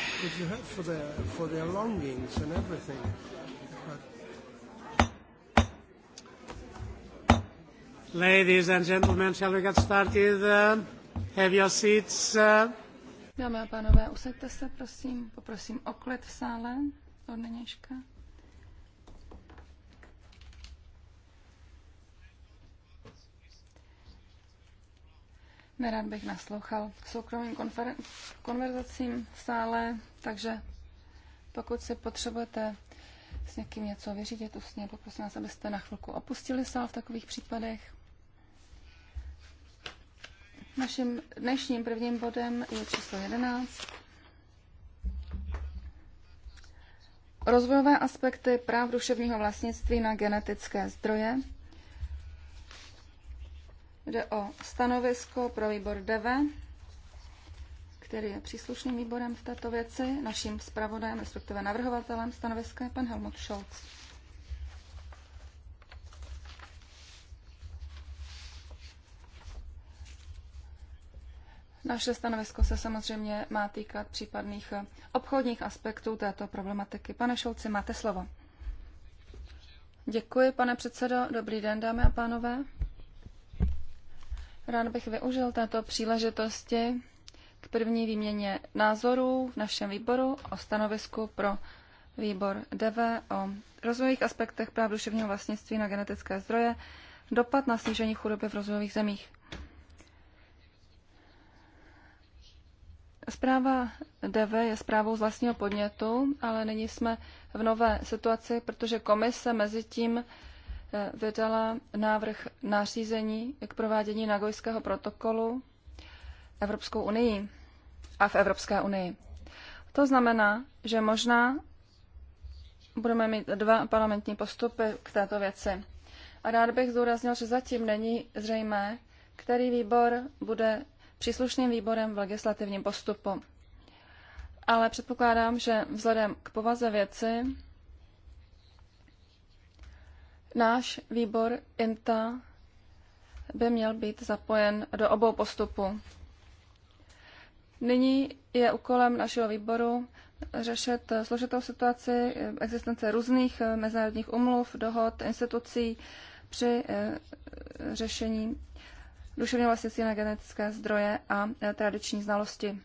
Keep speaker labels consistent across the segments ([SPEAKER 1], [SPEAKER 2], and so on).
[SPEAKER 1] respect that you have for their, for their longings and everything. But
[SPEAKER 2] Ladies and gentlemen, shall we get
[SPEAKER 1] started? Uh, have your seats. Uh...
[SPEAKER 3] Dámy a pánové, usaďte se, prosím. Poprosím o klid v sále od nynějška. Nerad bych naslouchal soukromým konverzacím v sále, takže pokud si potřebujete s někým něco vyřídit usně, poprosím vás, abyste na chvilku opustili sál v takových případech. Naším dnešním prvním bodem je číslo 11. Rozvojové aspekty práv duševního vlastnictví na genetické zdroje Jde o stanovisko pro výbor DV, který je příslušným výborem v této věci. Naším zpravodajem, respektive navrhovatelem stanoviska je pan Helmut Scholz. Naše stanovisko se samozřejmě má týkat případných obchodních aspektů této problematiky. Pane Šolci, máte slovo. Děkuji, pane předsedo. Dobrý den, dámy a pánové. Rád bych využil této příležitosti k první výměně názorů v našem výboru o stanovisku pro výbor DV o rozvojových aspektech práv duševního vlastnictví na genetické zdroje, dopad na snížení chudoby v rozvojových zemích. Zpráva DV je zprávou z vlastního podnětu, ale nyní jsme v nové situaci, protože komise mezi tím vydala návrh nařízení k provádění Nagojského protokolu Evropskou unii a v Evropské unii. To znamená, že možná budeme mít dva parlamentní postupy k této věci. A rád bych zdůraznil, že zatím není zřejmé, který výbor bude příslušným výborem v legislativním postupu. Ale předpokládám, že vzhledem k povaze věci Náš výbor INTA by měl být zapojen do obou postupů. Nyní je úkolem našeho výboru řešit složitou situaci existence různých mezinárodních umluv, dohod, institucí při eh, řešení duševního vlastnictví na genetické zdroje a eh, tradiční znalosti.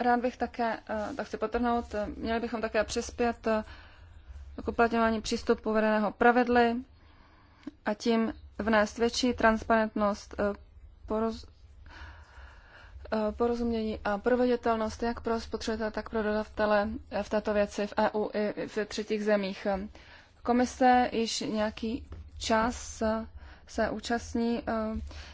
[SPEAKER 3] Rád bych také, eh, tak chci potrhnout, měli bychom také přispět k uplatňování přístupu vedeného pravidly a tím vnést větší transparentnost, eh, poroz, eh, porozumění a proveditelnost jak pro spotřebitele, tak pro dodavatele eh, v této věci v EU i v třetích zemích. Komise již nějaký čas se účastní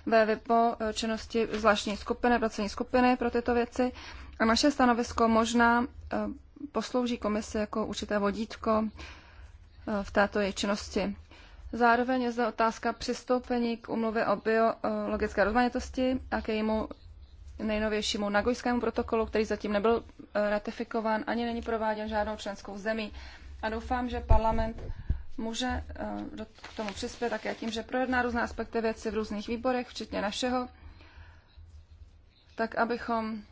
[SPEAKER 3] ve VIPO činnosti zvláštní skupiny, pracovní skupiny pro tyto věci. A naše stanovisko možná poslouží komise jako určité vodítko eh, v této její činnosti. Zároveň je zde otázka přistoupení k umluvě o biologické rozmanitosti a k jejímu nejnovějšímu Nagojskému protokolu, který zatím nebyl eh, ratifikován ani není prováděn žádnou členskou zemí. A doufám, že parlament může k eh, tomu přispět také tím, že projedná různé aspekty věci v různých výborech, včetně našeho, tak abychom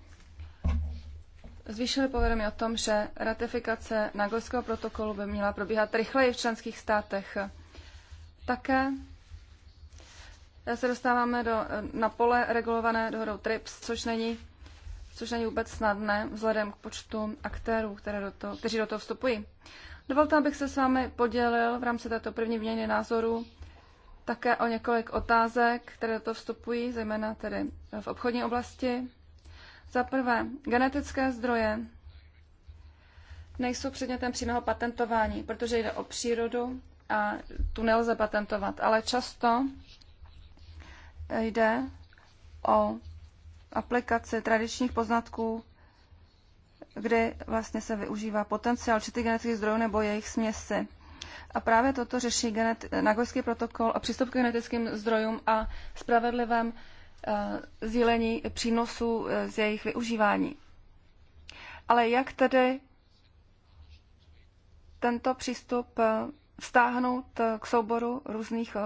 [SPEAKER 3] zvýšili povědomí o tom, že ratifikace Nagojského protokolu by měla probíhat rychleji v členských státech. Také se dostáváme do, na pole regulované dohodou TRIPS, což není, což není vůbec snadné vzhledem k počtu aktérů, které do to, kteří do toho vstupují. Dovolte, abych se s vámi podělil v rámci této první výměny názorů také o několik otázek, které do toho vstupují, zejména tedy v obchodní oblasti, za prvé, genetické zdroje nejsou předmětem přímého patentování, protože jde o přírodu a tu nelze patentovat, ale často jde o aplikaci tradičních poznatků, kdy vlastně se využívá potenciál určitých genetických zdrojů nebo jejich směsi. A právě toto řeší genet- Nagojský protokol a přístup k genetickým zdrojům a spravedlivém Eh, sdílení přínosů eh, z jejich využívání. Ale jak tedy tento přístup eh, vztáhnout k souboru různých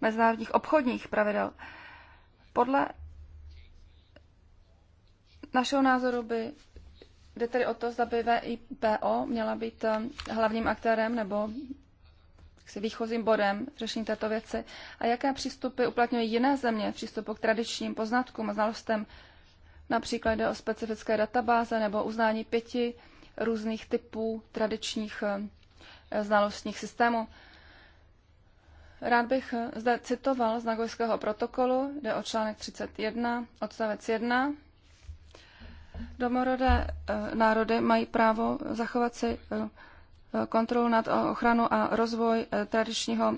[SPEAKER 3] mezinárodních obchodních pravidel? Podle našeho názoru by jde tedy o to, zda by VIPO měla být hlavním aktérem nebo výchozím bodem v řešení této věci a jaké přístupy uplatňují jiné země v přístupu k tradičním poznatkům a znalostem. Například jde o specifické databáze nebo uznání pěti různých typů tradičních eh, znalostních systémů. Rád bych eh, zde citoval z Nagojského protokolu, jde o článek 31, odstavec 1. Domorodé eh, národy mají právo zachovat si kontrolu nad ochranu a rozvoj eh, tradičního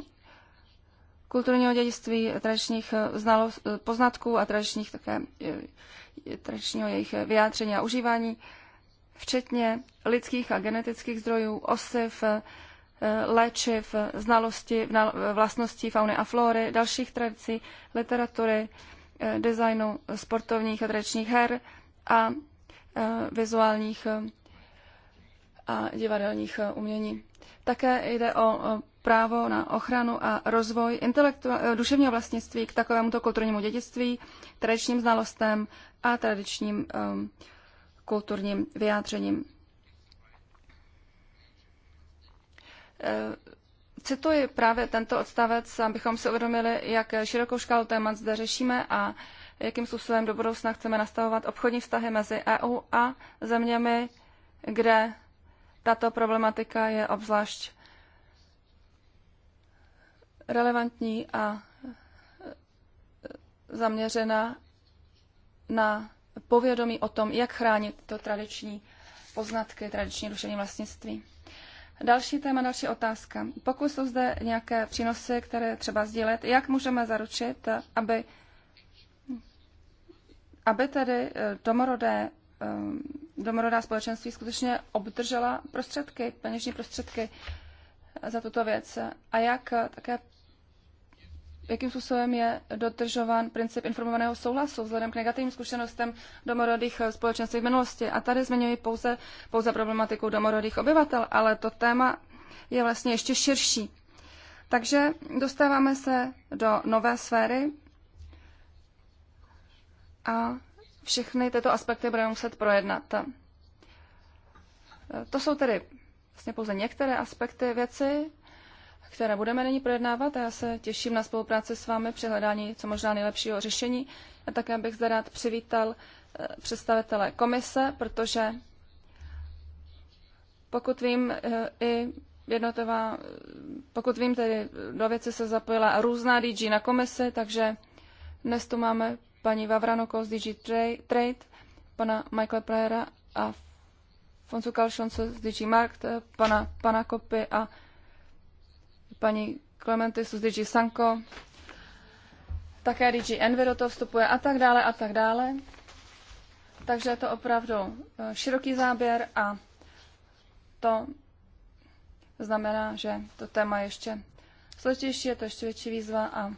[SPEAKER 3] kulturního dědictví, tradičních eh, eh, poznatků a tradičních také tradičního jejich vyjádření a užívání, včetně lidských a genetických zdrojů, osiv, léčiv, znalosti, vlastností fauny a flóry, dalších tradicí, literatury, designu sportovních a tradičních her a vizuálních a divadelních eh, umění. Také jde o eh, právo na ochranu a rozvoj eh, duševního vlastnictví k takovémuto kulturnímu dědictví, tradičním znalostem a tradičním um, kulturním vyjádřením. Cituji právě tento odstavec, abychom si uvědomili, jak širokou škálu témat zde řešíme a jakým způsobem do budoucna chceme nastavovat obchodní vztahy mezi EU a zeměmi, kde tato problematika je obzvlášť relevantní a zaměřena na povědomí o tom, jak chránit to tradiční poznatky, tradiční duševní vlastnictví. Další téma, další otázka. Pokud jsou zde nějaké přínosy, které třeba sdílet, jak můžeme zaručit, aby, aby tedy eh, domorodé Ehm, domorodá společenství skutečně obdržela prostředky, peněžní prostředky za tuto věc a jak také jakým způsobem je dodržován princip informovaného souhlasu vzhledem k negativním zkušenostem domorodých eh, společenství v minulosti. A tady zmiňuji pouze, pouze problematiku domorodých obyvatel, ale to téma je vlastně ještě širší. Takže dostáváme se do nové sféry a všechny tyto aspekty budeme muset projednat. To jsou tedy vlastně pouze některé aspekty věci, které budeme nyní projednávat a já se těším na spolupráci s vámi při hledání co možná nejlepšího řešení. A také bych zde rád přivítal eh, představitele komise, protože pokud vím, eh, i jednotová, eh, pokud vím, tedy do věci se zapojila různá DG na komisi, takže dnes tu máme paní Vavranoko z Digi Trade, pana Michaela Playera a Fonsu Kalšonce z Digi Markt, pana, pana Kopy a paní Klementy z Digi Sanko, také DG Envy do toho vstupuje a tak dále a tak dále. Takže je to opravdu eh, široký záběr a to znamená, že to téma je ještě složitější, je to ještě větší výzva a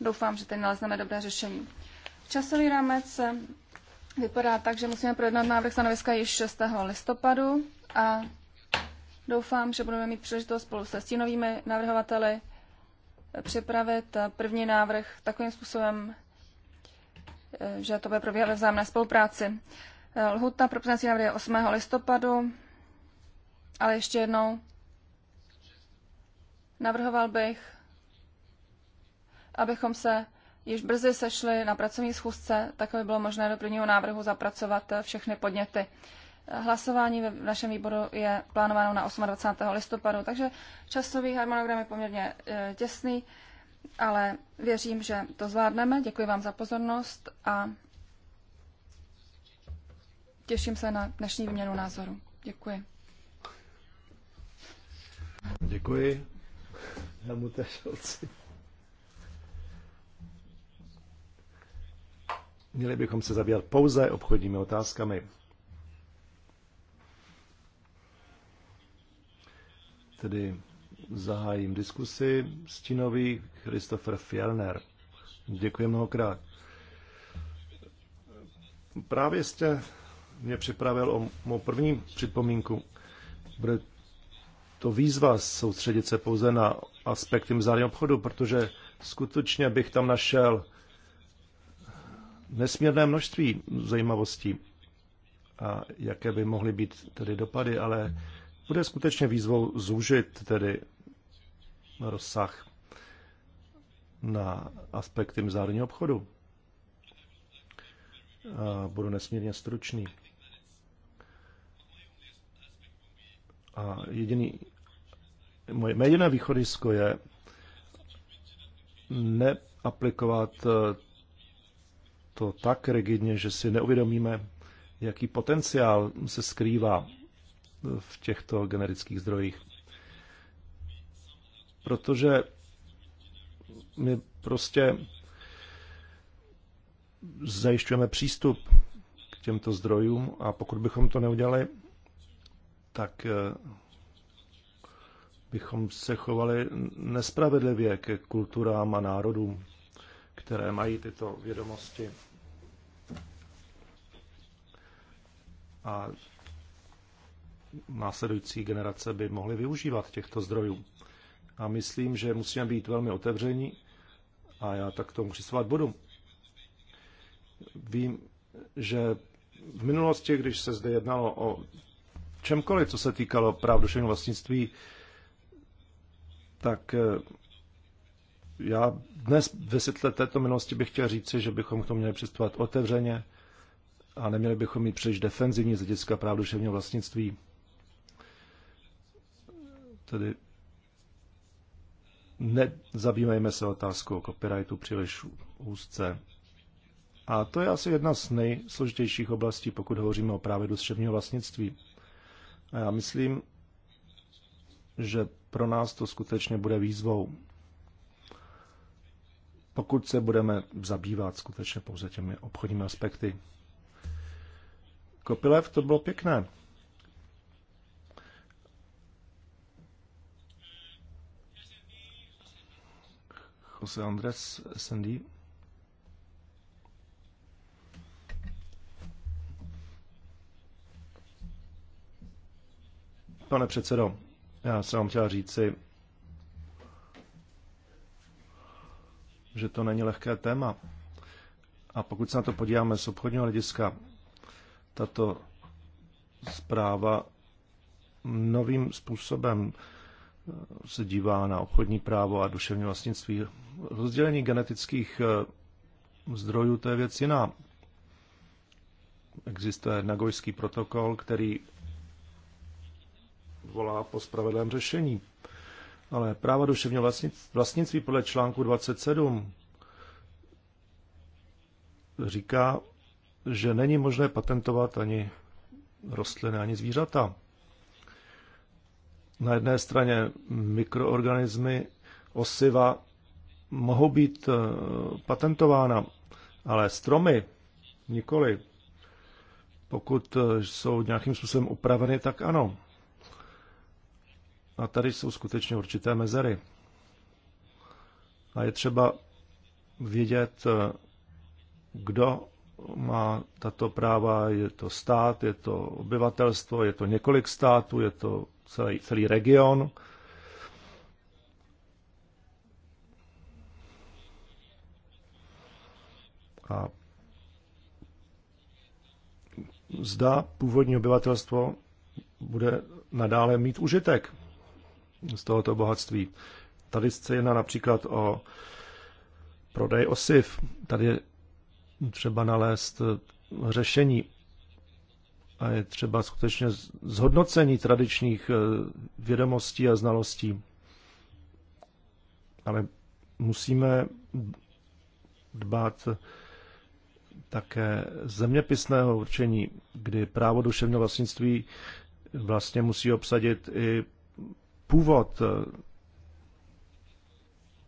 [SPEAKER 3] doufám, že teď nalezneme dobré řešení. Časový rámec vypadá tak, že musíme projednat návrh stanoviska již 6. listopadu a doufám, že budeme mít příležitost spolu se stínovými navrhovateli připravit první návrh takovým způsobem, že to bude probíhat ve vzájemné spolupráci. Lhuta pro přinesení návrhy je 8. listopadu, ale ještě jednou navrhoval bych, abychom se již brzy sešli na pracovní schůzce, tak aby bylo možné do prvního návrhu zapracovat eh, všechny podněty. Eh, hlasování v našem výboru je plánováno na 28. listopadu, takže časový harmonogram je poměrně eh, těsný, ale věřím, že to zvládneme. Děkuji vám za pozornost a těším se na dnešní výměnu názoru. Děkuji.
[SPEAKER 1] Děkuji. Já mu tež Měli bychom se zabývat pouze obchodními otázkami. Tedy zahájím diskusi. Stinový Christopher Fjellner. Děkuji mnohokrát. Právě jste mě připravil o mou první připomínku. Bude to výzva soustředit se pouze na aspekty mzády obchodu, protože skutečně bych tam našel nesmírné množství zajímavostí a jaké by mohly být tedy dopady, ale bude skutečně výzvou zúžit tedy rozsah na aspekty mezinárodního obchodu. A budu nesmírně stručný. A jediný, moje jediné východisko je neaplikovat to tak rigidně, že si neuvědomíme, jaký potenciál se skrývá v těchto generických zdrojích. Protože my prostě zajišťujeme přístup k těmto zdrojům a pokud bychom to neudělali, tak eh, bychom se chovali nespravedlivě ke kulturám a národům které mají tyto vědomosti. A následující generace by mohly využívat těchto zdrojů. A myslím, že musíme být velmi otevření a já tak tomu přistovat budu. Vím, že v minulosti, když se zde jednalo o čemkoliv, co se týkalo práv duševního vlastnictví, tak eh, já dnes ve světle této minulosti bych chtěl říci, že bychom k tomu měli přistupovat otevřeně a neměli bychom mít příliš defenzivní z hlediska práv duševního vlastnictví. Tedy nezabývejme se otázkou copyrightu příliš úzce. A to je asi jedna z nejsložitějších oblastí, pokud hovoříme o právě duševního vlastnictví. A já myslím, že pro nás to skutečně bude výzvou pokud se budeme zabývat skutečně pouze těmi obchodními aspekty. Kopilev, to bylo pěkné. Jose Andres SND. Pane předsedo, já jsem vám chtěl říci, že to není lehké téma. A pokud se na to podíváme z obchodního hlediska, tato zpráva novým způsobem eh, se dívá na obchodní právo a duševní vlastnictví. Rozdělení genetických eh, zdrojů to je věc jiná. Existuje nagojský protokol, který volá po spravedlém řešení ale práva duševního vlastnictví podle článku 27 říká, že není možné patentovat ani rostliny, ani zvířata. Na jedné straně mikroorganismy, osiva mohou být eh, patentována, ale stromy nikoli. Pokud eh, jsou nějakým způsobem upraveny, tak ano. A tady jsou skutečně určité mezery. A je třeba vědět, eh, kdo má tato práva, je to stát, je to obyvatelstvo, je to několik států, je to celý, celý region. A zda původní obyvatelstvo bude nadále mít užitek z tohoto bohatství. Tady se jedná například o prodej osiv. Tady je třeba nalézt eh, řešení a je třeba skutečně zhodnocení tradičních eh, vědomostí a znalostí. Ale musíme dbát také zeměpisného určení, kdy právo duševního vlastnictví vlastně musí obsadit i původ eh,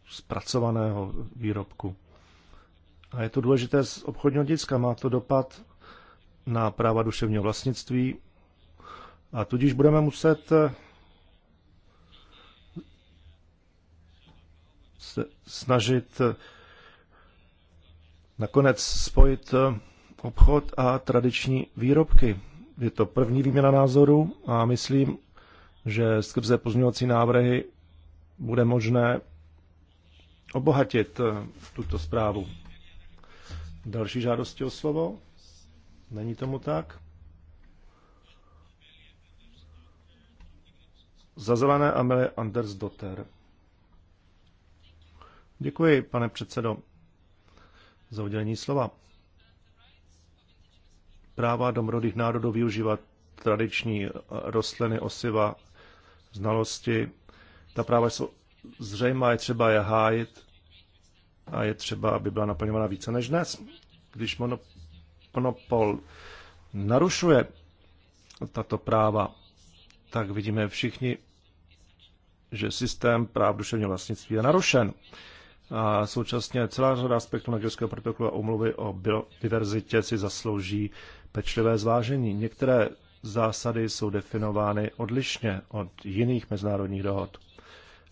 [SPEAKER 1] zpracovaného výrobku. A je to důležité z obchodního hlediska. Má to dopad na práva duševního vlastnictví a tudíž budeme muset eh, se snažit eh, nakonec spojit obchod a tradiční výrobky. Je to první výměna názoru a myslím, že skrze pozměňovací návrhy bude možné obohatit eh, tuto zprávu. Další žádosti o slovo? Není tomu tak? Zazelené Amelie Anders Dotter. Děkuji, pane předsedo, za udělení slova. Práva domorodých národů využívat tradiční rostliny, osiva znalosti. Ta práva jsou zřejmá, je třeba je hájit a je třeba, aby byla naplňována více než dnes. Když monopol narušuje tato práva, tak vidíme všichni, že systém práv duševního vlastnictví je narušen. A současně celá řada aspektů Nagilského protokolu a umluvy o biodiverzitě si zaslouží pečlivé zvážení. Některé zásady jsou definovány odlišně od jiných mezinárodních dohod.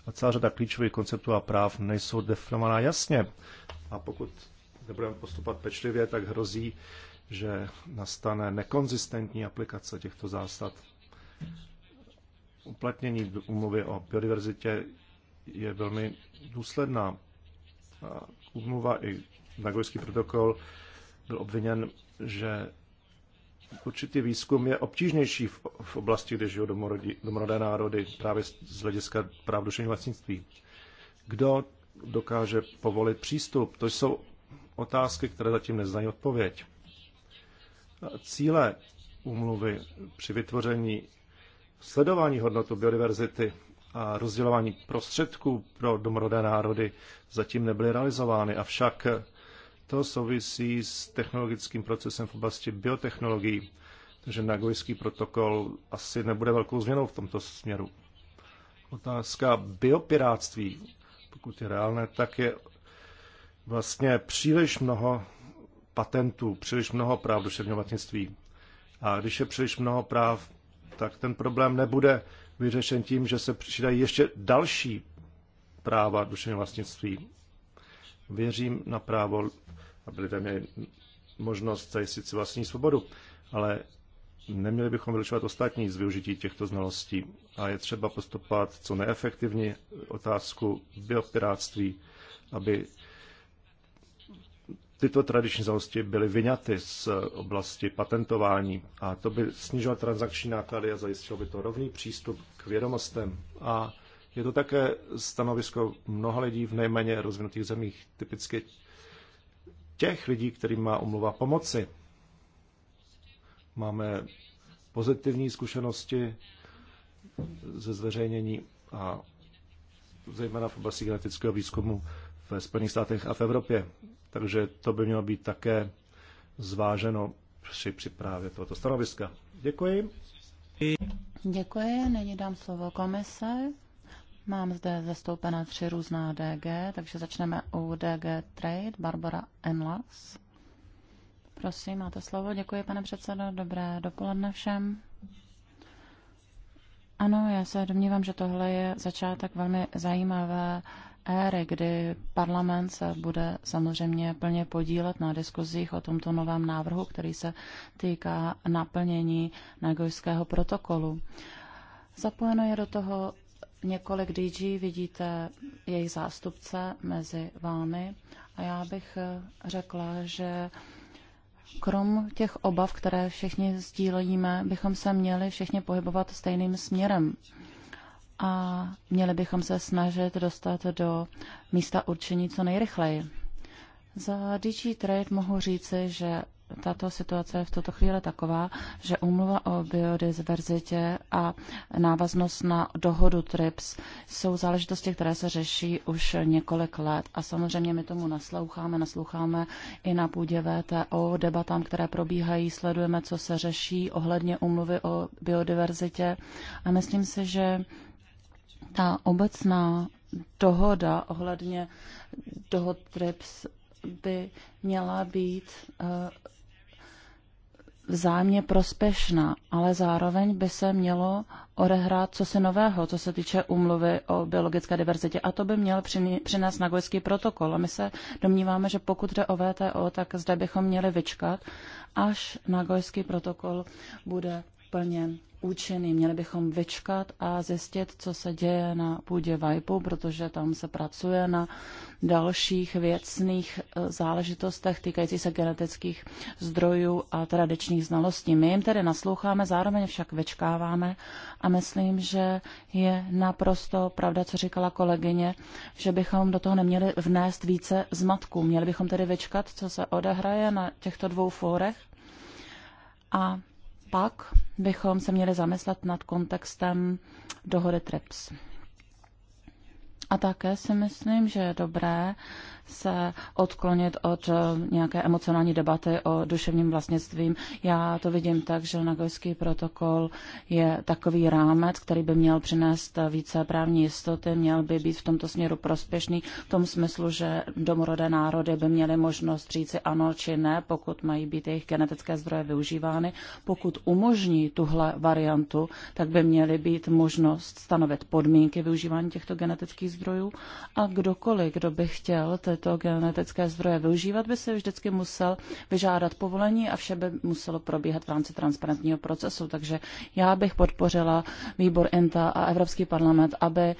[SPEAKER 1] A celá řada klíčových konceptů a práv nejsou definovaná jasně. A pokud nebudeme postupovat pečlivě, tak hrozí, že nastane nekonzistentní aplikace těchto zásad. Uplatnění úmluvy o biodiverzitě je velmi důsledná. Úmluva i Nagojský protokol byl obviněn, že určitý výzkum je obtížnější v, v oblasti, kde žijou domorodí, domorodé národy, právě z hlediska práv duševního vlastnictví. Kdo dokáže povolit přístup? To jsou otázky, které zatím neznají odpověď. Cíle úmluvy při vytvoření sledování hodnotu biodiverzity a rozdělování prostředků pro domorodé národy zatím nebyly realizovány, avšak to souvisí s technologickým procesem v oblasti biotechnologií, takže Nagojský protokol asi nebude velkou změnou v tomto směru. Otázka biopiráctví, pokud je reálné, tak je vlastně příliš mnoho patentů, příliš mnoho práv duševního vlastnictví. A když je příliš mnoho práv, tak ten problém nebude vyřešen tím, že se přidají ještě další práva duševního vlastnictví. Věřím na právo aby lidé měli možnost zajistit si vlastní svobodu, ale neměli bychom vylučovat ostatní z využití těchto znalostí a je třeba postupovat co neefektivně otázku biopiráctví, aby tyto tradiční znalosti byly vyňaty z oblasti patentování a to by snižovalo transakční náklady a zajistilo by to rovný přístup k vědomostem. A je to také stanovisko mnoha lidí v nejméně rozvinutých zemích, typicky těch lidí, kterým má umluva pomoci. Máme pozitivní zkušenosti ze zveřejnění a zejména v oblasti genetického výzkumu ve Spojených státech a v Evropě. Takže to by mělo být také zváženo při připravě tohoto stanoviska. Děkuji.
[SPEAKER 2] Děkuji, nyní dám slovo komise. Mám zde zastoupené tři různá DG, takže začneme u DG Trade, Barbara Enlas. Prosím, máte slovo. Děkuji, pane předsedo. Dobré dopoledne všem. Ano, já se domnívám, že tohle je začátek velmi zajímavé éry, kdy parlament se bude samozřejmě plně podílet na diskuzích o tomto novém návrhu, který se týká naplnění Nagojského protokolu. Zapojeno je do toho několik DG, vidíte jejich zástupce mezi vámi a já bych eh, řekla, že krom těch obav, které všichni sdílíme, bychom se měli všichni pohybovat stejným směrem a měli bychom se snažit dostat do místa určení co nejrychleji. Za DG Trade mohu říci, že tato situace je v tuto chvíli taková, že umluva o biodiverzitě a návaznost na dohodu TRIPS jsou záležitosti, které se řeší už několik let. A samozřejmě my tomu nasloucháme, nasloucháme i na půdě VTO, debatám, které probíhají, sledujeme, co se řeší ohledně umluvy o biodiverzitě. A myslím si, že ta obecná dohoda ohledně dohod TRIPS by měla být eh, vzájemně prospěšná, ale zároveň by se mělo odehrát se nového, co se týče umluvy o biologické diverzitě. A to by měl přinést Nagojský protokol. A my se domníváme, že pokud jde o VTO, tak zde bychom měli vyčkat, až Nagojský protokol bude plněn účinný. Měli bychom vyčkat a zjistit, co se děje na půdě VIPu, protože tam se pracuje na dalších věcných e, záležitostech týkající se genetických zdrojů a tradičních znalostí. My jim tedy nasloucháme, zároveň však vyčkáváme a myslím, že je naprosto pravda, co říkala kolegyně, že bychom do toho neměli vnést více zmatku. Měli bychom tedy vyčkat, co se odehraje na těchto dvou fórech a pak bychom se měli zamyslet nad kontextem dohody TRIPS. A také si myslím, že je dobré se odklonit od eh, nějaké emocionální debaty o duševním vlastnictvím. Já to vidím tak, že Nagojský protokol je takový rámec, který by měl přinést více právní jistoty, měl by být v tomto směru prospěšný, v tom smyslu, že domorodé národy by měly možnost říci ano či ne, pokud mají být jejich genetické zdroje využívány. Pokud umožní tuhle variantu, tak by měly být možnost stanovit podmínky využívání těchto genetických zdrojů a kdokoliv, kdo by chtěl, tyto genetické zdroje využívat, by se vždycky musel vyžádat povolení a vše by muselo probíhat v rámci transparentního procesu. Takže já bych podpořila výbor INTA a Evropský parlament, aby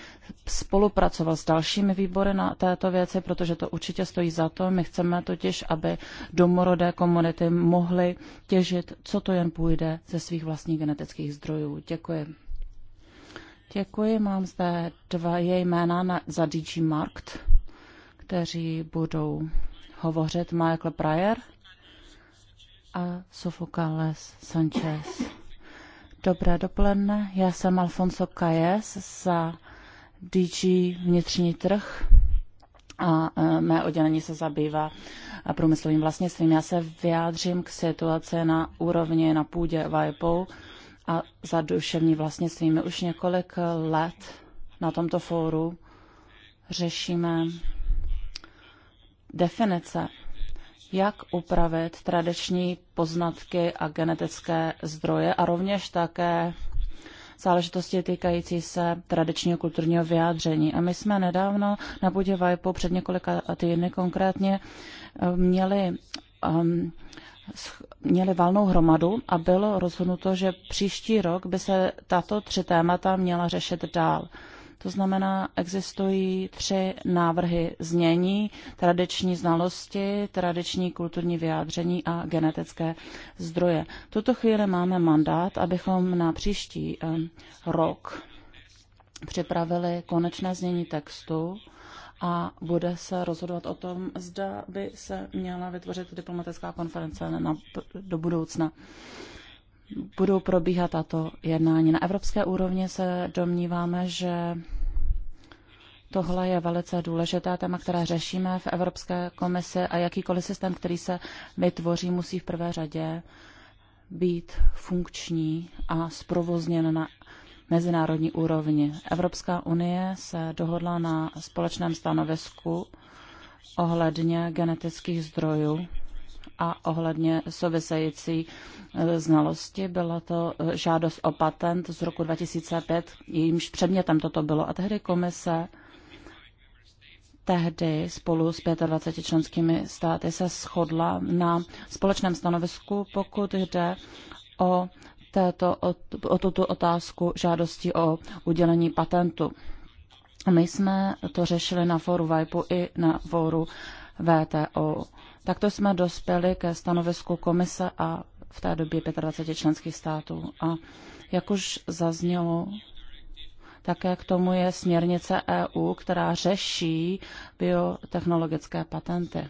[SPEAKER 2] spolupracoval s dalšími výbory na této věci, protože to určitě stojí za to. My chceme totiž, aby domorodé komunity mohly těžit, co to jen půjde, ze svých vlastních genetických zdrojů. Děkuji. Děkuji, mám zde dva její jména na, za DG Markt kteří budou hovořit Michael Pryor a Sofokales Sanchez. Dobré dopoledne, já jsem Alfonso Kajes za DG Vnitřní trh a e, mé oddělení se zabývá průmyslovým vlastnictvím. Já se vyjádřím k situaci na úrovni na půdě VIPO a za duševní vlastnictví. My už několik let na tomto fóru řešíme definice, jak upravit tradiční poznatky a genetické zdroje a rovněž také záležitosti týkající se tradičního kulturního vyjádření. A my jsme nedávno na půdě VIPu před několika týdny konkrétně eh, měli um, měli valnou hromadu a bylo rozhodnuto, že příští rok by se tato tři témata měla řešit dál. To znamená, existují tři návrhy znění, tradiční znalosti, tradiční kulturní vyjádření a genetické zdroje. tuto chvíli máme mandát, abychom na příští rok připravili konečné znění textu a bude se rozhodovat o tom, zda by se měla vytvořit diplomatická konference na, do budoucna budou probíhat tato jednání. Na evropské úrovni se domníváme, že tohle je velice důležité téma, které řešíme v Evropské komisi a jakýkoliv systém, který se vytvoří, musí v prvé řadě být funkční a zprovozněn na mezinárodní úrovni. Evropská unie se dohodla na společném stanovisku ohledně genetických zdrojů a ohledně související eh, znalosti. Byla to eh, žádost o patent z roku 2005, jejímž předmětem toto bylo. A tehdy komise tehdy spolu s 25 členskými státy se shodla na společném stanovisku, pokud jde o, této, o, o tuto otázku žádosti o udělení patentu. My jsme to řešili na fóru VIPu i na fóru VTO. Takto jsme dospěli ke stanovisku komise a v té době 25 členských států. A jak už zaznělo, také k tomu je směrnice EU, která řeší biotechnologické patenty.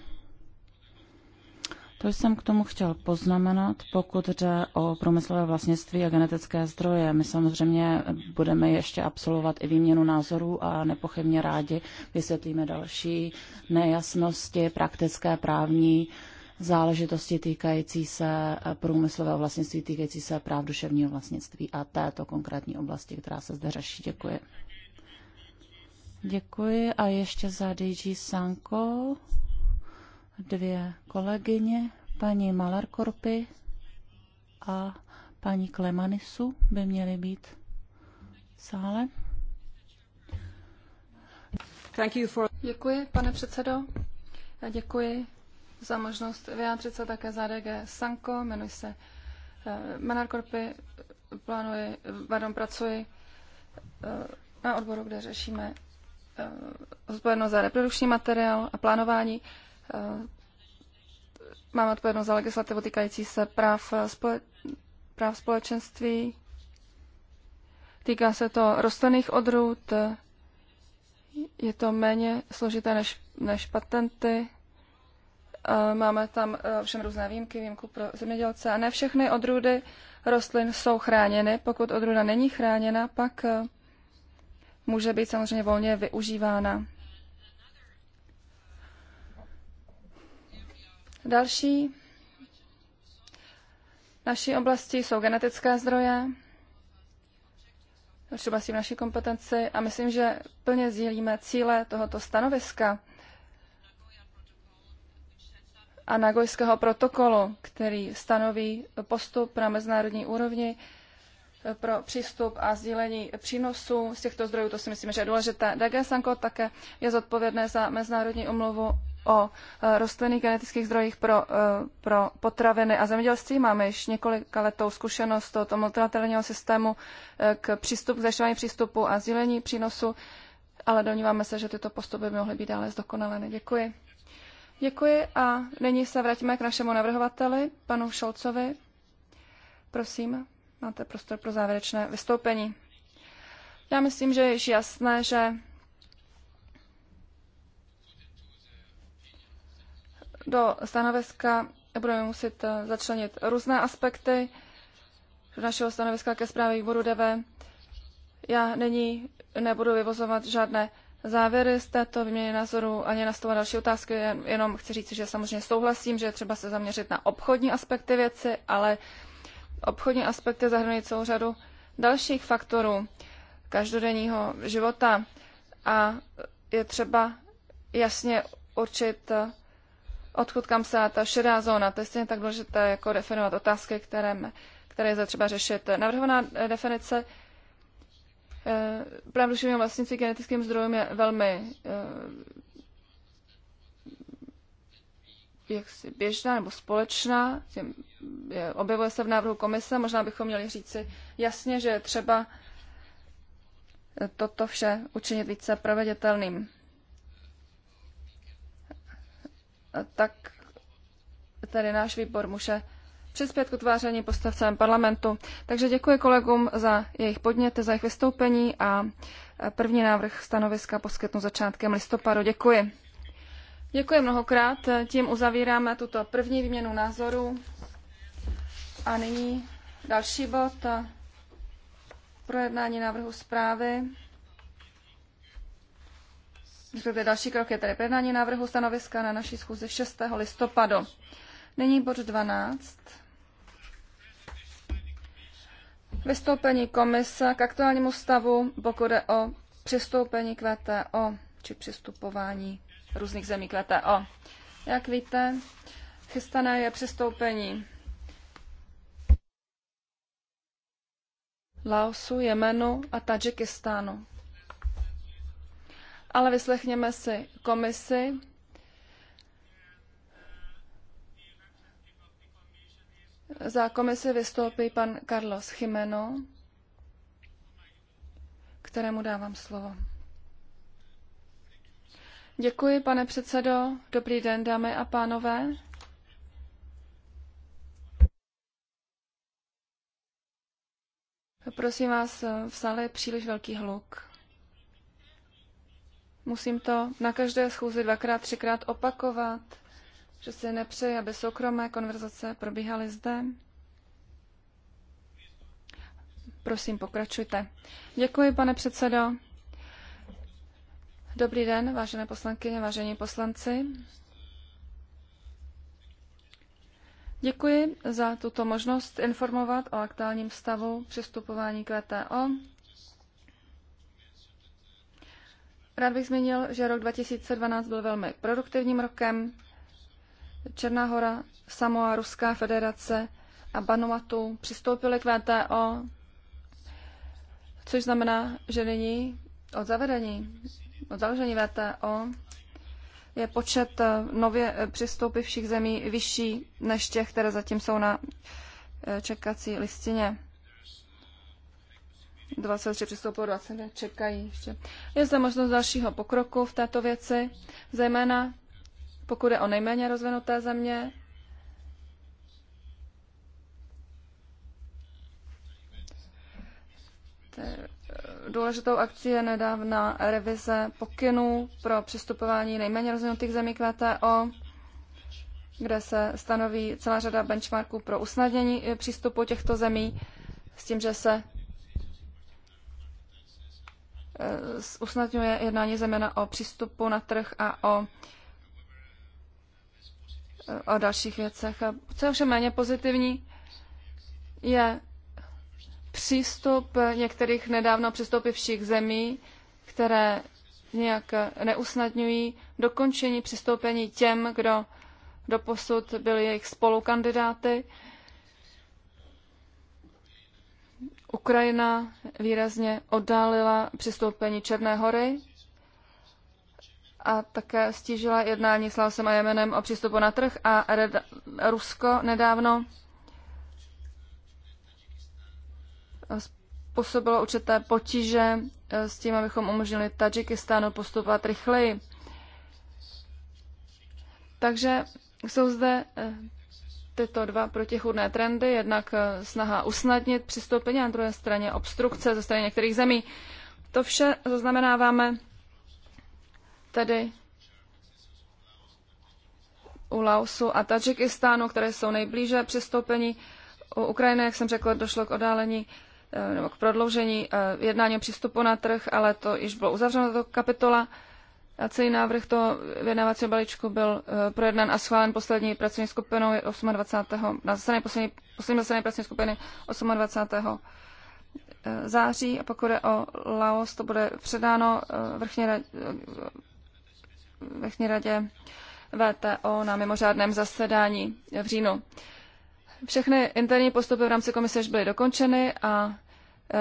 [SPEAKER 2] To jsem k tomu chtěl poznamenat, pokud jde o průmyslové vlastnictví a genetické zdroje. My samozřejmě budeme ještě absolvovat i výměnu názorů a nepochybně rádi vysvětlíme další nejasnosti, praktické, právní záležitosti týkající se průmyslového vlastnictví, týkající se práv duševního vlastnictví a této konkrétní oblasti, která se zde řeší. Děkuji. Děkuji a ještě za DG Sanko dvě kolegyně, paní Malarkorpy a paní Klemanisu
[SPEAKER 3] by měly být v sále. Thank you for... Děkuji, pane předsedo. Já děkuji za možnost vyjádřit se také za DG Sanko. Jmenuji se eh, Manarkorpy, plánuji, pardon, pracuji eh, na odboru, kde řešíme eh, zbojenost za reprodukční materiál a plánování. Eh, máme odpovědnost za legislativu týkající se práv, eh, spole, práv společenství. Týká se to rostlinných odrůd. Eh, je to méně složité než, než patenty. Máme tam všem různé výjimky, výjimku pro zemědělce. A ne všechny odrůdy rostlin jsou chráněny. Pokud odrůda není chráněna, pak může být samozřejmě volně využívána Další naší oblasti jsou genetické zdroje, další oblasti v naší kompetenci a myslím, že plně sdílíme cíle tohoto stanoviska a Nagojského protokolu, který stanoví postup na mezinárodní úrovni pro přístup a sdílení přínosů z těchto zdrojů. To si myslím, že je důležité. DG Sanko také je zodpovědné za mezinárodní umluvu o e, rostlinných genetických zdrojích pro, e, pro potraviny a zemědělství. Máme již několika letou zkušenost tohoto multilaterálního systému e, k přístupu, k zajišťování přístupu a sdílení přínosu, ale domníváme se, že tyto postupy by mohly být dále zdokonaleny. Děkuji. Děkuji a nyní se vrátíme k našemu navrhovateli, panu Šolcovi. Prosím, máte prostor pro závěrečné vystoupení. Já myslím, že je již jasné, že Do stanoviska budeme muset eh, začlenit různé aspekty do našeho stanoviska ke zprávě výboru DV. Já nyní nebudu vyvozovat žádné závěry z této výměny názoru ani stovat další otázky, jenom chci říct, že samozřejmě souhlasím, že je třeba se zaměřit na obchodní aspekty věci, ale obchodní aspekty zahrnují celou řadu dalších faktorů každodenního života a je třeba jasně určit eh, odkud kam se ta šedá zóna. To je stejně tak důležité, jako definovat otázky, které, které je třeba řešit. Navrhovaná eh, definice eh, práv duševního vlastnictví genetickým zdrojům je velmi eh, jaksi běžná nebo společná. Tím je, objevuje se v návrhu komise. Možná bychom měli říci jasně, že je třeba toto vše učinit více proveditelným. tak tedy náš výbor může přispět k utváření celém parlamentu. Takže děkuji kolegům za jejich podněty, za jejich vystoupení a první návrh stanoviska poskytnu začátkem listopadu. Děkuji. Děkuji mnohokrát. Tím uzavíráme tuto první výměnu názorů. A nyní další bod projednání návrhu zprávy. Respektive další krok je tedy projednání návrhu stanoviska na naší schůzi 6. listopadu. Nyní bod 12. Vystoupení komise k aktuálnímu stavu, pokud jde o přistoupení k VTO či přistupování různých zemí k VTO. Jak víte, chystané je přistoupení Laosu, Jemenu a Tadžikistánu ale vyslechněme si komisi. Za komisi vystoupí pan Carlos Jimeno, kterému dávám slovo. Děkuji, pane předsedo. Dobrý den, dámy a pánové. Prosím vás, v sále je příliš velký hluk. Musím to na každé schůzi dvakrát, třikrát opakovat, že si nepřeji, aby soukromé konverzace probíhaly zde. Prosím, pokračujte. Děkuji, pane předsedo. Dobrý den, vážené poslankyně, vážení poslanci. Děkuji za tuto možnost informovat o aktuálním stavu přistupování k VTO. Rád bych zmínil, že rok 2012 byl velmi produktivním rokem. Černá hora, Samoa, Ruská federace a Banuatu přistoupily k VTO, což znamená, že nyní od zavedení, od založení VTO je počet eh, nově eh, přistoupivších zemí vyšší než těch, které zatím jsou na eh, čekací listině. 23 přistoupilo 29, čekají ještě. Je zde možnost dalšího pokroku v této věci, zejména pokud je o nejméně rozvinuté země. Důležitou akcí je nedávna revize pokynů pro přistupování nejméně rozvinutých zemí k VTO, kde se stanoví celá řada benchmarků pro usnadnění eh, přístupu těchto zemí s tím, že se Eh, usnadňuje jednání zejména o přístupu na trh a o, eh, o dalších věcech. A co je ovšem méně pozitivní, je přístup některých nedávno přistoupivších zemí, které nějak neusnadňují dokončení přistoupení těm, kdo doposud byli jejich spolukandidáty. Ukrajina výrazně oddálila přistoupení Černé hory a také stížila jednání s Laosem a Jemenem o přístupu na trh a Rusko nedávno způsobilo určité potíže eh, s tím, abychom umožnili Tadžikistánu postupovat rychleji. Takže jsou zde eh, tyto dva protichůdné trendy, jednak eh, snaha usnadnit přistoupení a na druhé straně obstrukce ze strany některých zemí. To vše zaznamenáváme tedy u Laosu a Tadžikistánu, které jsou nejblíže přistoupení. U Ukrajiny, jak jsem řekl, došlo k odálení eh, nebo k prodloužení eh, jednání o přístupu na trh, ale to již bylo uzavřeno, tato kapitola. A celý návrh toho vyjednávacího balíčku byl eh, projednán a schválen poslední pracovní skupinou 28. na zasedání poslední, poslední zasedání pracovní skupiny 28. Eh, září. A pokud je o Laos, to bude předáno eh, vrchní radě, vrchní radě VTO na mimořádném zasedání v říjnu. Všechny interní postupy v rámci komise už byly dokončeny a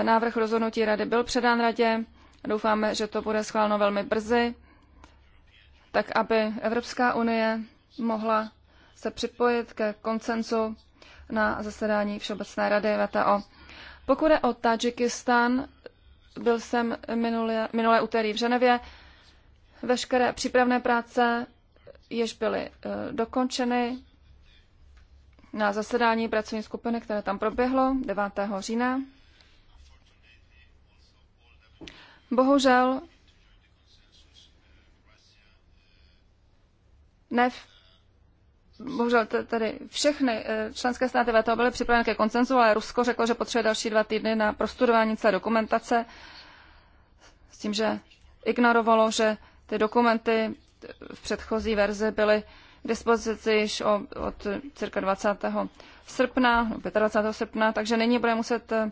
[SPEAKER 3] návrh rozhodnutí rady byl předán radě. Doufáme, že to bude schváleno velmi brzy tak aby Evropská unie mohla se připojit ke koncenzu na zasedání Všeobecné rady VTO. Pokud je o Tadžikistán, byl jsem minulé, minulé úterý v Ženevě. Veškeré přípravné práce jež byly e, dokončeny na zasedání pracovní skupiny, které tam proběhlo 9. října. Bohužel ne v bohužel tady všechny eh, členské státy VTO byly připraveny ke koncenzu, ale Rusko řeklo, že potřebuje další dva týdny na prostudování celé dokumentace s tím, že ignorovalo, že ty dokumenty v předchozí verzi byly k dispozici již od cirka 20. srpna, 25. srpna, takže nyní bude muset eh,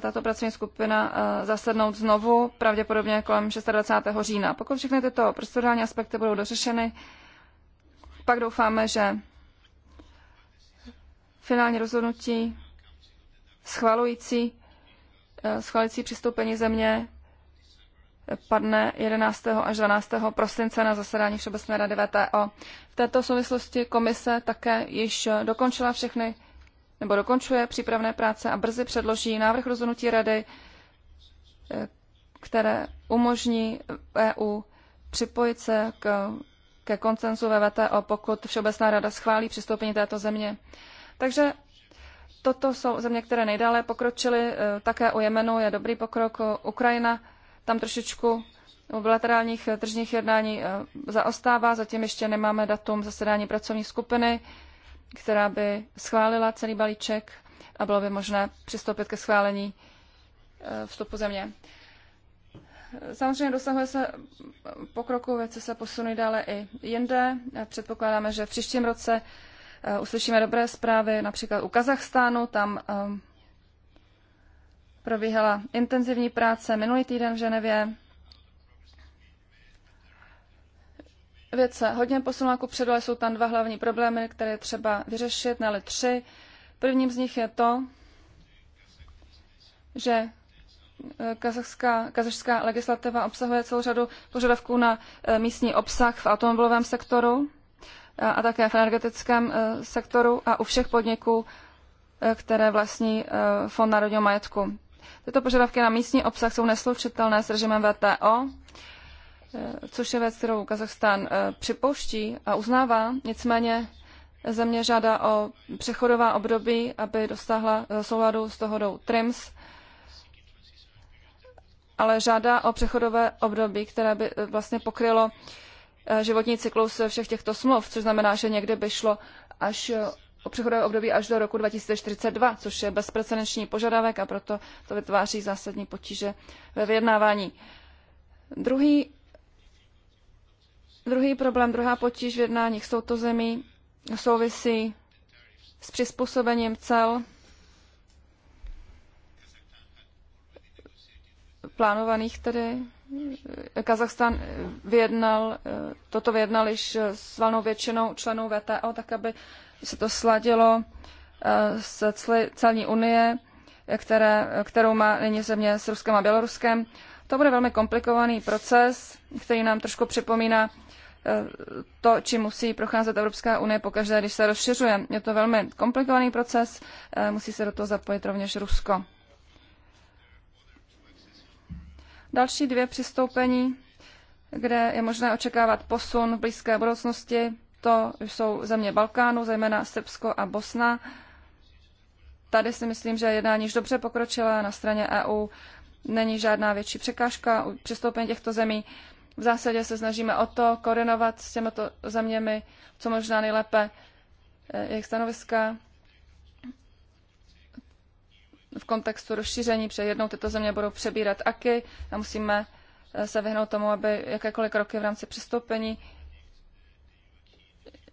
[SPEAKER 3] tato pracovní skupina eh, zasednout znovu, pravděpodobně kolem 26. října. Pokud všechny tyto procedurální aspekty budou dořešeny, pak doufáme, že finální rozhodnutí schvalující, eh, schvalující přistoupení země padne 11. až 12. prosince na zasedání Všeobecné rady VTO. V této souvislosti komise také již dokončila všechny nebo dokončuje přípravné práce a brzy předloží návrh rozhodnutí rady, eh, které umožní EU připojit se k ke koncenzu ve VTO, pokud Všeobecná rada schválí přistoupení této země. Takže toto jsou země, které nejdále pokročily. Eh, také u Jemenu je dobrý pokrok. Eh, Ukrajina tam trošičku u bilaterálních eh, tržních jednání zaostává. Zatím ještě nemáme datum zasedání pracovní skupiny, která by schválila celý balíček a bylo by možné přistoupit ke schválení vstupu země. Samozřejmě dosahuje se pokroku, věci se posunují dále i jinde. Předpokládáme, že v příštím roce eh, uslyšíme dobré zprávy například u Kazachstánu. Tam eh, probíhala intenzivní práce minulý týden v Ženevě. Věc se hodně posunula ku předu, ale jsou tam dva hlavní problémy, které třeba vyřešit, ale tři. Prvním z nich je to, že kazachská, kazašská legislativa obsahuje celou řadu požadavků na eh, místní obsah v automobilovém sektoru a, eh, a také v energetickém eh, sektoru a u všech podniků, které vlastní Fond národního majetku. Tyto požadavky na místní obsah jsou neslučitelné s režimem VTO, což je věc, kterou Kazachstán připouští a uznává. Nicméně země žádá o přechodová období, aby dostáhla souladu s dohodou TRIMS ale žádá o přechodové období, které by eh, vlastně pokrylo eh, životní cyklus eh, všech těchto smluv, což znamená, že někde by šlo až o přechodové období až do roku 2042, což je bezprecedenční požadavek a proto to vytváří zásadní potíže ve vyjednávání. Druhý, druhý problém, druhá potíž v jednáních s touto zemí souvisí s přizpůsobením cel plánovaných tedy. Kazachstan vyjednal, toto vyjednal již s valnou většinou členů VTO, tak aby se to sladilo eh, s celní unie, které, kterou má nyní země s Ruskem a Běloruskem. To bude velmi komplikovaný proces, který nám trošku připomíná eh, to, či musí procházet Evropská unie pokaždé, když se rozšiřuje. Je to velmi komplikovaný proces, eh, musí se do toho zapojit rovněž Rusko. Další dvě přistoupení, kde je možné očekávat posun v blízké budoucnosti, to jsou země Balkánu, zejména Srbsko a Bosna. Tady si myslím, že jednání již dobře pokročila na straně EU. Není žádná větší překážka u přistoupení těchto zemí. V zásadě se snažíme o to koordinovat s těmito zeměmi, co možná nejlépe eh, jejich stanoviska v kontextu rozšíření, protože jednou tyto země budou přebírat AKY a musíme eh, se vyhnout tomu, aby jakékoliv kroky v rámci přistoupení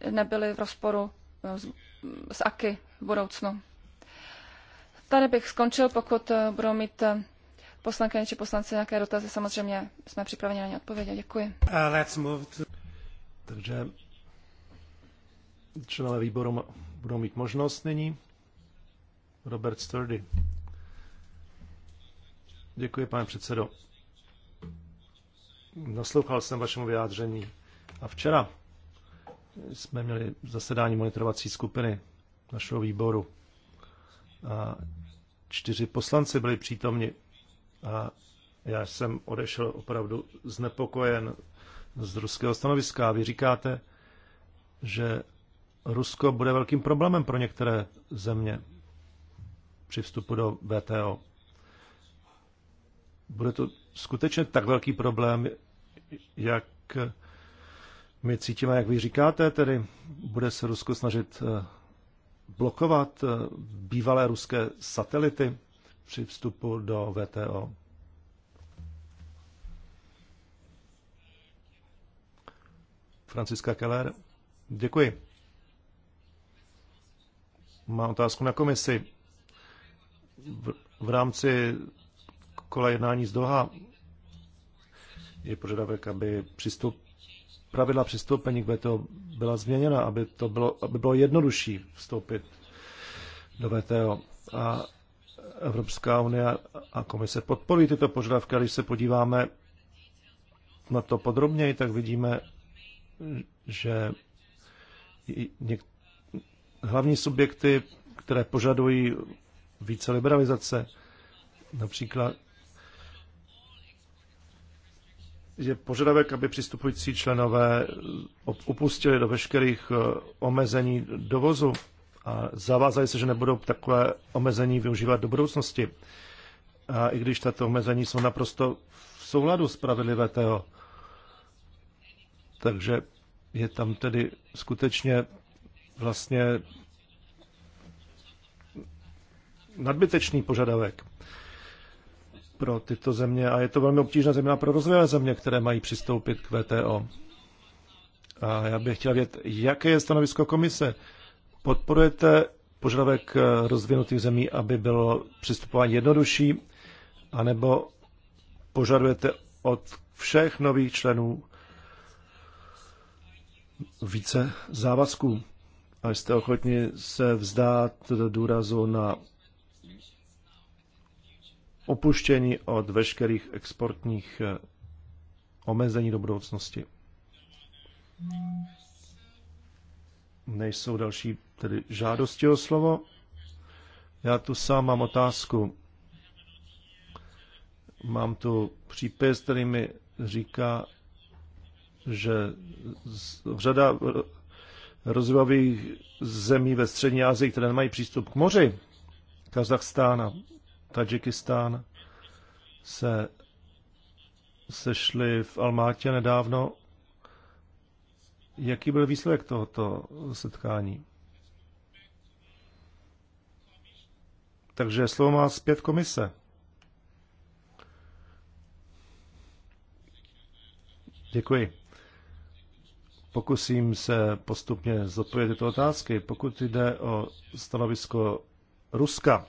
[SPEAKER 3] nebyly v rozporu eh, s, AKY v budoucnu. Tady bych skončil, pokud eh, budou mít poslankyně či poslanci nějaké dotazy, samozřejmě jsme připraveni na ně odpovědět. Děkuji.
[SPEAKER 1] Uh, let's move to... Takže členové výboru budou mít možnost nyní Robert Sturdy. Děkuji, pane předsedo. Naslouchal jsem vašemu vyjádření a včera jsme měli zasedání monitorovací skupiny našeho výboru a čtyři poslanci byli přítomni a já jsem odešel opravdu znepokojen z ruského stanoviska. vy říkáte, že Rusko bude velkým problémem pro některé země při vstupu do VTO. Bude to skutečně tak velký problém, jak my cítíme, jak vy říkáte, tedy bude se Rusko snažit eh, blokovat eh, bývalé ruské satelity při vstupu do VTO. Franciska Keller, děkuji. Má otázku na komisi v rámci kola jednání z Doha je požadavek, aby přistup, pravidla přistoupení k VTO byla změněna, aby, to bylo, aby bylo jednodušší vstoupit do VTO. A Evropská unie a komise podporují tyto požadavky. když se podíváme na to podrobněji, tak vidíme, že hlavní subjekty, které požadují více liberalizace. Například je požadavek, aby přistupující členové upustili do veškerých eh, omezení dovozu a zavázali se, že nebudou takové omezení využívat do budoucnosti. A i když tato omezení jsou naprosto v souladu s pravidly VTO. Takže je tam tedy skutečně vlastně nadbytečný požadavek pro tyto země a je to velmi obtížné země pro rozvojové země, které mají přistoupit k VTO. A já bych chtěl vědět, jaké je stanovisko komise. Podporujete požadavek rozvinutých zemí, aby bylo přistupování jednodušší, anebo požadujete od všech nových členů více závazků a jste ochotni se vzdát důrazu na opuštěni od veškerých exportních eh, omezení do budoucnosti. Nejsou další tedy žádosti o slovo. Já tu sám mám otázku. Mám tu přípis, který mi říká, že řada rozvojových zemí ve střední Asii, které nemají přístup k moři, Kazachstán a Tadžikistán se sešli v Almátě nedávno. Jaký byl výsledek tohoto setkání? Takže slovo má zpět komise. Děkuji. Pokusím se postupně zodpovědět tyto otázky. Pokud jde o stanovisko Ruska,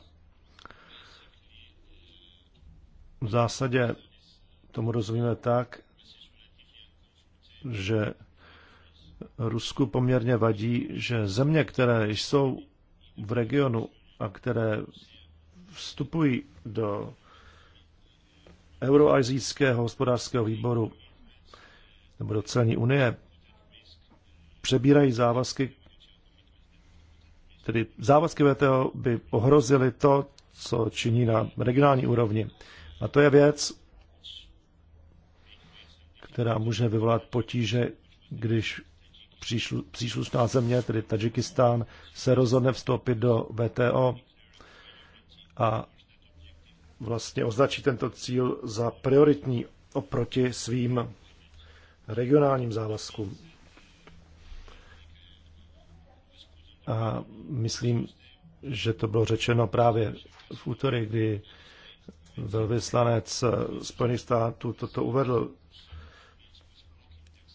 [SPEAKER 1] v zásadě tomu rozumíme tak, že Rusku poměrně vadí, že země, které jsou v regionu a které vstupují do euroazijského hospodářského výboru nebo do celní unie, přebírají závazky, tedy závazky VTO by ohrozily to, co činí na regionální úrovni. A to je věc, která může vyvolat potíže, když příslušná země, tedy Tadžikistán, se rozhodne vstoupit do VTO a vlastně označí tento cíl za prioritní oproti svým regionálním závazkům. A myslím, že to bylo řečeno právě v útory, kdy velvyslanec Spojených států toto uvedl.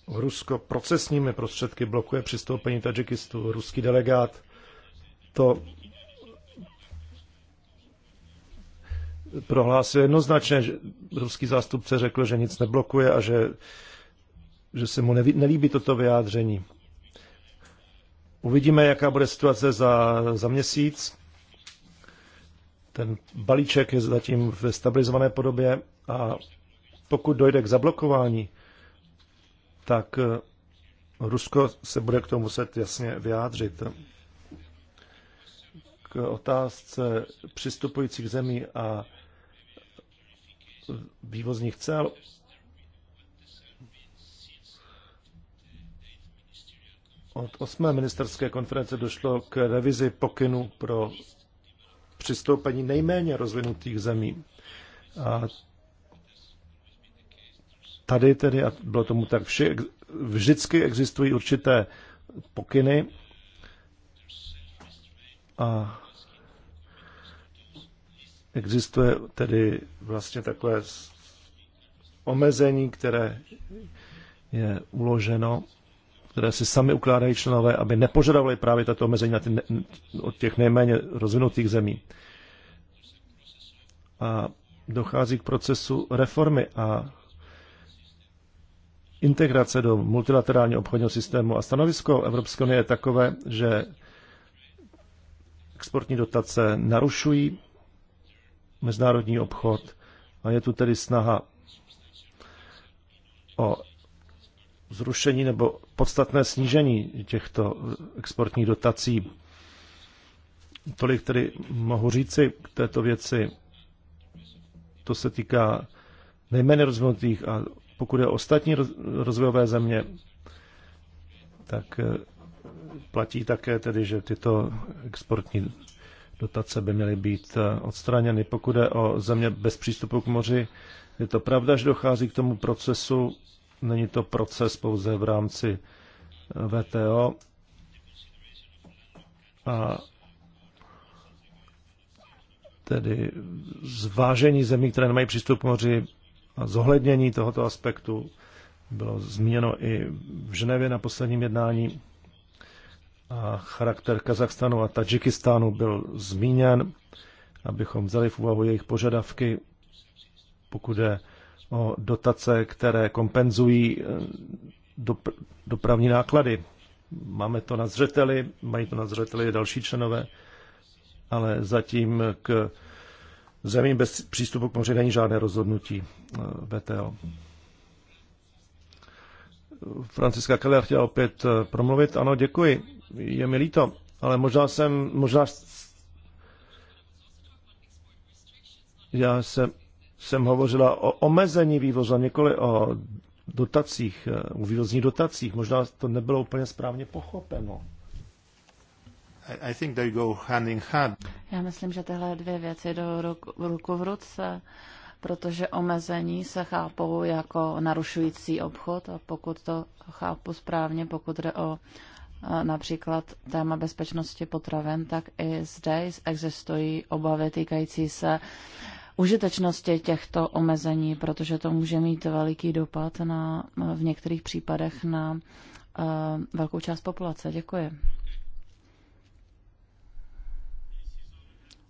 [SPEAKER 1] Rusko procesními prostředky blokuje přistoupení Tadžikistů. Ruský delegát to prohlásil jednoznačně, že ruský zástupce řekl, že nic neblokuje a že, že se mu neví, nelíbí toto vyjádření. Uvidíme, jaká bude situace za, za měsíc. Ten balíček je zatím ve stabilizované podobě a pokud dojde k zablokování, tak eh, Rusko se bude k tomu muset jasně vyjádřit. K otázce přistupujících zemí a vývozních cel. Od osmé ministerské konference došlo k revizi pokynu pro přistoupení nejméně rozvinutých zemí. A tady tedy, a bylo tomu tak, vši, vždycky existují určité pokyny a existuje tedy vlastně takové omezení, které je uloženo které si sami ukládají členové, aby nepožadovali právě tato omezení na ty, od těch nejméně rozvinutých zemí. A dochází k procesu reformy a integrace do multilaterálního obchodního systému. A stanovisko Evropské unie je takové, že exportní dotace narušují mezinárodní obchod a je tu tedy snaha o zrušení nebo podstatné snížení těchto exportních dotací. Tolik tedy mohu říci k této věci. To se týká nejméně rozvinutých a pokud je ostatní rozvojové země, tak eh, platí také tedy, že tyto exportní dotace by měly být eh, odstraněny. Pokud je o země bez přístupu k moři, je to pravda, že dochází k tomu procesu Není to proces pouze v rámci eh, VTO. A tedy zvážení zemí, které nemají přístup k moři a zohlednění tohoto aspektu bylo zmíněno i v Ženevě na posledním jednání. A charakter Kazachstanu a Tadžikistánu byl zmíněn, abychom vzali v úvahu jejich požadavky, pokud je o dotace, které kompenzují eh, dopravní náklady. Máme to na zřeteli, mají to na zřeteli další členové, ale zatím k zemím bez přístupu k moři není žádné rozhodnutí eh, VTO. Franciska Keller chtěla opět eh, promluvit. Ano, děkuji. Je mi líto, ale možná jsem, možná já jsem jsem hovořila o omezení vývozu, nikoli o dotacích, o eh, vývozních dotacích. Možná to nebylo úplně správně pochopeno. I think they go hand in hand.
[SPEAKER 2] Já myslím, že tyhle dvě věci jdou ruku v ruce, protože omezení se chápou jako narušující obchod a pokud to chápu správně, pokud jde o eh, například téma bezpečnosti potravin, tak i zde existují obavy týkající se uh, užitečnosti těchto omezení, protože to může mít veliký dopad na, v některých případech na uh, velkou část populace. Děkuji.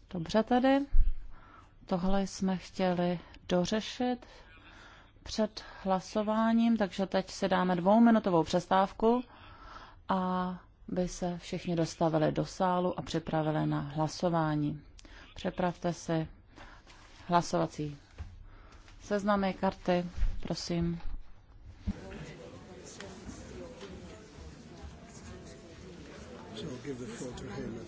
[SPEAKER 2] Dobře tady. Tohle jsme chtěli dořešit před hlasováním, takže teď si dáme dvouminutovou přestávku a by se všichni dostavili do sálu a připravili na hlasování. Přepravte si Hlasovací seznamy, karty, prosím.
[SPEAKER 1] So give the floor to him.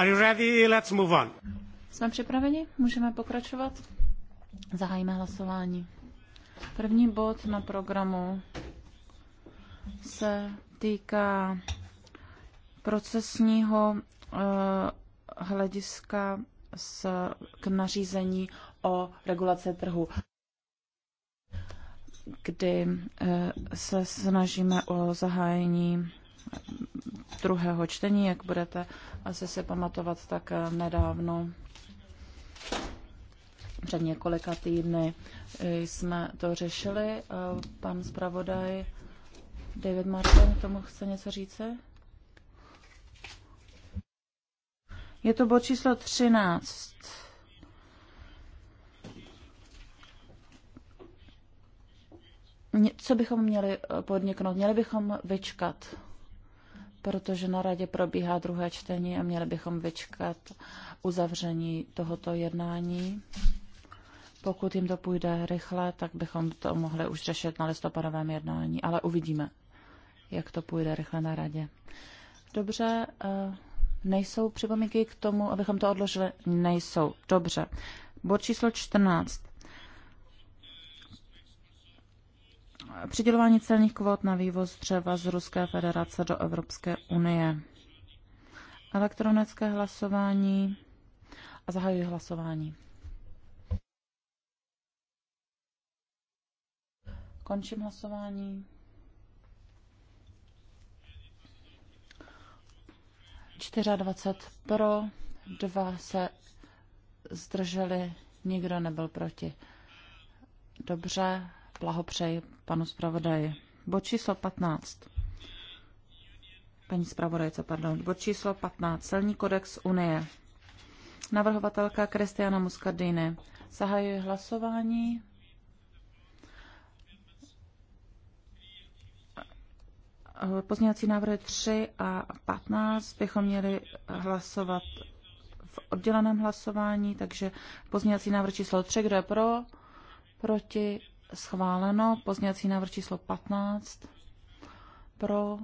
[SPEAKER 1] Are you ready? Let's move on.
[SPEAKER 2] Jsme připraveni? Můžeme pokračovat? Zahájíme hlasování. První bod na programu se týká procesního uh, hlediska s, k nařízení o regulaci trhu, kdy uh, se snažíme o zahájení druhého čtení, jak budete asi si pamatovat, tak nedávno před několika týdny jsme to řešili. Pan zpravodaj David Martin k tomu chce něco říci? Je to bod číslo 13. Co bychom měli podniknout? Měli bychom vyčkat protože na radě probíhá druhé čtení a měli bychom vyčkat uzavření tohoto jednání. Pokud jim to půjde rychle, tak bychom to mohli už řešit na listopadovém jednání, ale uvidíme, jak to půjde rychle na radě. Dobře, eh, nejsou připomínky k tomu, abychom to odložili? Nejsou. Dobře. Bod číslo 14. přidělování celních kvót na vývoz dřeva z Ruské federace do Evropské unie. Elektronické hlasování a zahajuji hlasování. Končím hlasování. dvacet pro, dva se zdrželi, nikdo nebyl proti. Dobře, blahopřeji panu zpravodaji. Bod číslo 15. Paní zpravodajce, pardon. Bod číslo 15. Celní kodex Unie. Navrhovatelka Kristiana Muscardini. Zahajuje hlasování. Pozměňovací návrhy 3 a 15 bychom měli hlasovat v odděleném hlasování, takže pozměňovací návrh číslo 3, kdo je pro, proti, schváleno. Pozněcí návrh číslo 15 pro.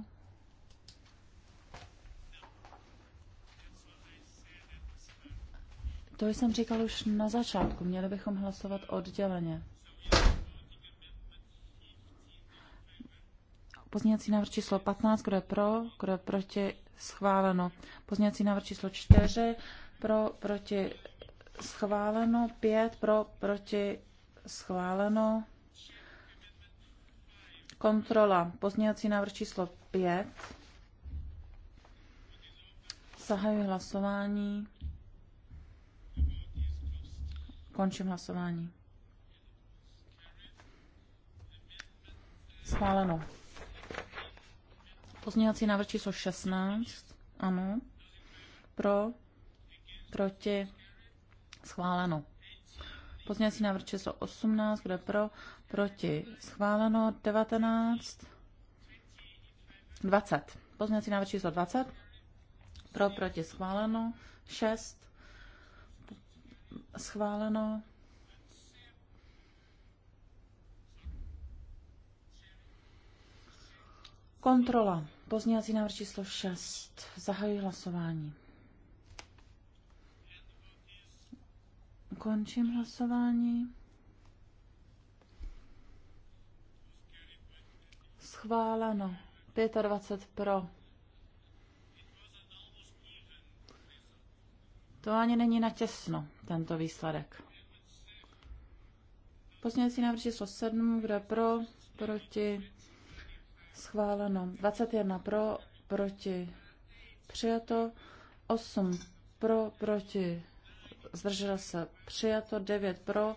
[SPEAKER 2] To jsem říkal už na začátku. Měli bychom hlasovat odděleně. Pozněcí návrh číslo 15, kdo je pro, kdo je proti, schváleno. Pozněcí návrh číslo 4, pro, proti, schváleno. 5, pro, proti, schváleno. Kontrola. Pozměňovací návrh číslo 5. Zahajuji hlasování. Končím hlasování. Schváleno. Pozměňovací návrh číslo 16. Ano. Pro. Proti. Schváleno. Pozměňovací návrh číslo 18. Kdo je pro? proti, schváleno 19, 20. Pozměňovací návrh číslo 20, pro, proti, schváleno 6, schváleno Kontrola. Pozměňovací návrh číslo 6. Zahajuji hlasování. Končím hlasování. Schváleno. 25 pro. To ani není natěsno, tento výsledek. Pozměňovací návrh číslo 7, kdo je pro, proti, schváleno. 21 pro, proti, přijato. 8 pro, proti, zdržel se, přijato. 9 pro,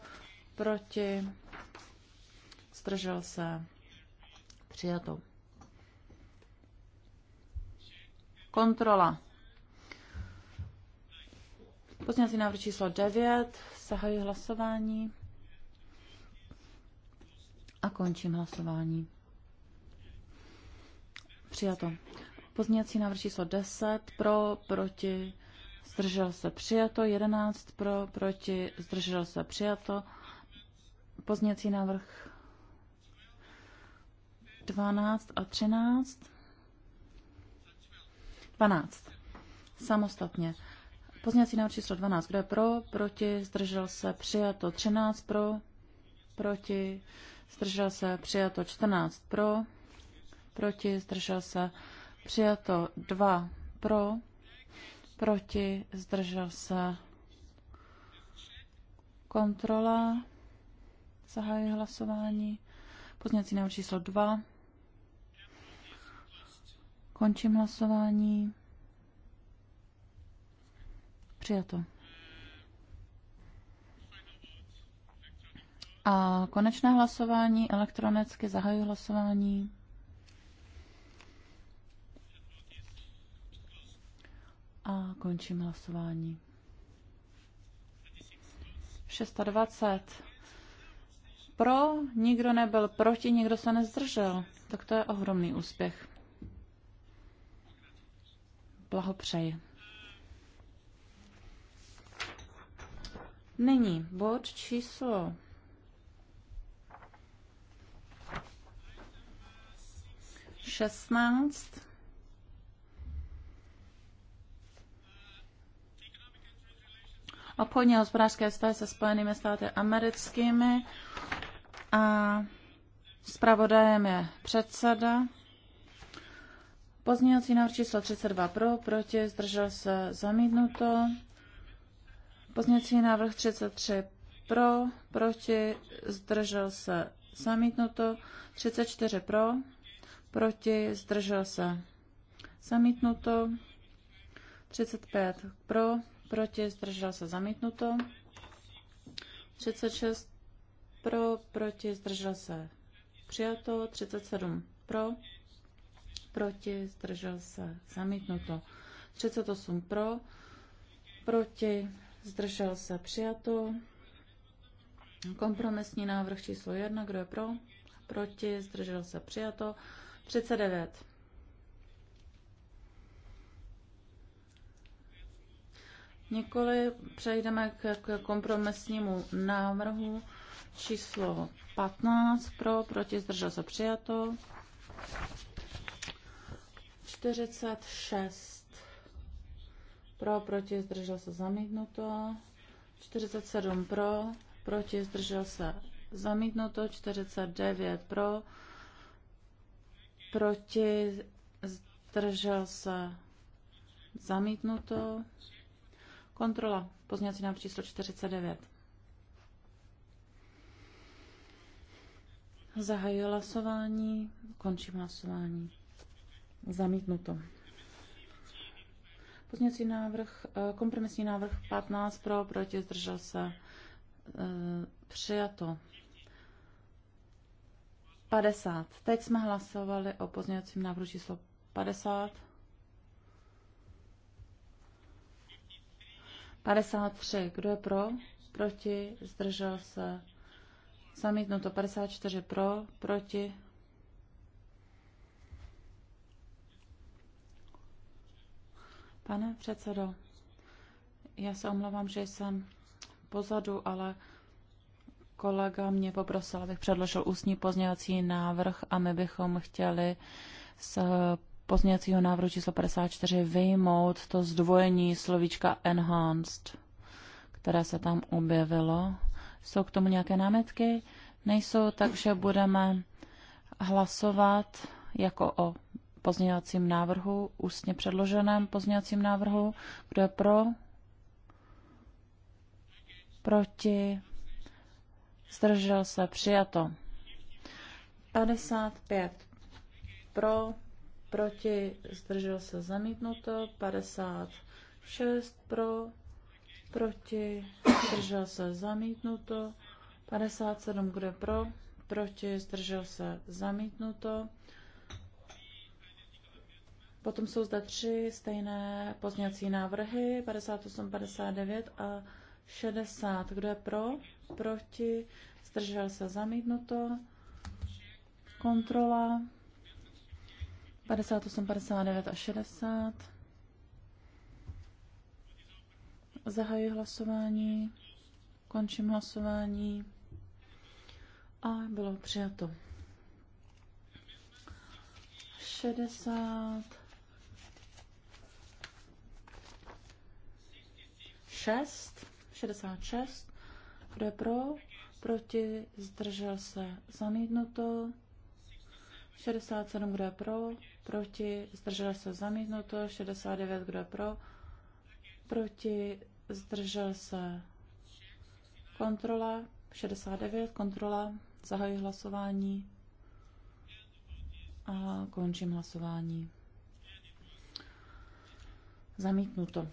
[SPEAKER 2] proti, zdržel se. Přijato. Kontrola. Pozměňovací návrh číslo 9. Zahajuji hlasování. A končím hlasování. Přijato. Pozměňovací návrh číslo 10. Pro, proti, zdržel se přijato. 11. Pro, proti, zdržel se přijato. Pozměňovací návrh 12 a 13. 12. Samostatně. Pozměňovací návrh číslo 12. Kdo je pro? Proti? Zdržel se? Přijato. 13 pro? Proti? Zdržel se? Přijato. 14 pro? Proti? Zdržel se? Přijato. 2 pro? Proti? Zdržel se? Kontrola. Zahájí hlasování. Pozměňovací návrh číslo 2. Končím hlasování. Přijato. A konečné hlasování elektronicky zahajuji hlasování. A končím hlasování. 620. Pro, nikdo nebyl proti, nikdo se nezdržel. Tak to je ohromný úspěch. Blahopřeji. Nyní bod číslo šestnáct. Obchodní a hospodářské vztahy se Spojenými státy americkými a zpravodajem je předseda Pozměňovací návrh číslo 32 pro, proti, zdržel se zamítnuto. Pozměňovací návrh 33 pro, proti, zdržel se zamítnuto. 34 pro, proti, zdržel se zamítnuto. 35 pro, proti, zdržel se zamítnuto. 36 pro, proti, zdržel se přijato. 37 pro, proti, zdržel se, zamítnuto. 38 pro, proti, zdržel se, přijato. Kompromisní návrh číslo 1, kdo je pro, proti, zdržel se, přijato. 39. Nikoli přejdeme k, kompromisnímu návrhu číslo 15 pro, proti zdržel se přijato. 46 pro, proti, zdržel se zamítnuto. 47 pro, proti, zdržel se zamítnuto. 49 pro, proti, zdržel se zamítnuto. Kontrola. Pozměňovací nám číslo 49. Zahajuji hlasování, končím hlasování. Zamítnuto. Pozměňovací návrh, eh, kompromisní návrh 15 pro, proti, zdržel se, eh, přijato. 50. Teď jsme hlasovali o pozměňovacím návrhu číslo 50. 53. Kdo je pro? Proti? Zdržel se? Zamítnuto. 54 pro? Proti? Pane předsedo, já se omlouvám, že jsem pozadu, ale kolega mě poprosil, abych předložil ústní pozněvací návrh a my bychom chtěli z pozněvacího návrhu číslo 54 vyjmout to zdvojení slovíčka enhanced, které se tam objevilo. Jsou k tomu nějaké námitky? Nejsou, takže budeme hlasovat jako o pozměňovacím návrhu, ústně předloženém pozměňovacím návrhu. Kdo je pro? Proti? Zdržel se? Přijato. 55 pro, proti, zdržel se zamítnuto, 56 pro, proti, zdržel se zamítnuto, 57 kde pro, proti, zdržel se zamítnuto, Potom jsou zde tři stejné pozměňovací návrhy, 58, 59 a 60. Kdo je pro? Proti? Zdržel se zamítnuto. Kontrola. 58, 59 a 60. Zahajuji hlasování. Končím hlasování. A bylo přijato. 60. 6, 66. Kdo je pro? Proti? Zdržel se? Zamítnuto. 67, kdo je pro? Proti? Zdržel se? Zamítnuto. 69, kdo je pro? Proti? Zdržel se? Kontrola. 69, kontrola. Zahajuji hlasování. A končím hlasování. Zamítnuto.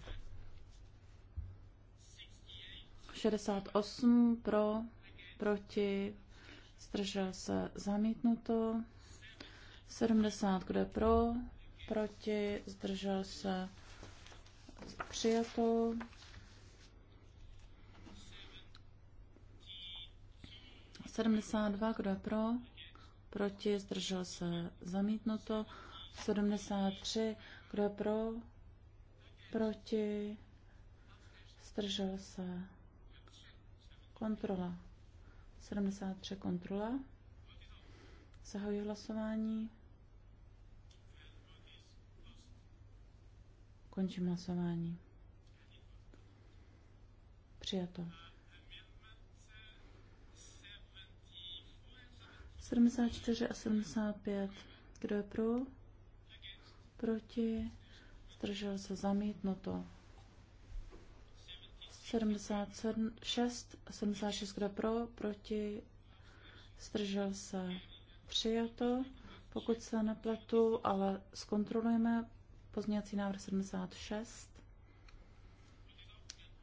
[SPEAKER 2] 68 pro, proti, zdržel se zamítnuto. 70, kdo je pro, proti, zdržel se přijato. Sedmdesát dva, kdo je pro, proti, zdržel se zamítnuto. tři, kdo je pro, proti, zdržel se Kontrola. 73 kontrola. Zahajuji hlasování. Končím hlasování. Přijato. 74 a 75. Kdo je pro? Proti? Zdržel se zamítnuto. 76, 76 kdo pro, proti, zdržel se přijato. Pokud se nepletu, ale zkontrolujeme pozměňovací návrh 76.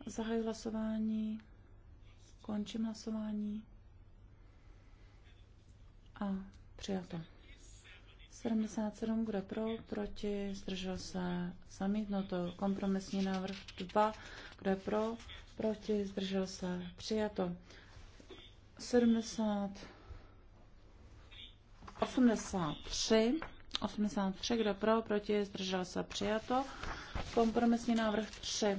[SPEAKER 2] Zahajuji hlasování, končím hlasování a přijato. 77, kdo pro, proti, zdržel se, zamítnuto. Kompromisní návrh 2, kdo pro, proti, zdržel se, přijato. 70, 83, 83, kdo pro, proti, zdržel se, přijato. Kompromisní návrh 3,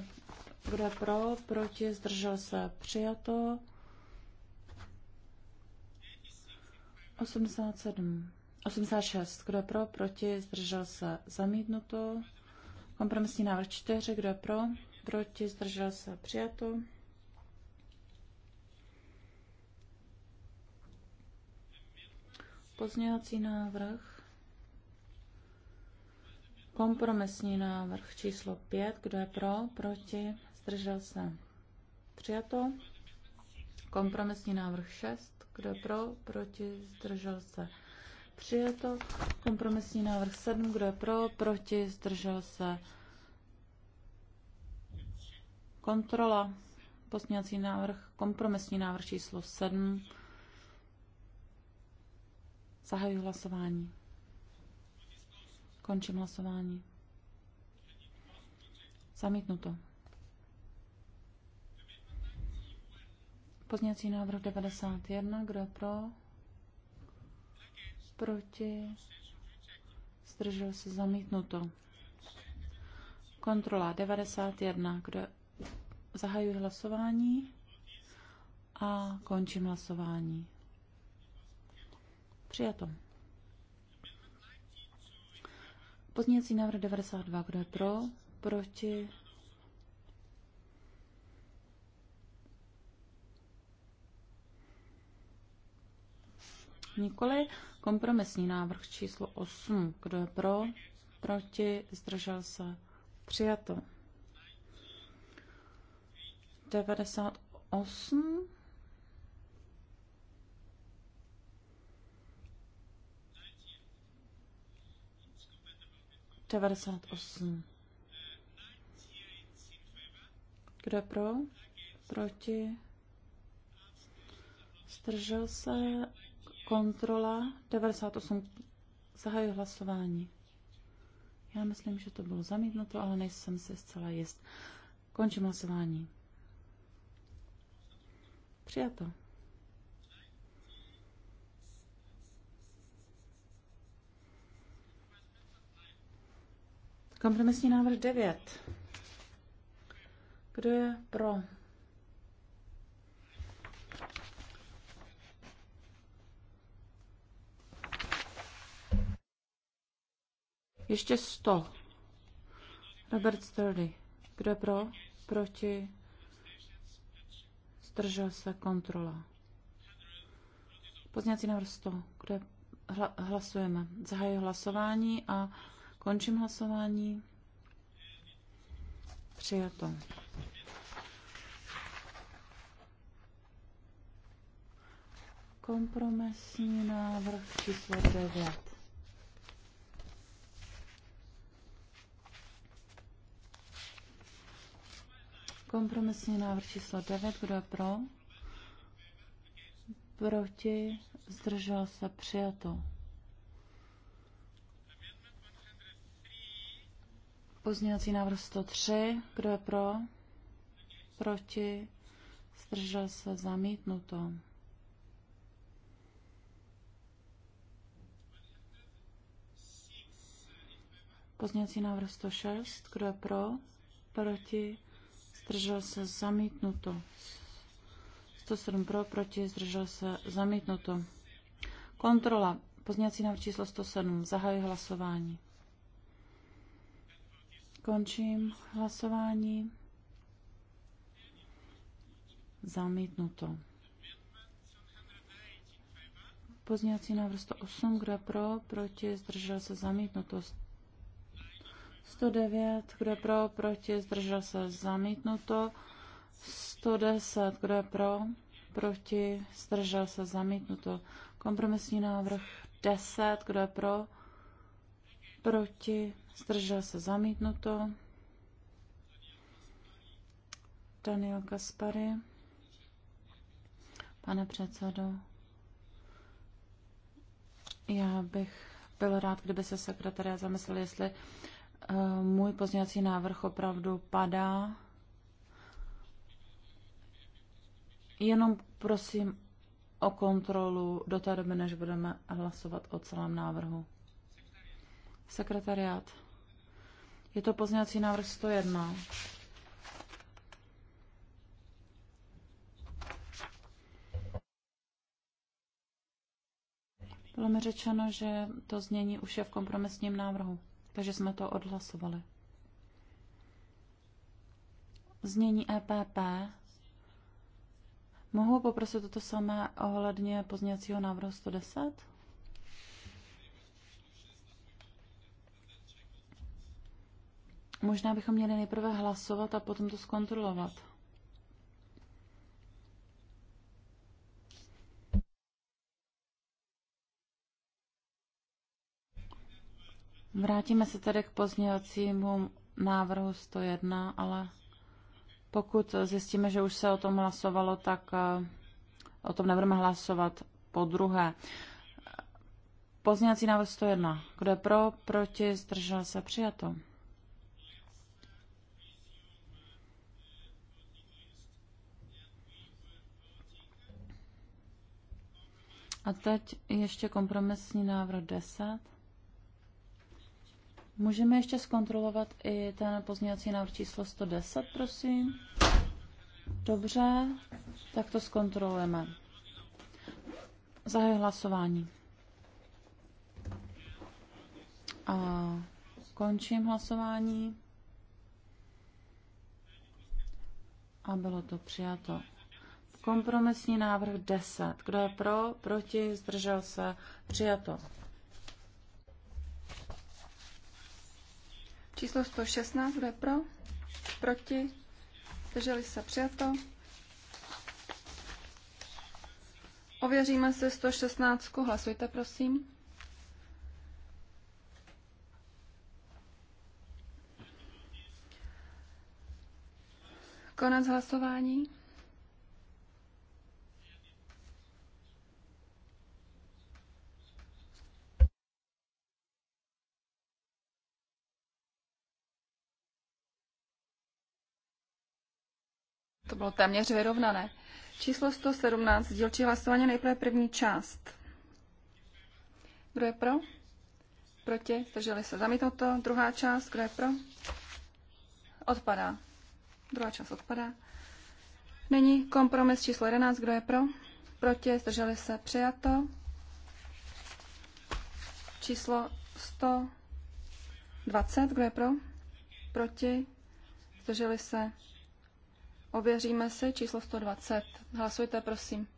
[SPEAKER 2] kdo pro, proti, zdržel se, přijato. 87. 86. Kdo je pro? Proti? Zdržel se? Zamítnuto. Kompromisní návrh 4. Kdo je pro? Proti? Zdržel se? Přijato. Pozměňovací návrh. Kompromisní návrh číslo 5. Kdo je pro? Proti? Zdržel se? Přijato. Kompromisní návrh 6. Kdo je pro? Proti? Zdržel se? přijato. Kompromisní návrh 7, kdo je pro, proti, zdržel se. Kontrola, posměvací návrh, kompromisní návrh číslo 7. Zahajuji hlasování. Končím hlasování. Zamítnuto. Pozněcí návrh 91, kdo je pro? proti, zdržel se zamítnuto. Kontrola 91, kdo zahajuji hlasování a končím hlasování. Přijato. Pozměňovací návrh 92, kdo je pro, proti, Nikoli kompromisní návrh číslo 8. Kdo je pro? Proti? Zdržel se? Přijato. 98. Devadesát osm. Kdo je pro? Proti? Zdržel se? Kontrola 98. Zahajuji hlasování. Já myslím, že to bylo zamítnuto, ale nejsem si zcela jist. Končím hlasování. Přijato. Kompromisní návrh 9. Kdo je pro? Ještě 100. Robert Sturdy. Kdo je pro? Proti? Zdržel se kontrola. Pozněcí návrh 100. Kdo je? Hla, hlasujeme. Zahajuji hlasování a končím hlasování. Přijato. Kompromisní návrh číslo 9. Kompromisní návrh číslo 9. Kdo je pro? Proti? Zdržel se? Přijato. Pozměňovací návrh 103. Kdo je pro? Proti? Zdržel se? Zamítnuto. Pozměňovací návrh 106. Kdo je pro? Proti? zdržel se, zamítnuto. 107 pro, proti, zdržel se, zamítnuto. Kontrola. Pozněcí návrh číslo 107. Zahajuji hlasování. Končím hlasování. Zamítnuto. Pozněcí návrh 108, kdo pro, proti, zdržel se, zamítnuto. 109, kdo je pro, proti, zdržel se, zamítnuto. 110, kdo je pro, proti, zdržel se, zamítnuto. Kompromisní návrh 10, kdo je pro, proti, zdržel se, zamítnuto. Daniel Kaspary. Pane předsedo, já bych byl rád, kdyby se sekretariat zamyslel, jestli můj pozměňovací návrh opravdu padá. Jenom prosím o kontrolu do té doby, než budeme hlasovat o celém návrhu. Sekretariát. Je to pozněcí návrh 101. Bylo mi řečeno, že to znění už je v kompromisním návrhu takže jsme to odhlasovali. Znění EPP. Mohu poprosit toto samé ohledně pozněcího návrhu 110? Možná bychom měli nejprve hlasovat a potom to zkontrolovat. Vrátíme se tedy k pozdějacímu návrhu 101, ale pokud zjistíme, že už se o tom hlasovalo, tak eh, o tom nebudeme hlasovat po druhé. Pozněcí návrh 101. Kdo je pro, proti, zdržel se, přijato. A teď ještě kompromisní návrh 10. Můžeme ještě zkontrolovat i ten pozměňovací návrh číslo 110, prosím. Dobře, tak to zkontrolujeme. Zahajuji hlasování. A končím hlasování. A bylo to přijato. Kompromisní návrh 10. Kdo je pro, proti, zdržel
[SPEAKER 3] se, přijato. Číslo 116, kdo je pro? Proti? Drželi se přijato. Ověříme se 116. Hlasujte, prosím. Konec hlasování. To bylo téměř vyrovnané. Číslo 117, dílčí hlasování, nejprve první část. Kdo je pro? Proti? Zdrželi se. Zamítnuto. Druhá část. Kdo je pro? Odpadá. Druhá část odpadá. Nyní kompromis číslo 11. Kdo je pro? Proti? Zdrželi se. Přijato. Číslo 120. Kdo je pro? Proti? Zdrželi se. Ověříme si číslo 120. Hlasujte, prosím.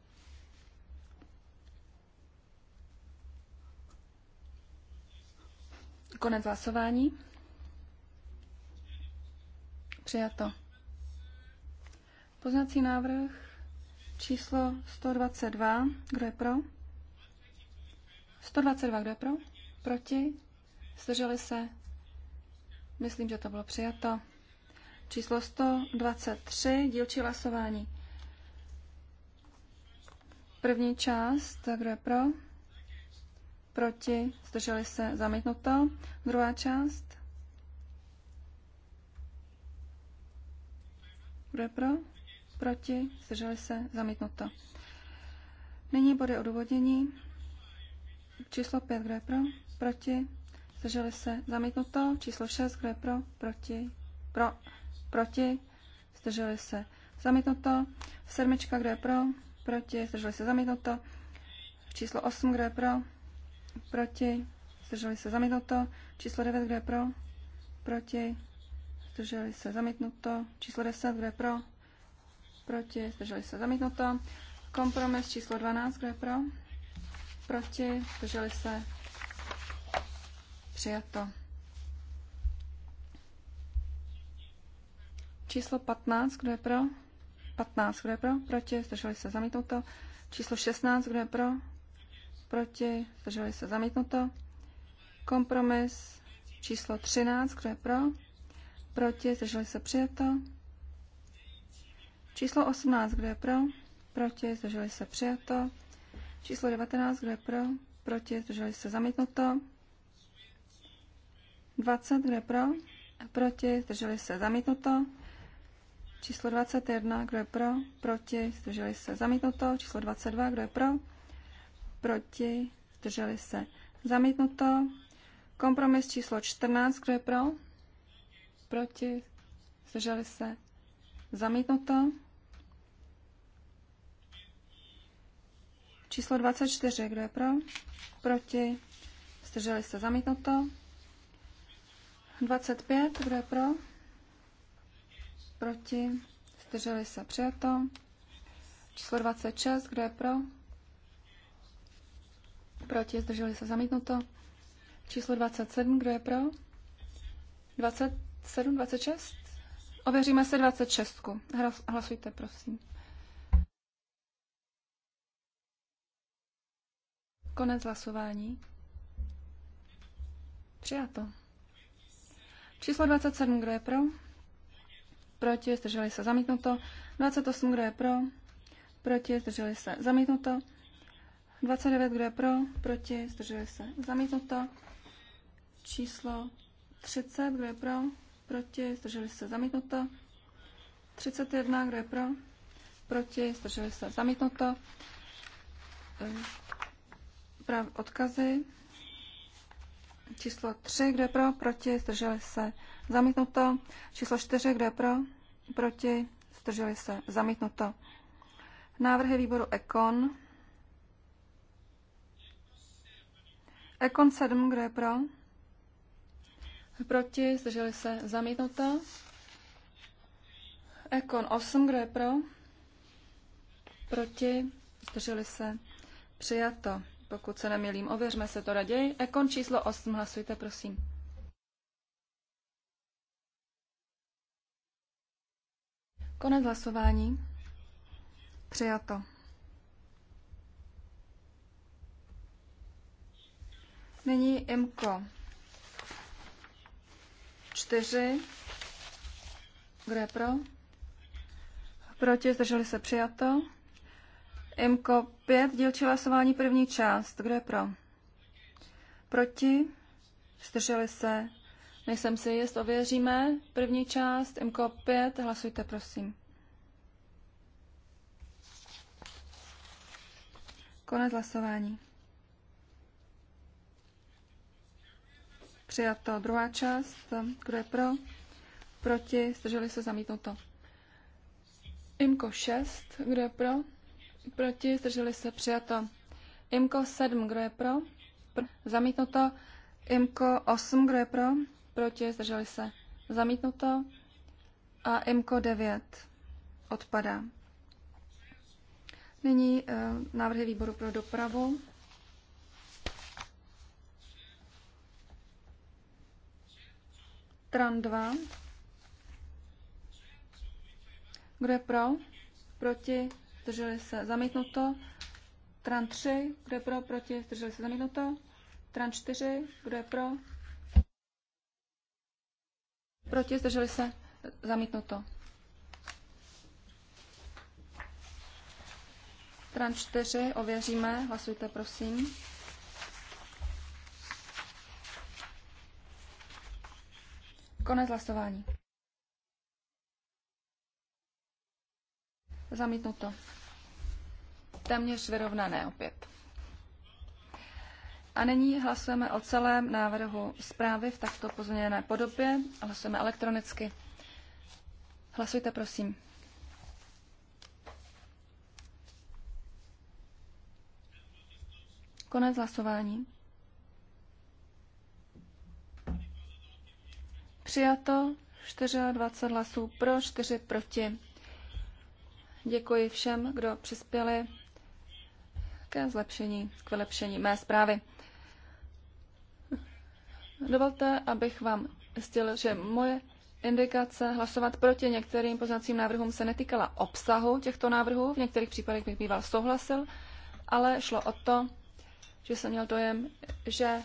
[SPEAKER 3] Konec hlasování. Přijato. Poznací návrh číslo 122. Kdo je pro? 122. Kdo je pro? Proti? Zdrželi se? Myslím, že to bylo přijato číslo 123, dílčí hlasování. První část, kdo je pro? Proti, zdrželi se, zamítnuto. Druhá část. Kdo je pro? Proti, zdrželi se, zamítnuto. Nyní body odůvodnění. Číslo 5, kdo je pro? Proti, zdrželi se, zamítnuto. Číslo 6, kdo je pro? Proti, pro. Proti? Zdrželi se. Zamítnuto. Sedmička, kdo je pro? Proti? Zdrželi se. Zamítnuto. Číslo 8, kdo je pro? Proti? Zdrželi se. Zamítnuto. Číslo 9, kdo je pro? Proti? Zdrželi se. Zamítnuto. Číslo 10, kdo je pro? Proti? Zdrželi se. Zamítnuto. Kompromis číslo 12, kdo je pro? Proti? Zdrželi se. Přijato. Číslo 15, kdo je pro? 15, kdo je pro? Proti, zdrželi se zamítnuto. Číslo 16, kdo je pro? Proti, zdrželi se zamítnuto. Kompromis číslo 13, kdo je pro? Proti, zdrželi se přijato. Číslo 18, kdo je pro? Proti, zdrželi se přijato. Číslo 19, kdo je pro? Proti, zdrželi se zamítnuto. 20, kdo je pro? Proti, zdrželi se zamítnuto. Číslo 21, kdo je pro? Proti, zdrželi se. Zamítnuto. Číslo 22, kdo je pro? Proti, zdrželi se. Zamítnuto. Kompromis číslo 14, kdo je pro? Proti, zdrželi se. Zamítnuto. Číslo 24, kdo je pro? Proti, zdrželi se. Zamítnuto. 25, kdo je pro? proti, zdrželi se přijato. Číslo 26, kdo je pro, proti, zdrželi se zamítnuto. Číslo 27, kdo je pro? 27, 26? Ověříme se 26. Hlasujte, prosím. Konec hlasování. Přijato. Číslo 27, kdo je pro? proti, zdrželi se, zamítnuto. 28, kdo je pro, proti, zdrželi se, zamítnuto. 29, kdo je pro, proti, zdrželi se, zamítnuto. Číslo 30, kdo je pro, proti, zdrželi se, zamítnuto. 31, kdo je pro, proti, zdrželi se, zamítnuto. Prav odkazy. Číslo 3, kdo je pro, proti, zdrželi se, zamítnuto. Číslo 4, kdo je pro, proti, zdrželi se, zamítnuto. Návrhy výboru Ekon. Ekon 7, kdo je pro? Proti, zdrželi se, zamítnuto. Ekon 8, kdo je pro? Proti, zdrželi se, přijato. Pokud se nemělím, ověřme se to raději. Ekon číslo 8, hlasujte, prosím. Konec hlasování. Přijato. Nyní IMKO 4. Kdo je pro? Proti, zdrželi se přijato. IMKO pět dílčí hlasování, první část. Kdo je pro? Proti? Zdrželi se? Nejsem si jist, ověříme. První část, IMKO pět hlasujte prosím. Konec hlasování. Přijato druhá část. Kdo je pro? Proti? Zdrželi se zamítnuto. IMKO 6. Kdo je pro? Proti? Zdrželi se? Přijato. IMKO 7. Kdo je pro? pro. Zamítnuto. IMKO 8. Kdo je pro? Proti? Zdrželi se? Zamítnuto. A IMKO 9 odpadá. Nyní e, návrhy výboru pro dopravu. Tran 2. Kdo je pro? Proti? zdrželi se zamítnuto. Tran 3, kdo je pro, proti, zdrželi se zamítnuto. Tran 4, kdo je pro, proti, zdrželi se zamítnuto. Tran 4 ověříme, hlasujte prosím. Konec hlasování. Zamítnuto téměř vyrovnané opět. A nyní hlasujeme o celém návrhu zprávy v takto pozměněné podobě. Hlasujeme elektronicky. Hlasujte, prosím. Konec hlasování. Přijato 24 hlasů pro, 4 proti. Děkuji všem, kdo přispěli ke zlepšení, k vylepšení mé zprávy. Dovolte, abych vám stěl, že moje indikace hlasovat proti některým poznacím návrhům se netýkala obsahu těchto návrhů, v některých případech bych býval souhlasil, ale šlo o to, že jsem měl dojem, že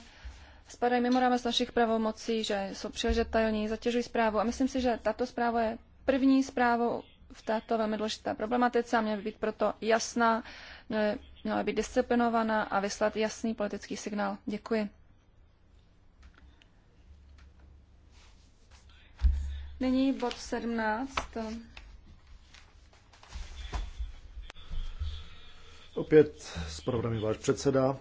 [SPEAKER 3] spadají mimo rámec našich pravomocí, že jsou příliš detailní, zatěžují zprávu a myslím si, že tato zpráva je první zprávou v této velmi důležité problematice a měla by být proto jasná, měly měla být disciplinovaná a vyslat jasný politický signál. Děkuji. Nyní bod 17.
[SPEAKER 1] Opět s programem váš předseda.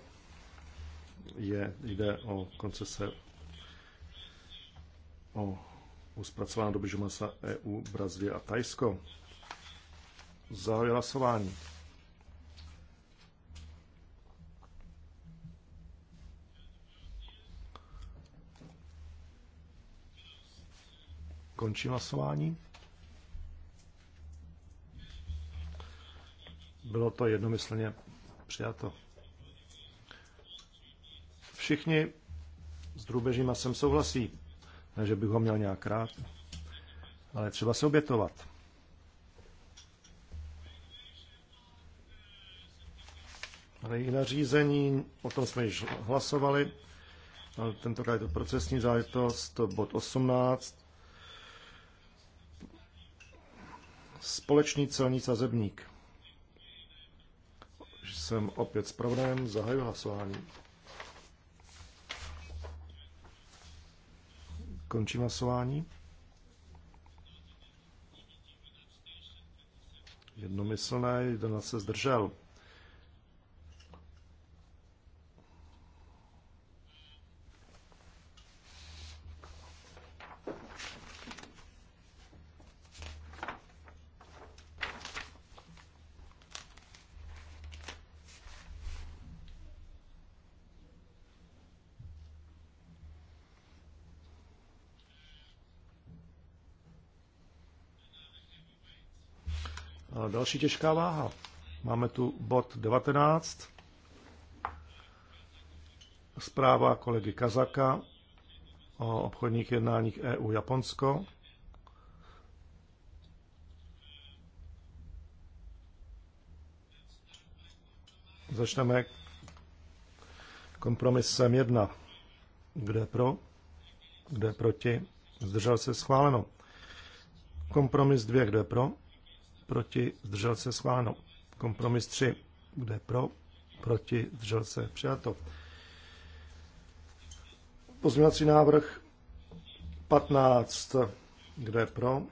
[SPEAKER 1] Je, jde o koncese o uspracování doby masa EU, Brazílie a Tajsko. Zahajuji hlasování. Končím hlasování. Bylo to jednomyslně přijato. Všichni s drůbežím sem souhlasí, ne, že bych ho měl nějak rád, ale třeba se obětovat. Ale i řízení o tom jsme již hlasovali, tentokrát je to procesní záležitost, bod 18, společný celní sazebník. Jsem opět zpravodajem, zahajuji hlasování. Končím hlasování. Jednomyslné, jeden se zdržel. další těžká váha. Máme tu bod 19, zpráva kolegy Kazaka o obchodních jednáních EU-Japonsko. Začneme kompromisem 1. Kde pro? Kde proti? Zdržel se schváleno. Kompromis 2. Kde pro? proti, zdržel se schváno. Kompromis 3, kde pro, proti, zdržel se přijato. Pozměňovací návrh 15, kde pro,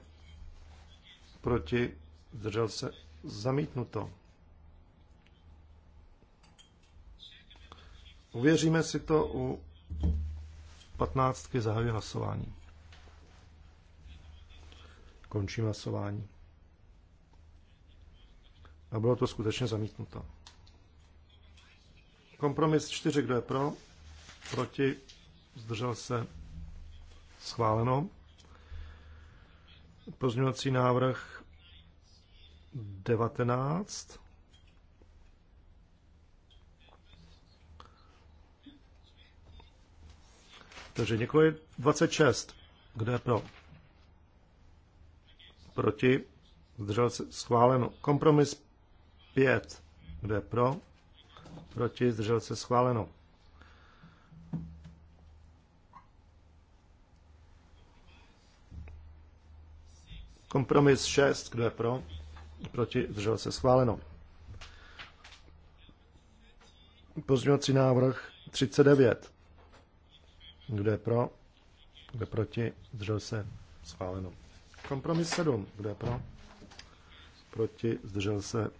[SPEAKER 1] proti, zdržel se zamítnuto. Uvěříme si to u 15. zahajuje hlasování. Končím hlasování. A bylo to skutečně zamítnuto. Kompromis 4, kdo je pro, proti, zdržel se, schváleno. Pozměňovací návrh 19. Takže děkuji. 26. Kdo je pro? Proti. Zdržel se. Schváleno. Kompromis 5. Kdo je pro? Proti? Zdržel se schváleno. Kompromis 6. Kdo je pro? Proti? Zdržel se schváleno. Pozměňovací návrh 39. Kdo je pro? Kdo je proti? Zdržel se schváleno. Kompromis 7. Kdo je pro? Proti? Zdržel se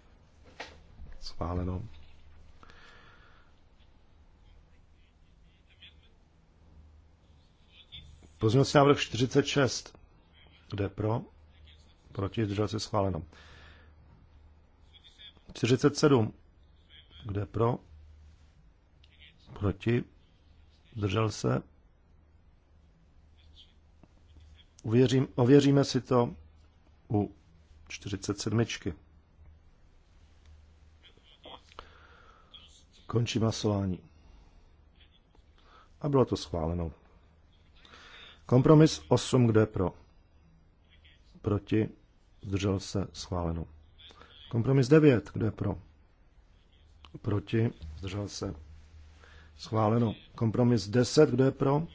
[SPEAKER 1] Schváleno. Pozměňovací návrh 46. Kde pro? Proti, zdržel se schváleno. 47. Kde pro? Proti, zdržel se. Uvěřím, ověříme si to u 47. Končím hlasování. A bylo to schváleno. Kompromis 8, kde pro. Proti. Zdržel se. Schváleno. Kompromis 9, kde pro. Proti. Zdržel se. Schváleno. Kompromis 10, kde pro.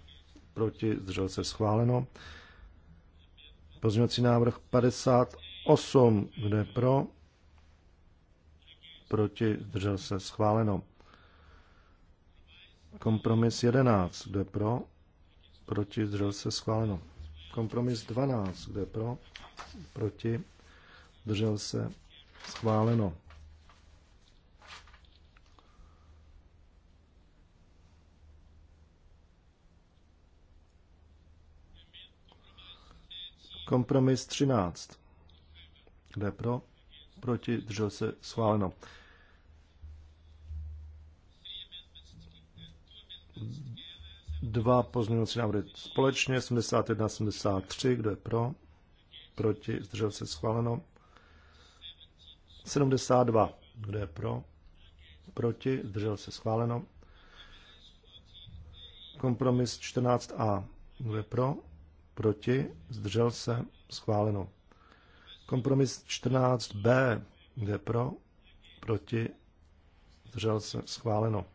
[SPEAKER 1] Proti. Zdržel se. Schváleno. Pozměňovací návrh 58, kde pro. Proti. Zdržel se. Schváleno. Kompromis 11, kde pro, proti, držel se schváleno. Kompromis 12, kde pro, proti, držel se schváleno. Kompromis 13, kde pro, proti, držel se schváleno. dva pozměňovací návrhy společně, 71 73, kdo je pro, proti, zdržel se schváleno. 72, kdo je pro, proti, zdržel se schváleno. Kompromis 14a, kdo je pro, proti, zdržel se schváleno. Kompromis 14b, kdo je pro, proti, zdržel se schváleno.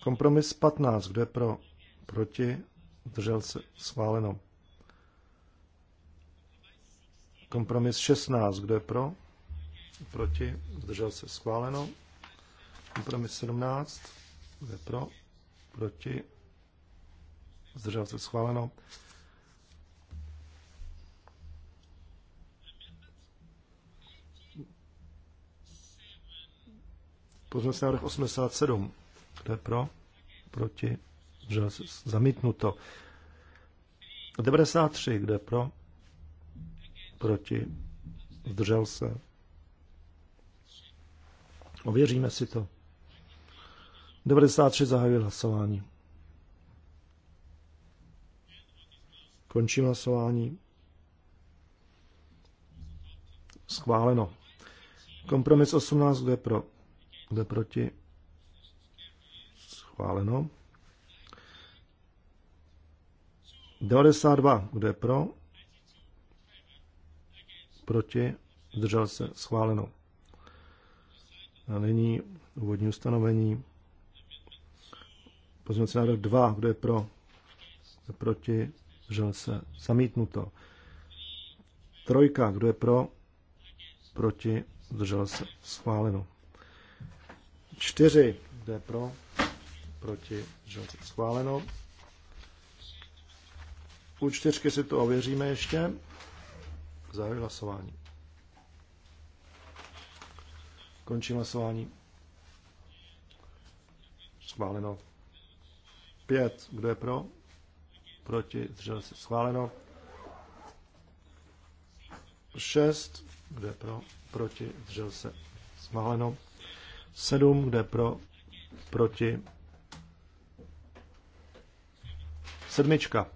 [SPEAKER 1] Kompromis 15. Kdo je pro? Proti? Držel se? Schváleno. Kompromis 16. Kdo je pro? Proti? Držel se? Schváleno. Kompromis 17. Kdo je pro? Proti? Zdržel se? Schváleno. Pozměnce návrh 87. Kdo je pro? Proti? Zdržel zamítnuto. 93. Kdo je pro? Proti? Zdržel se. Ověříme si to. 93 zahajuje hlasování. Končím hlasování. Schváleno. Kompromis 18, kde pro, kde proti, schváleno. 92, kdo je pro, proti, zdržel se, schváleno. A nyní úvodní ustanovení. Pozměnce návrh 2, kdo je pro, kdo je proti, zdržel se, zamítnuto. Trojka, kdo je pro, proti, zdržel se, schváleno. 4, kdo je pro, proti, Jones. schváleno. U čtyřky si to ověříme ještě. Zahajuji hlasování. Končím hlasování. Schváleno. Pět. Kdo je pro? Proti, zdržel se. Schváleno. Šest. Kdo je pro? Proti, zdržel se. Schváleno. Sedm. Kdo je pro? Proti, Sedmička.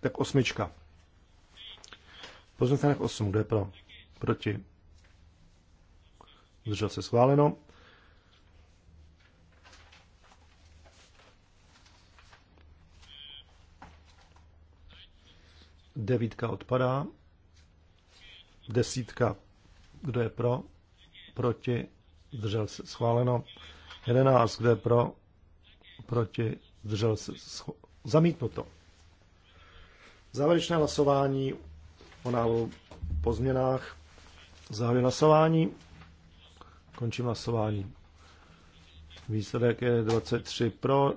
[SPEAKER 1] Tak osmička. Pozměte na 8. Kdo je pro? Proti? Zdržel se schváleno. Devítka odpadá. Desítka. Kdo je pro? Proti? Zdržel se schváleno. 11, kde pro, proti, zdržel se, scho- zamítnuto. Závěrečné hlasování o návrhu po změnách. Závěr hlasování. Končím hlasování. Výsledek je 23 pro,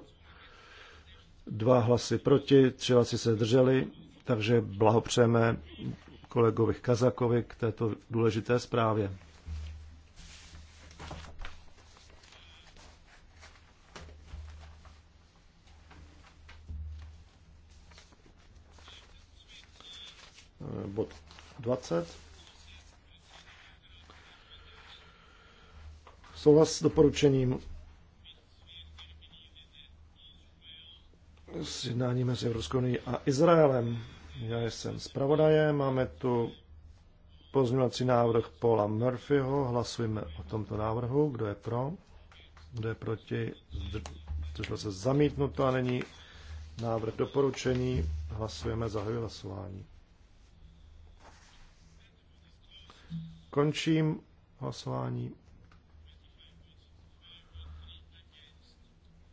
[SPEAKER 1] dva hlasy proti, tři hlasy se drželi, takže blahopřejeme kolegovi Kazakovi k této důležité zprávě. bod 20. Souhlas s doporučením s jednáním mezi Evropskou unii a Izraelem. Já jsem zpravodaje, máme tu pozměňovací návrh Paula Murphyho, hlasujeme o tomto návrhu, kdo je pro, kdo je proti, což se zamítnuto a není návrh doporučení, hlasujeme, zahajuji hlasování. Končím hlasování.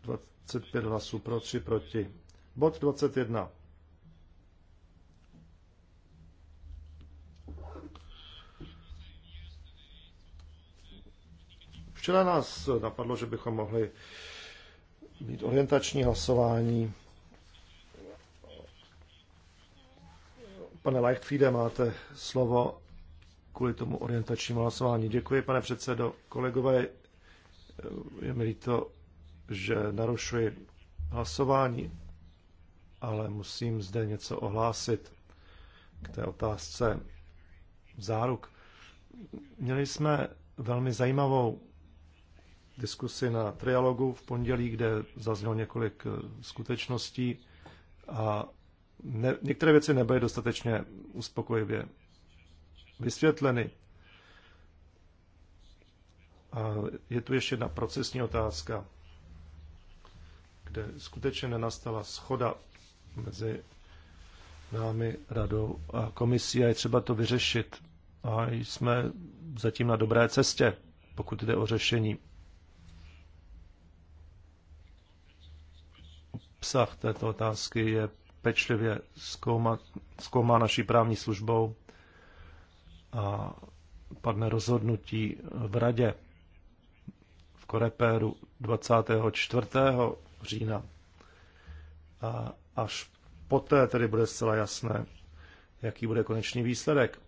[SPEAKER 1] 25 hlasů pro, 3 proti. Bod 21. Včera nás napadlo, že bychom mohli mít orientační hlasování. Pane Leichtfriede, máte slovo kvůli tomu orientačnímu hlasování. Děkuji, pane předsedo. Kolegové, je mi líto, že narušuji hlasování, ale musím zde něco ohlásit k té otázce záruk. Měli jsme velmi zajímavou diskusi na trialogu v pondělí, kde zaznělo několik skutečností a ne, některé věci nebyly dostatečně uspokojivě vysvětleny. A je tu ještě jedna procesní otázka, kde skutečně nenastala schoda mezi námi, radou a komisí a je třeba to vyřešit. A jsme zatím na dobré cestě, pokud jde o řešení. Obsah této otázky je pečlivě zkoumá naší právní službou a padne rozhodnutí v radě v Korepéru 24. října. A až poté tedy bude zcela jasné, jaký bude konečný výsledek.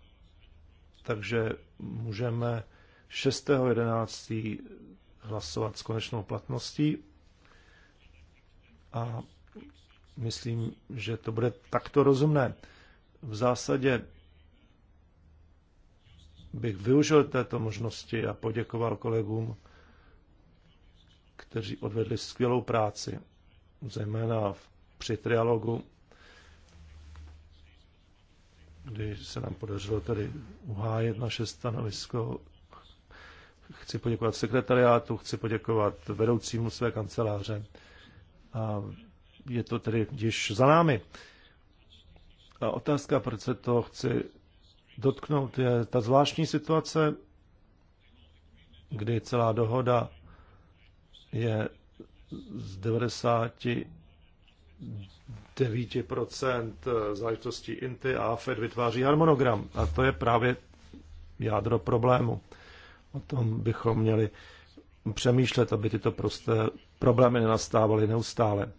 [SPEAKER 1] Takže můžeme 6.11. hlasovat s konečnou platností a myslím, že to bude takto rozumné. V zásadě bych využil této možnosti a poděkoval kolegům, kteří odvedli skvělou práci, zejména při trialogu, kdy se nám podařilo tady uhájet naše stanovisko. Chci poděkovat sekretariátu, chci poděkovat vedoucímu své kanceláře. A je to tedy již za námi. A otázka, proč se to chci dotknout, je ta zvláštní situace, kdy celá dohoda je z 99% záležitostí Inty a Fed vytváří harmonogram. A to je právě jádro problému. O tom bychom měli přemýšlet, aby tyto prosté problémy nenastávaly neustále.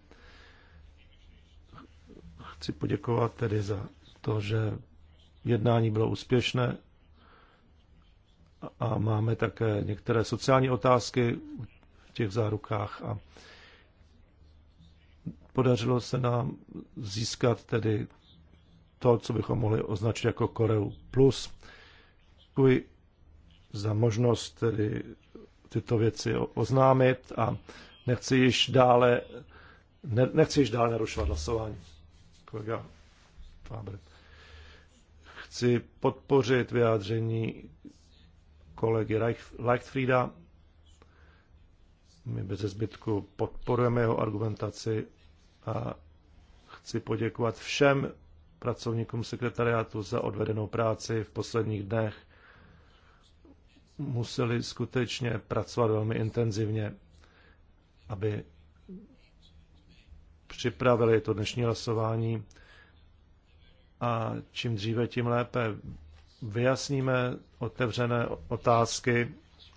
[SPEAKER 1] Chci poděkovat tedy za to, že jednání bylo úspěšné a máme také některé sociální otázky v těch zárukách a podařilo se nám získat tedy to, co bychom mohli označit jako Koreu Plus. Děkuji za možnost tedy tyto věci oznámit a nechci již dále, ne, nechci již dále narušovat hlasování. Kolega Fábr chci podpořit vyjádření kolegy Leichtfrieda. My bez zbytku podporujeme jeho argumentaci a chci poděkovat všem pracovníkům sekretariátu za odvedenou práci v posledních dnech. Museli skutečně pracovat velmi intenzivně, aby připravili to dnešní hlasování a čím dříve, tím lépe vyjasníme otevřené otázky,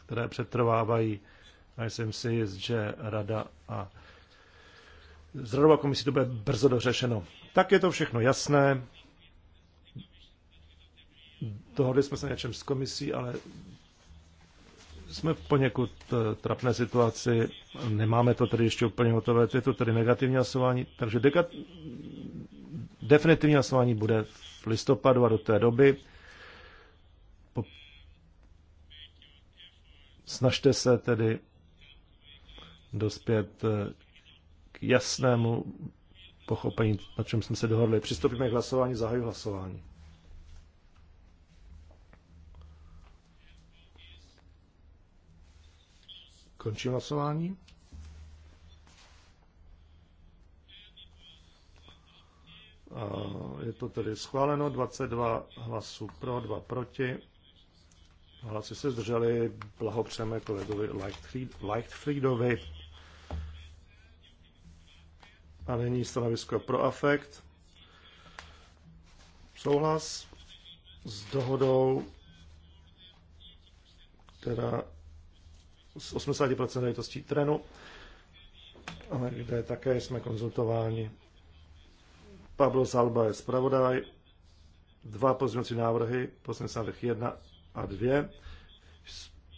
[SPEAKER 1] které přetrvávají. A jsem si jist, že rada a zhradová komisí to bude brzo dořešeno. Tak je to všechno jasné. Dohodli jsme se něčem s komisí, ale jsme v poněkud eh, trapné situaci, nemáme to tedy ještě úplně hotové, je to tedy negativní hlasování, takže Definitivní hlasování bude v listopadu a do té doby po... snažte se tedy dospět eh, k jasnému pochopení, na čem jsme se dohodli. Přistoupíme k hlasování, zahajuji hlasování. Končím hlasování. je to tedy schváleno 22 hlasů pro, 2 proti. Hlasy se zdrželi, blahopřeme kolegovi Lightfriedovi. A nyní stanovisko pro afekt. Souhlas s dohodou, která s 80% nejitostí trenu, ale kde také jsme konzultováni Pablo Salba je zpravodaj. Dva pozměňovací návrhy, pozměňovací návrh 1 a 2.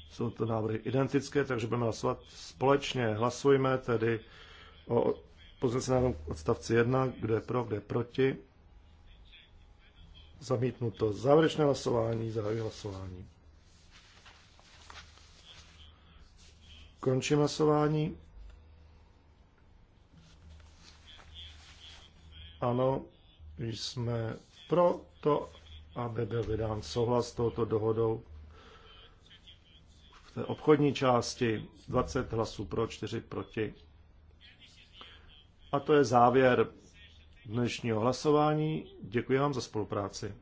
[SPEAKER 1] Jsou to návrhy identické, takže budeme hlasovat společně. Hlasujeme tedy o pozměňovací návrh odstavci 1, kdo je pro, kdo je proti. Zamítnuto. Závěrečné hlasování, zahajuji hlasování. Končím hlasování. Ano, jsme pro to, aby byl vydán souhlas s touto dohodou v té obchodní části 20 hlasů pro, 4 proti. A to je závěr dnešního hlasování. Děkuji vám za spolupráci.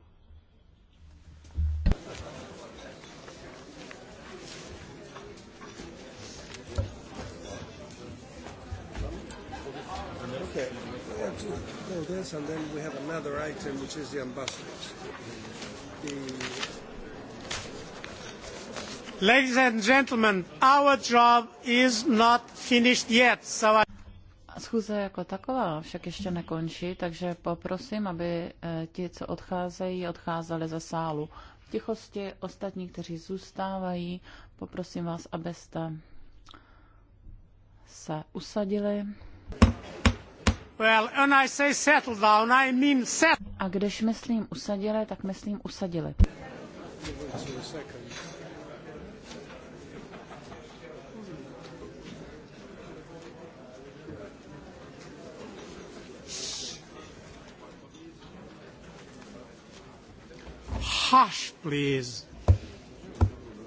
[SPEAKER 1] Okay. We this, and then we have another item, which is the ambassadors. The... Ladies and gentlemen, our job is not finished yet,
[SPEAKER 2] so I... Schůze jako taková však ještě nekončí, takže poprosím, aby eh, ti, co odcházejí, odcházeli ze sálu. V tichosti ostatní, kteří zůstávají, poprosím vás, abyste se usadili. Well, when I say settle down, I mean A když myslím usadili, tak myslím usadili.
[SPEAKER 3] Hush, please.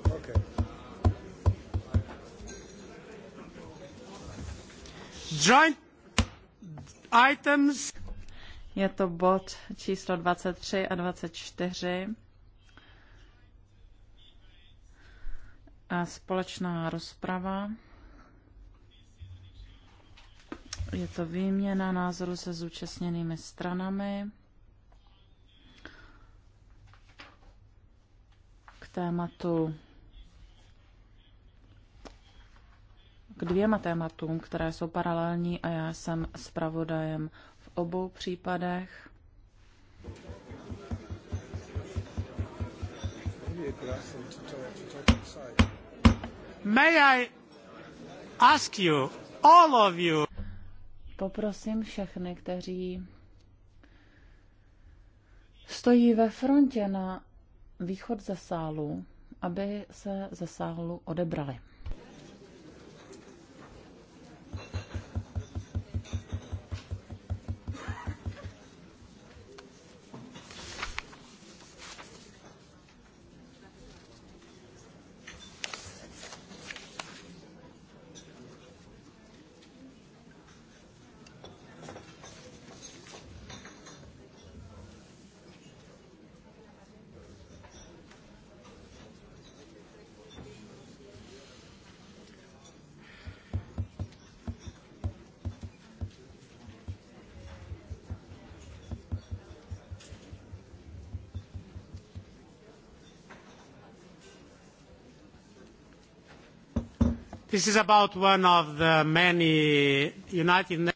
[SPEAKER 1] Okay.
[SPEAKER 2] Joint Items. Je to bod číslo 23 a 24. A společná rozprava. Je to výměna názoru se zúčastněnými stranami k tématu k dvěma tématům, které jsou paralelní a já jsem zpravodajem v obou případech.
[SPEAKER 1] May I ask you, all
[SPEAKER 2] of you. Poprosím všechny, kteří stojí ve frontě na východ ze sálu, aby se ze sálu odebrali.
[SPEAKER 1] This is about one of the many
[SPEAKER 2] United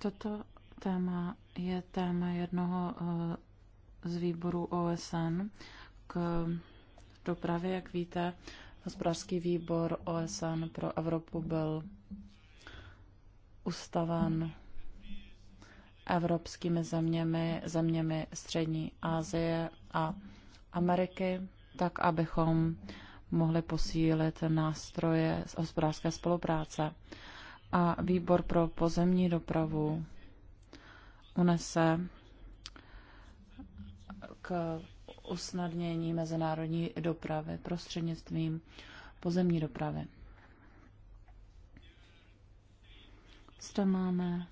[SPEAKER 2] Toto téma je téma jednoho eh, z výborů OSN k dopravě, jak víte. Hospodářský výbor OSN pro Evropu byl ustaven evropskými zeměmi, zeměmi Střední Asie a Ameriky, tak abychom mohli posílit nástroje z hospodářské spolupráce. A výbor pro pozemní dopravu unese k usnadnění mezinárodní dopravy prostřednictvím pozemní dopravy. Zde máme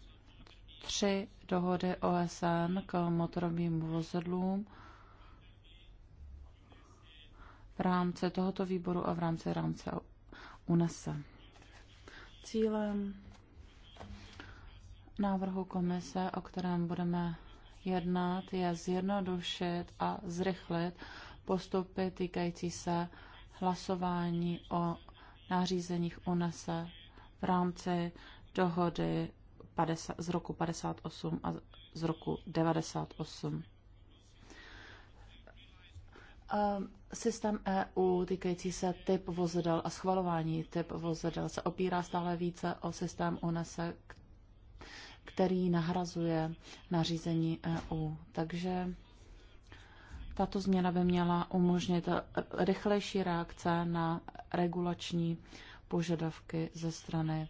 [SPEAKER 2] tři dohody OSN k motorovým vozidlům, v rámci tohoto výboru a v rámci rámce UNESE. Cílem návrhu komise, o kterém budeme jednat, je zjednodušit a zrychlit postupy týkající se hlasování o nářízeních UNESE v rámci dohody 50, z roku 58 a z roku 98. Eh, systém EU týkající se typ vozidel a schvalování typ vozidel se opírá stále více o systém UNESE, který nahrazuje nařízení EU. Takže tato změna by měla umožnit rychlejší reakce na regulační požadavky ze strany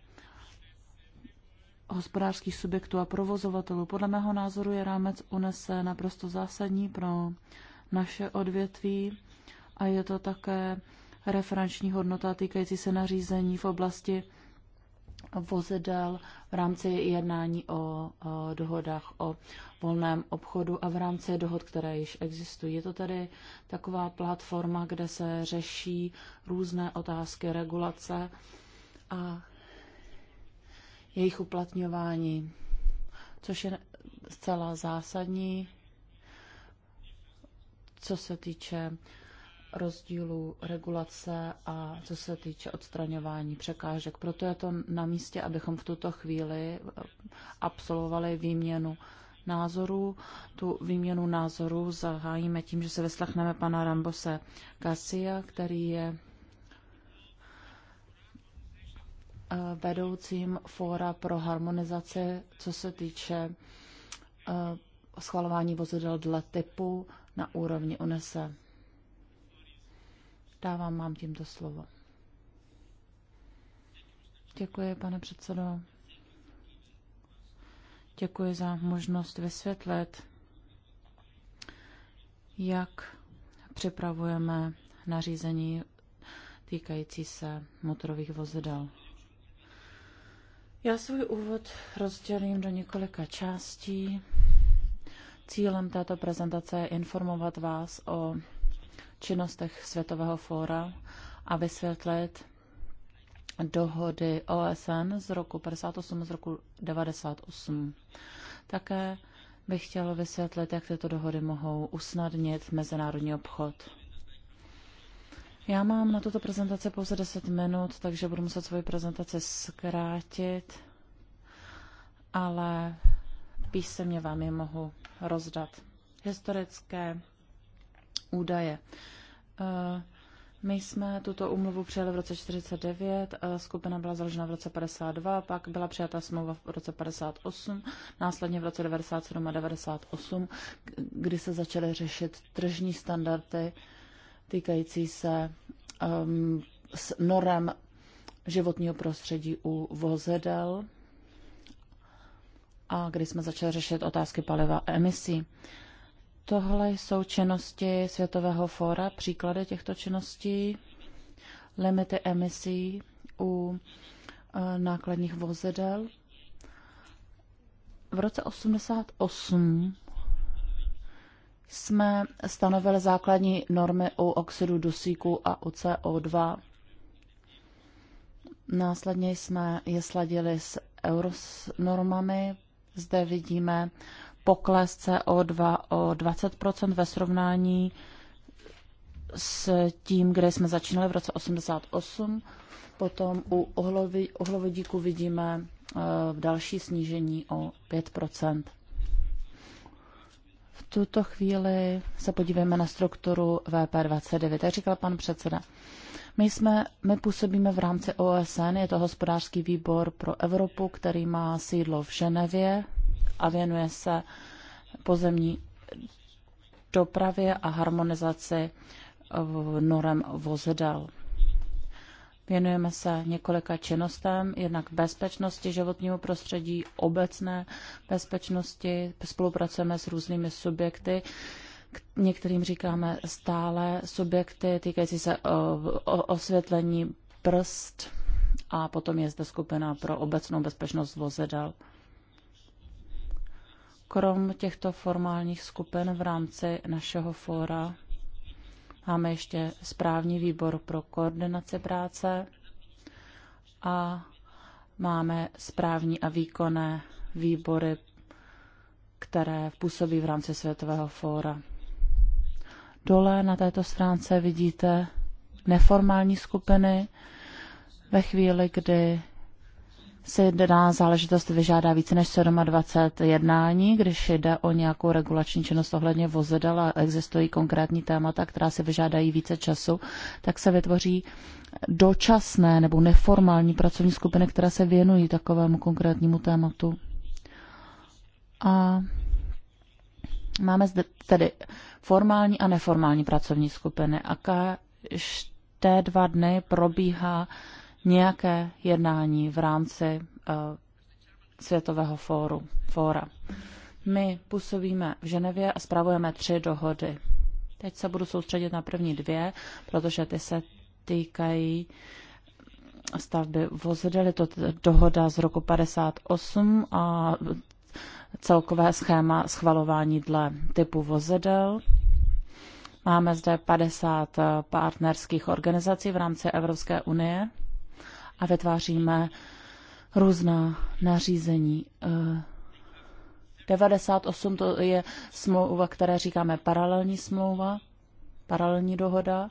[SPEAKER 2] hospodářských subjektů a provozovatelů. Podle mého názoru je rámec UNESE naprosto zásadní pro naše odvětví a je to také referenční hodnota týkající se nařízení v oblasti vozidel v rámci jednání o, o dohodách o volném obchodu a v rámci dohod, které již existují. Je to tedy taková platforma, kde se řeší různé otázky regulace a jejich uplatňování, což je zcela zásadní co se týče rozdílu regulace a co se týče odstraňování překážek. Proto je to na místě, abychom v tuto chvíli eh, absolvovali výměnu názorů. Tu výměnu názorů zahájíme tím, že se vyslechneme pana Rambose Garcia, který je eh, vedoucím fóra pro harmonizaci, co se týče eh, schvalování vozidel dle typu na úrovni UNESE. Dávám vám tímto slovo. Děkuji, pane předsedo. Děkuji za možnost vysvětlit, jak připravujeme nařízení týkající se motorových vozidel. Já svůj úvod rozdělím do několika částí. Cílem této prezentace je informovat vás o činnostech Světového fóra a vysvětlit dohody OSN z roku 58 z roku 98. Také bych chtěl vysvětlit, jak tyto dohody mohou usnadnit mezinárodní obchod. Já mám na tuto prezentaci pouze 10 minut, takže budu muset svoji prezentaci zkrátit, ale písemně vám je mohu rozdat historické údaje. Eh, my jsme tuto umluvu přijali v roce 49, eh, skupina byla založena v roce 52, pak byla přijata smlouva v roce 58, následně v roce 97 a 98, kdy se začaly řešit tržní standardy týkající se um, s norem životního prostředí u vozidel a kdy jsme začali řešit otázky paliva a emisí. Tohle jsou činnosti Světového fóra, příklady těchto činností, limity emisí u eh, nákladních vozidel. V roce 88 jsme stanovili základní normy u oxidu dusíku a u CO2. Následně jsme je sladili s euronormami zde vidíme pokles CO2 o 20% ve srovnání s tím, kde jsme začínali v roce 88. Potom u ohlovodíku vidíme eh, další snížení o 5%. V tuto chvíli se podívejme na strukturu VP29, jak říkal pan předseda. My, jsme, my působíme v rámci OSN, je to hospodářský výbor pro Evropu, který má sídlo v Ženevě a věnuje se pozemní dopravě a harmonizaci norem vozidel. Věnujeme se několika činnostem, jednak bezpečnosti životního prostředí, obecné bezpečnosti, spolupracujeme s různými subjekty, Některým říkáme stále subjekty týkající se o, eh, o, osvětlení prst a potom je zde skupina pro obecnou bezpečnost vozidel. Krom těchto formálních skupin v rámci našeho fóra máme ještě správní výbor pro koordinaci práce a máme správní a výkonné výbory, které působí v rámci Světového fóra. Dole na této stránce vidíte neformální skupiny ve chvíli, kdy si daná záležitost vyžádá více než 27 jednání, když jde o nějakou regulační činnost ohledně vozidel a existují konkrétní témata, která si vyžádají více času, tak se vytvoří dočasné nebo neformální pracovní skupiny, které se věnují takovému konkrétnímu tématu. A Máme zde tedy formální a neformální pracovní skupiny a každé dva dny probíhá nějaké jednání v rámci uh, Světového fóru, fóra. My působíme v Ženevě a spravujeme tři dohody. Teď se budu soustředit na první dvě, protože ty se týkají stavby vozidel. Je to dohoda z roku 58 a celkové schéma schvalování dle typu vozidel. Máme zde 50 eh, partnerských organizací v rámci Evropské unie a vytváříme různá nařízení. 98 eh, to je smlouva, které říkáme paralelní smlouva, paralelní dohoda.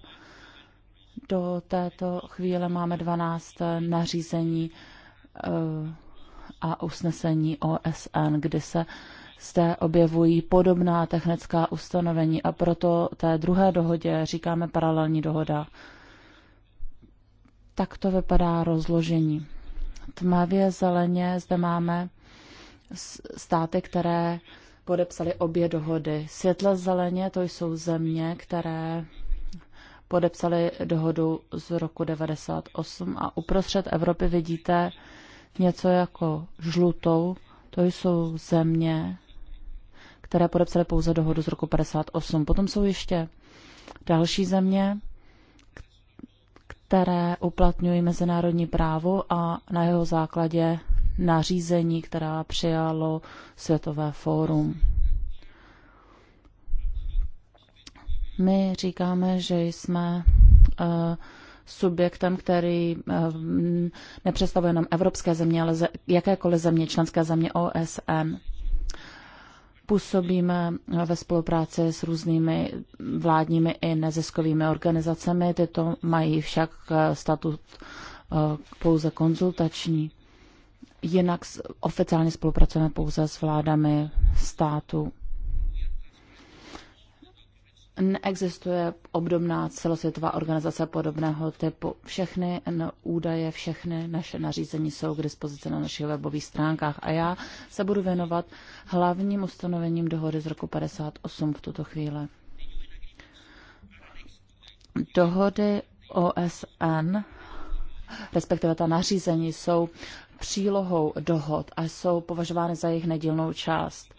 [SPEAKER 2] Do této chvíle máme 12 eh, nařízení a usnesení OSN, kdy se zde objevují podobná technická ustanovení a proto té druhé dohodě říkáme paralelní dohoda. Tak to vypadá rozložení. Tmavě zeleně zde máme státy, které podepsaly obě dohody. Světle zeleně to jsou země, které podepsaly dohodu z roku 98 a uprostřed Evropy vidíte něco jako žlutou, to jsou země, které podepsaly pouze dohodu z roku 58. Potom jsou ještě další země, které uplatňují mezinárodní právo a na jeho základě nařízení, která přijalo Světové fórum. My říkáme, že jsme uh, subjektem, který eh, nepředstavuje jenom evropské země, ale jakékoliv země, členské země OSN. Působíme ve spolupráci s různými vládními i neziskovými organizacemi. Tyto mají však eh, statut eh, pouze konzultační. Jinak oficiálně spolupracujeme pouze s vládami států Neexistuje obdobná celosvětová organizace podobného typu. Všechny údaje, všechny naše nařízení jsou k dispozici na našich webových stránkách a já se budu věnovat hlavním ustanovením dohody z roku 58 v tuto chvíli. Dohody OSN, respektive ta nařízení, jsou přílohou dohod a jsou považovány za jejich nedílnou část.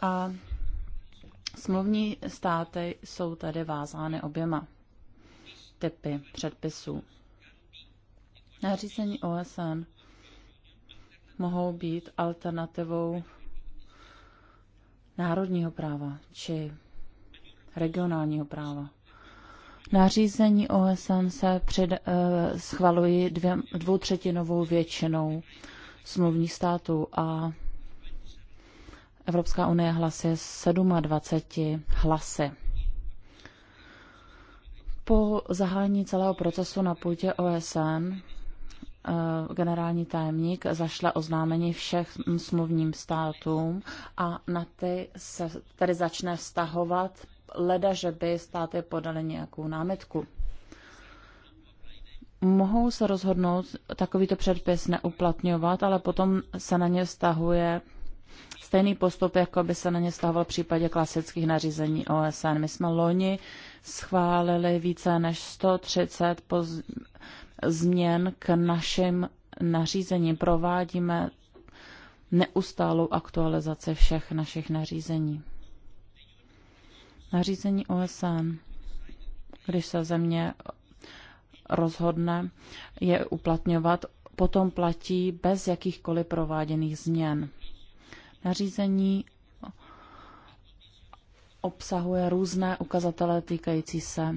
[SPEAKER 2] A Smluvní státy jsou tedy vázány oběma typy předpisů. Nařízení OSN mohou být alternativou národního práva či regionálního práva. Nařízení OSN se před, eh, schvalují dvě, dvoutřetinovou většinou smluvních států a Evropská unie hlasuje 27 hlasy. Po zahájení celého procesu na půdě OSN eh, generální tajemník zašle oznámení všech smluvním státům a na ty se tedy začne vztahovat leda, že by státy podaly nějakou námitku. Mohou se rozhodnout takovýto předpis neuplatňovat, ale potom se na ně vztahuje stejný postup, jako by se na ně stahoval v případě klasických nařízení OSN. My jsme loni schválili více než 130 poz... změn k našim nařízením. Provádíme neustálou aktualizaci všech našich nařízení. Nařízení OSN, když se země rozhodne je uplatňovat, potom platí bez jakýchkoliv prováděných změn. Nařízení obsahuje různé ukazatele týkající se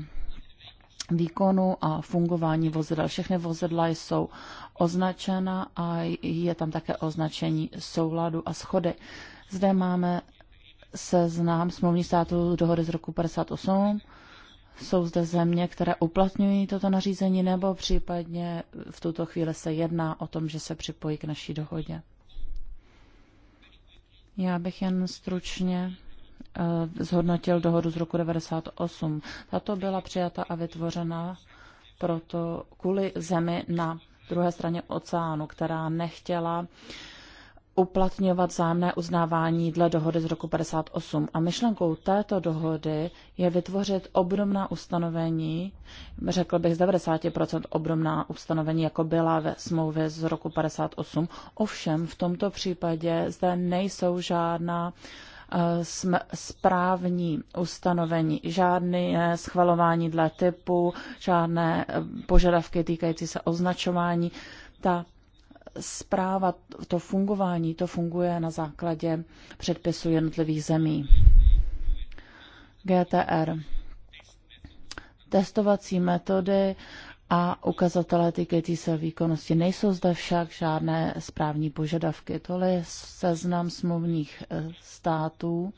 [SPEAKER 2] výkonu a fungování vozidel. Všechny vozidla jsou označena a je tam také označení souladu a schody. Zde máme seznám smluvních států dohody z roku 58. Jsou zde země, které uplatňují toto nařízení, nebo případně v tuto chvíli se jedná o tom, že se připojí k naší dohodě. Já bych jen stručně eh, zhodnotil dohodu z roku 98. Tato byla přijata a vytvořena proto kvůli zemi na druhé straně oceánu, která nechtěla uplatňovat zájemné uznávání dle dohody z roku 58. A myšlenkou této dohody je vytvořit obdobná ustanovení, řekl bych z 90% obdobná ustanovení, jako byla ve smlouvě z roku 58. Ovšem v tomto případě zde nejsou žádná eh, správní ustanovení, žádné schvalování dle typu, žádné eh, požadavky týkající se označování. Ta zpráva, to fungování, to funguje na základě předpisu jednotlivých zemí. GTR. Testovací metody a ukazatele týkající se výkonnosti. Nejsou zde však žádné správní požadavky. Tohle je seznam smluvních eh, států,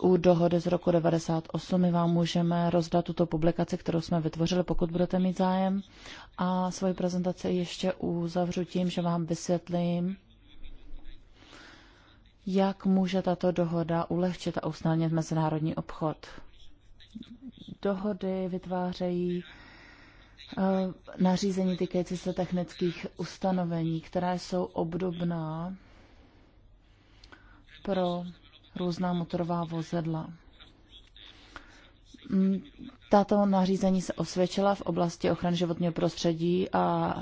[SPEAKER 2] u dohody z roku 98. My vám můžeme rozdat tuto publikaci, kterou jsme vytvořili, pokud budete mít zájem. A svoji prezentaci ještě uzavřu tím, že vám vysvětlím, jak může tato dohoda ulehčit a usnadnit mezinárodní obchod. Dohody vytvářejí eh, nařízení týkající se technických ustanovení, která jsou obdobná pro různá motorová vozidla. Mm, tato nařízení se osvědčila v oblasti ochrany životního prostředí a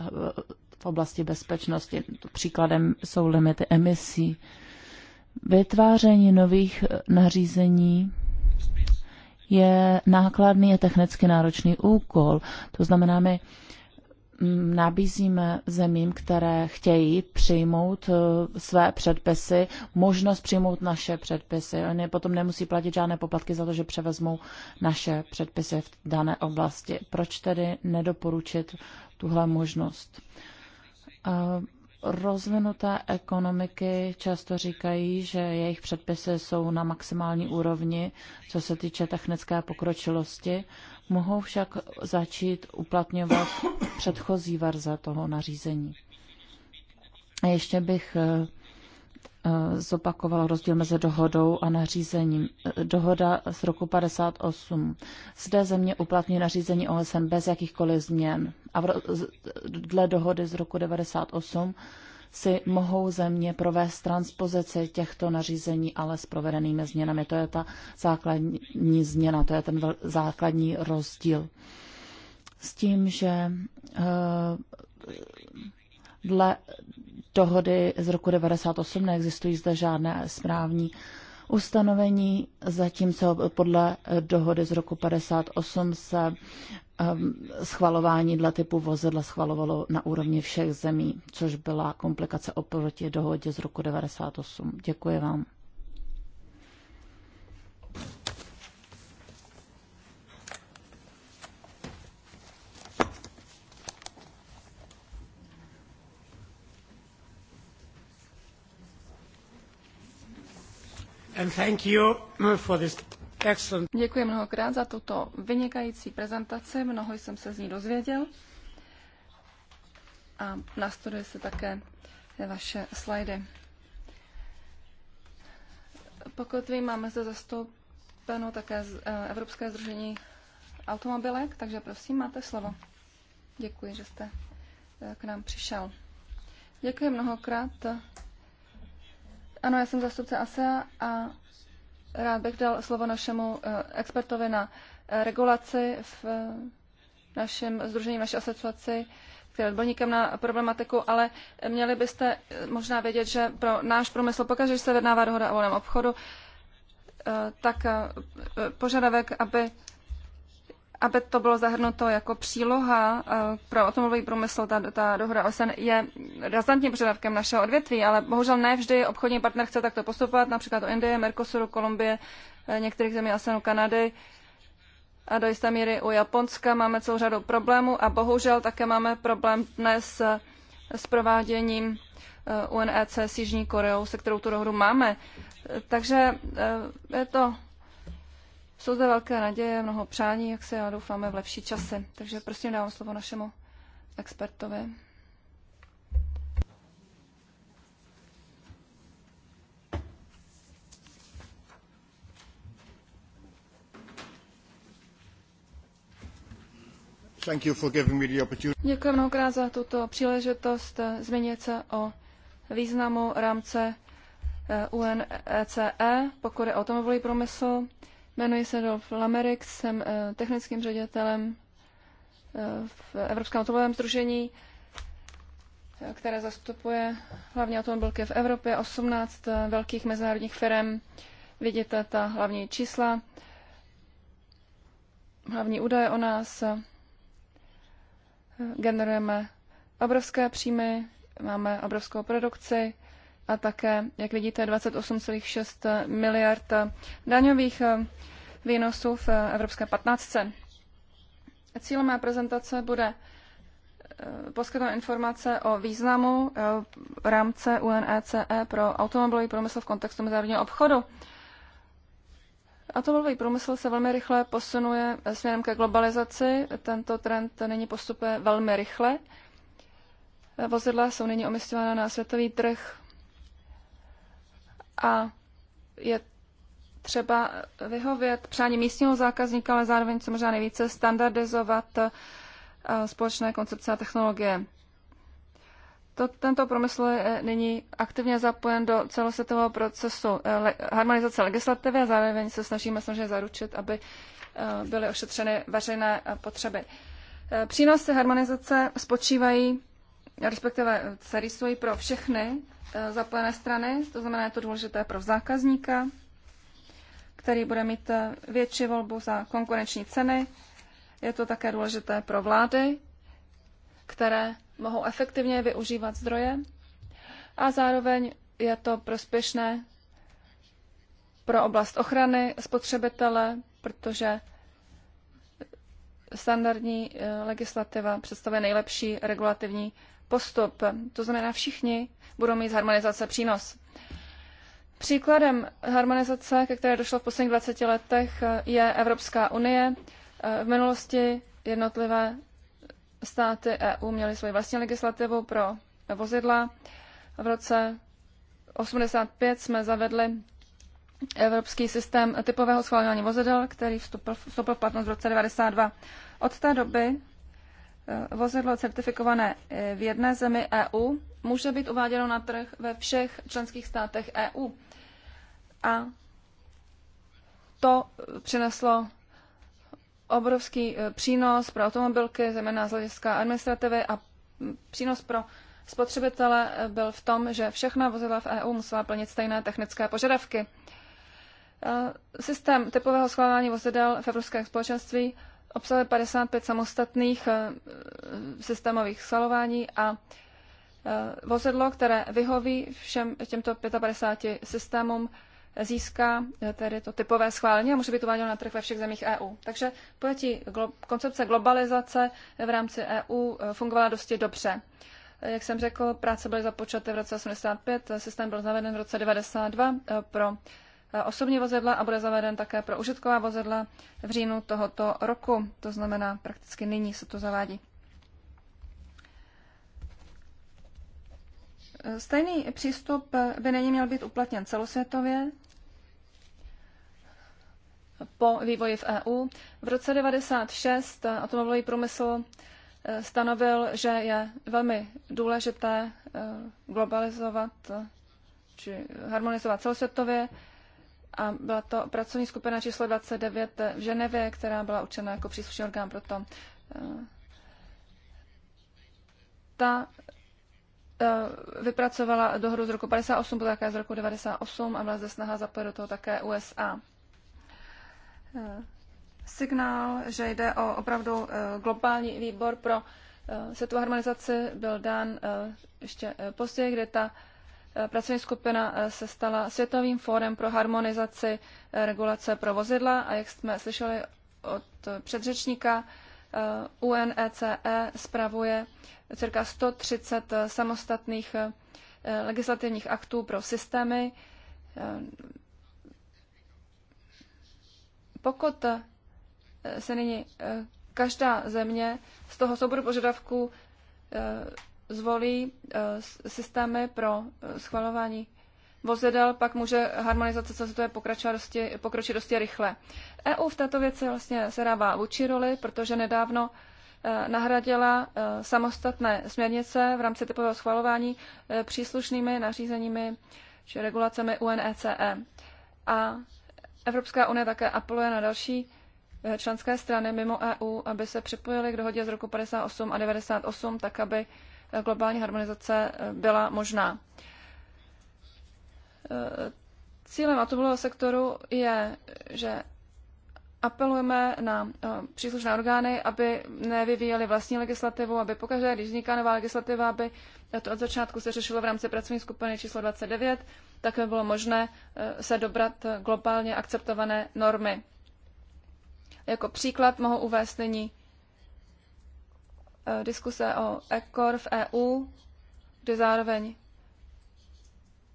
[SPEAKER 2] v oblasti bezpečnosti. Příkladem jsou limity emisí. Vytváření nových nařízení je nákladný a technicky náročný úkol. To znamená, my Mm, nabízíme zemím, které chtějí přijmout eh, své předpisy, možnost přijmout naše předpisy. Oni potom nemusí platit žádné poplatky za to, že převezmou naše předpisy v dané oblasti. Proč tedy nedoporučit tuhle možnost? Eh, rozvinuté ekonomiky často říkají, že jejich předpisy jsou na maximální úrovni, co se týče technické pokročilosti mohou však začít uplatňovat předchozí verze toho nařízení. A ještě bych eh, eh, zopakoval rozdíl mezi dohodou a nařízením. Eh, dohoda z roku 58. Zde země uplatňuje nařízení OSN bez jakýchkoliv změn. A dle dohody z roku 98 si mohou země provést transpozici těchto nařízení, ale s provedenými změnami. To je ta základní změna, to je ten základní rozdíl. S tím, že eh, dle dohody z roku 1998 neexistují zde žádné správní ustanovení, zatímco podle dohody z roku 58 se Ehm, schvalování dle typu vozidla schvalovalo na úrovni všech zemí, což byla komplikace oproti dohodě z roku 1998. Děkuji vám.
[SPEAKER 1] And thank you for this
[SPEAKER 3] Excellent. Děkuji mnohokrát za tuto vynikající prezentaci, mnoho jsem se z ní dozvěděl. A nastuduje se také vaše slajdy. Pokud vím, máme zde zastoupeno také z eh, Evropské združení automobilek, takže prosím, máte slovo. Děkuji, že jste eh, k nám přišel. Děkuji mnohokrát. Ano, já jsem zastupce ASEA a Rád bych dal slovo našemu eh, expertovi na eh, regulaci v eh, našem združení, v naší asociaci, který je odborníkem na problematiku, ale měli byste možná vědět, že pro náš průmysl, pokaždé, když se vednává dohoda o volném obchodu, tak požadavek, aby aby to bylo zahrnuto jako příloha eh, pro automobilový průmysl, ta, ta dohoda OSN je razantním předávkem našeho odvětví, ale bohužel ne vždy obchodní partner chce takto postupovat, například o Indie, Mercosuru, Kolumbie, eh, některých zemí ASEANu, Kanady a do jisté míry u Japonska máme celou řadu problémů a bohužel také máme problém dnes s prováděním eh, UNEC s Jižní Koreou, se kterou tu dohodu máme. Takže je to jsou zde velké naděje, mnoho přání, jak se já doufáme v lepší čase. Takže prosím dávám slovo našemu expertovi. Děkuji mnohokrát za tuto příležitost zmínit se o významu rámce eh, UNECE, e, pokud je automobilový průmysl. Jmenuji se Dolf Lamerik, jsem eh, technickým ředitelem eh, v Evropském automobilovém združení, eh, které zastupuje hlavně automobilky v Evropě, 18 velkých mezinárodních firm. Vidíte ta hlavní čísla, hlavní údaje o nás. Generujeme obrovské příjmy, máme obrovskou produkci, a také, jak vidíte, 28,6 miliard daňových eh, výnosů v eh, Evropské 15. Cílem mé prezentace bude eh, poskytnout informace o významu rámce UNECE e pro automobilový průmysl v kontextu mezinárodního obchodu. Automobilový průmysl se velmi rychle posunuje směrem ke globalizaci. Tento trend nyní postupuje velmi rychle. Vozidla jsou nyní omistována na světový trh a je třeba vyhovět přání místního zákazníka, ale zároveň co možná nejvíce standardizovat eh, společné koncepce a technologie. To, tento promysl je nyní aktivně zapojen do celosvětového procesu eh, le, harmonizace legislativy a zároveň se snažíme samozřejmě zaručit, aby eh, byly ošetřeny veřejné potřeby. Přínosy harmonizace spočívají, respektive se rýsují pro všechny Eh, zapojené strany, to znamená, je to důležité pro zákazníka, který bude mít eh, větší volbu za konkurenční ceny. Je to také důležité pro vlády, které mohou efektivně využívat zdroje a zároveň je to prospěšné pro oblast ochrany spotřebitele, protože standardní eh, legislativa představuje nejlepší regulativní postup. To znamená, všichni budou mít z harmonizace přínos. Příkladem harmonizace, ke které došlo v posledních 20 letech, je Evropská unie. V minulosti jednotlivé státy EU měly svoji vlastní legislativu pro vozidla. V roce 85 jsme zavedli evropský systém typového schvalování vozidel, který vstoupil, vstoupil v platnost v roce 92. Od té doby Eh, vozidlo certifikované eh, v jedné zemi EU může být uváděno na trh ve všech členských státech EU. A to eh, přineslo obrovský přínos pro automobilky, zejména z hlediska administrativy a hm, přínos pro spotřebitele byl v tom, že všechna vozidla v EU musela plnit stejné technické požadavky. Systém typového schválení vozidel v Evropském společenství obsahuje 55 samostatných eh, systémových salování a eh, vozidlo, které vyhoví všem těmto 55 systémům, získá eh, tedy to typové schválení a může být uváděno na trh ve všech zemích EU. Takže pojetí glo- koncepce globalizace v rámci EU fungovala dosti dobře. Jak jsem řekl, práce byly započaty v roce 85, systém byl zaveden v roce 92 pro Eh, osobní vozidla a bude zaveden také pro užitková vozidla v říjnu tohoto roku. To znamená, prakticky nyní se to zavádí. Eh, stejný přístup eh, by není měl být uplatněn celosvětově po vývoji v EU. V roce 1996 automobilový průmysl stanovil, že je velmi důležité globalizovat či harmonizovat celosvětově a byla to pracovní skupina číslo 29 v Ženevě, která byla určena jako příslušný orgán pro to. Eh, ta eh, vypracovala dohodu z roku 58, byla také z roku 98 a byla zde snaha zapojit do toho také USA. Eh, signál, že jde o opravdu globální výbor pro světovou harmonizaci, byl dán ještě později, kde ta Eh, pracovní skupina eh, se stala Světovým fórem pro harmonizaci eh, regulace pro vozidla a jak jsme slyšeli od předřečníka, UNECE e spravuje cirka 130 samostatných legislativních aktů pro systémy. Pokud se nyní každá země z toho souboru požadavků zvolí eh, systémy pro eh, schvalování vozidel, pak může harmonizace celosvětové pokračovanosti pokročit dosti rychle. EU v této věci vlastně dává vůči roli, protože nedávno eh, nahradila samostatné směrnice v rámci typového schvalování příslušnými nařízeními či regulacemi UNECE. E. A Evropská unie také apeluje na další členské strany mimo EU, aby se připojily k dohodě z roku 58 a 98, tak aby globální harmonizace eh, byla možná. Eh, cílem atomového sektoru je, že apelujeme na eh, příslušné orgány, aby nevyvíjeli vlastní legislativu, aby pokaždé, když vzniká nová legislativa, aby to od začátku se řešilo v rámci pracovní skupiny číslo 29, tak by bylo možné se dobrat globálně akceptované normy. Jako příklad mohu uvést nyní Eh, diskuse o ECOR v EU, kde zároveň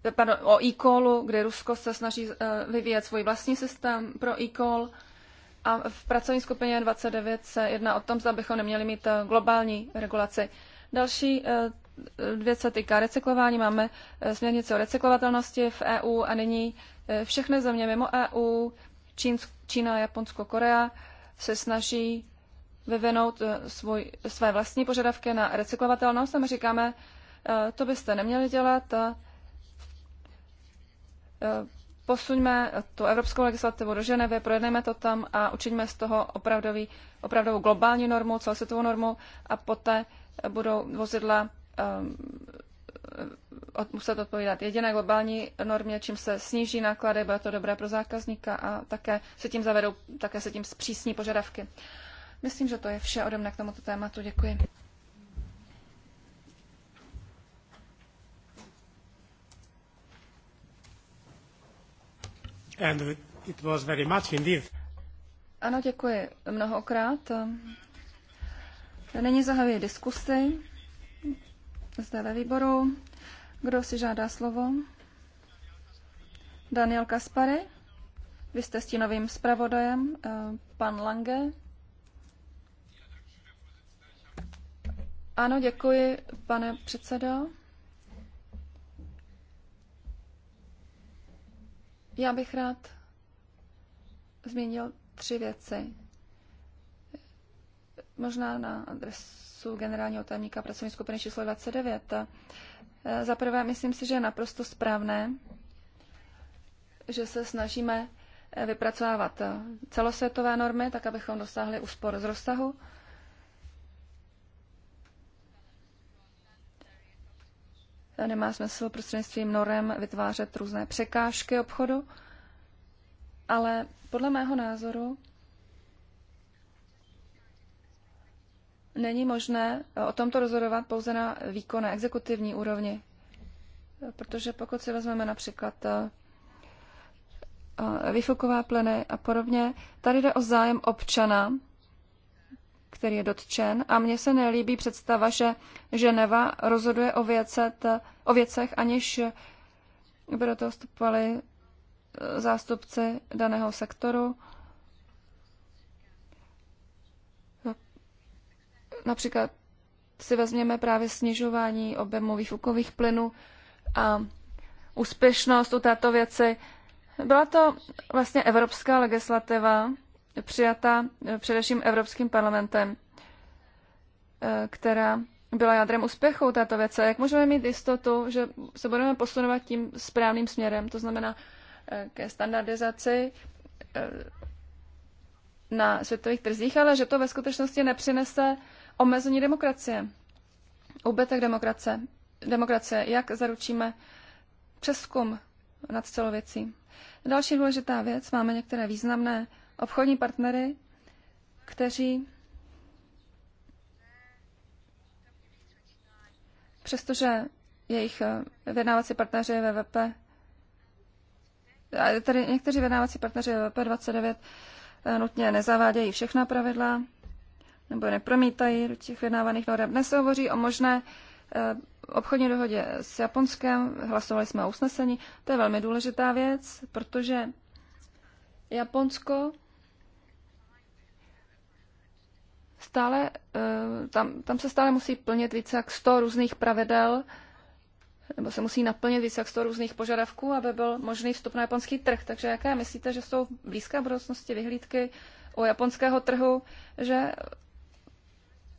[SPEAKER 3] eh, pardon, o e-callu, kde Rusko se snaží eh, vyvíjet svůj vlastní systém pro e-call. A v pracovní skupině 29 se jedná o tom, zda bychom neměli mít globální regulaci. Další dvě se týká recyklování. Máme směrnici o recyklovatelnosti v EU a nyní všechny země mimo EU, Čín, Čína, Japonsko, Korea, se snaží vyvinout eh, svůj, své vlastní požadavky na recyklovatelnost a my říkáme, eh, to byste neměli dělat, eh, posuňme tu evropskou legislativu do Ženevy, projedneme to tam a učiníme z toho opravdový, opravdovou globální normu, celosvětovou normu a poté budou vozidla od, muset odpovídat jediné globální normě, čím se sníží náklady, bude to dobré pro zákazníka a také se tím zavedou, také se tím zpřísní požadavky. Uh, Myslím, že to je vše ode mne k tomuto tématu. Děkuji.
[SPEAKER 1] And it was very much indeed.
[SPEAKER 3] Ano, děkuji mnohokrát. Není zahajuji diskusy zde ve výboru. Kdo si žádá slovo? Daniel Kaspary. Vy jste stínovým zpravodajem. Eh, pan Lange. Ano, děkuji, pane předsedo. Já bych rád zmínil tři věci. Možná na adresu generálního tajemníka pracovní skupiny číslo 29. Za prvé, myslím si, že je naprosto správné, že se snažíme vypracovávat celosvětové normy, tak abychom dosáhli úspor z rozsahu. nemá smysl prostřednictvím norem vytvářet různé překážky obchodu, ale podle mého názoru není možné o tomto rozhodovat pouze na výkonné exekutivní úrovni. Protože pokud si vezmeme například eh, eh, výfuková pleny a podobně, tady jde o zájem občana který je dotčen. A mně se nelíbí představa, že Ženeva rozhoduje o, věcet, o věcech, aniž by do toho vstupovali eh, zástupci daného sektoru. Například si vezměme právě snižování objemu výfukových plynů a úspěšnost u této věci. Byla to vlastně evropská legislativa, přijata eh, především Evropským parlamentem, eh, která byla jádrem úspěchu této věce. Jak můžeme mít jistotu, že se budeme posunovat tím správným směrem, to znamená eh, ke standardizaci na světových trzích, ale že to ve skutečnosti nepřinese omezení demokracie, úbytek demokracie, demokracie, jak zaručíme přeskum nad celou věcí. Další důležitá věc, máme některé významné obchodní partnery, kteří přestože jejich eh, vyjednávací partneři VVP, tedy někteří vyjednávací partneři VVP 29 eh, nutně nezavádějí všechna pravidla nebo nepromítají do těch vyjednávaných norm. Dnes se hovoří o možné eh, obchodní dohodě s Japonskem, hlasovali jsme o usnesení. To je velmi důležitá věc, protože Japonsko stále, eh, tam, tam se stále musí plnit více jak 100 různých pravidel, nebo se musí naplnit více jak 100 různých požadavků, aby byl možný vstup na japonský trh. Takže jaké myslíte, že jsou v blízké budoucnosti vyhlídky u japonského trhu, že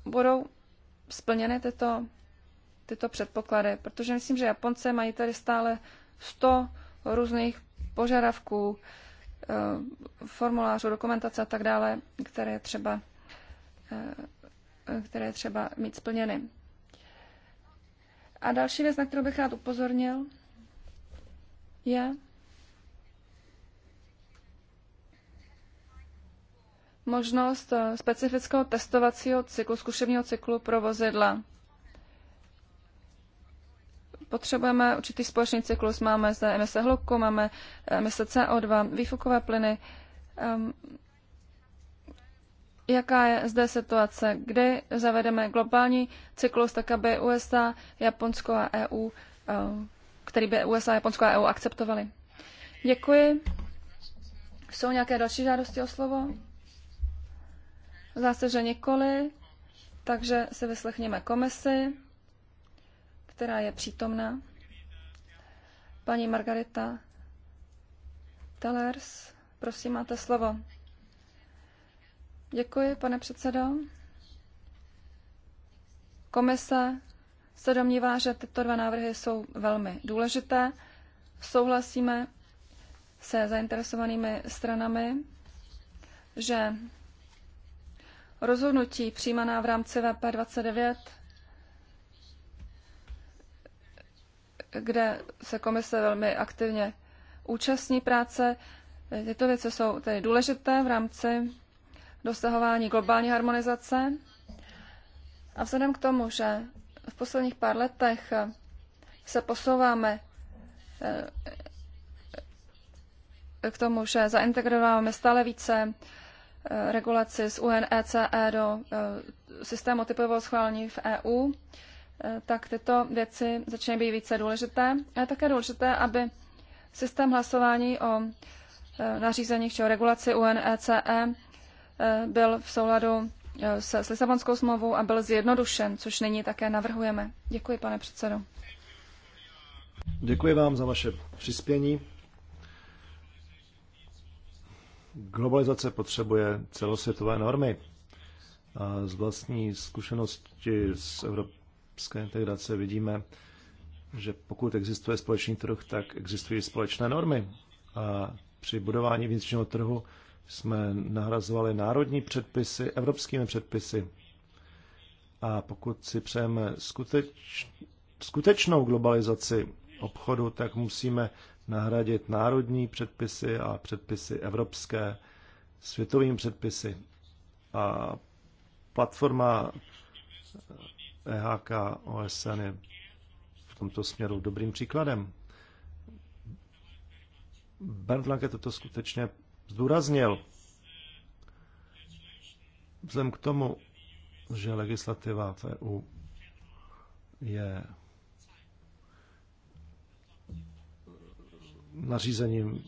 [SPEAKER 3] budou splněny tyto, tyto předpoklady? Protože myslím, že Japonce mají tady stále 100 různých požadavků, eh, formulářů, dokumentace a tak dále, které třeba Eh, které třeba mít splněny. A další věc, na kterou bych rád upozornil, je možnost eh, specifického testovacího cyklu, zkušebního cyklu pro vozidla. Potřebujeme určitý společný cyklus, máme zde emise hluku, máme eh, emise CO2, výfukové plyny, jaká je zde situace, kdy zavedeme globální cyklus, tak aby USA, Japonsko a EU, eh, který by USA, Japonsko a EU akceptovali. Děkuji. Jsou nějaké další žádosti o slovo? Zase že nikoli, takže si vyslechněme komisi, která je přítomna. Paní Margarita Tellers, prosím, máte slovo. Děkuji, pane předsedo. Komise se domnívá, že tyto dva návrhy jsou velmi důležité. Souhlasíme se zainteresovanými stranami, že rozhodnutí přijímaná v rámci VP29, kde se komise velmi aktivně účastní práce, tyto věci jsou tedy důležité v rámci dosahování globální harmonizace. A vzhledem k tomu, že v posledních pár letech se posouváme eh, k tomu, že zaintegrováváme stále více eh, regulaci z UNECE e do eh, systému typového schválení v EU, tak tyto věci začínají být více důležité. A je také důležité, aby systém hlasování o nařízeních či o regulaci UNECE byl v souladu eh, s, s Lisabonskou smlouvou a byl zjednodušen, což nyní také navrhujeme. Děkuji, pane předsedo.
[SPEAKER 1] Děkuji vám za vaše přispění. Globalizace potřebuje celosvětové normy. A z vlastní zkušenosti z evropské integrace vidíme, že pokud existuje společný trh, tak existují společné normy. A při budování vnitřního trhu jsme nahrazovali národní předpisy evropskými předpisy. A pokud si přejeme skuteč, skutečnou globalizaci obchodu, tak musíme nahradit národní předpisy a předpisy evropské světovými předpisy. A platforma EHK e OSN je v tomto směru dobrým příkladem. Bernd Lange toto skutečně zdůraznil. Vzhledem k tomu, že legislativa v EU je nařízením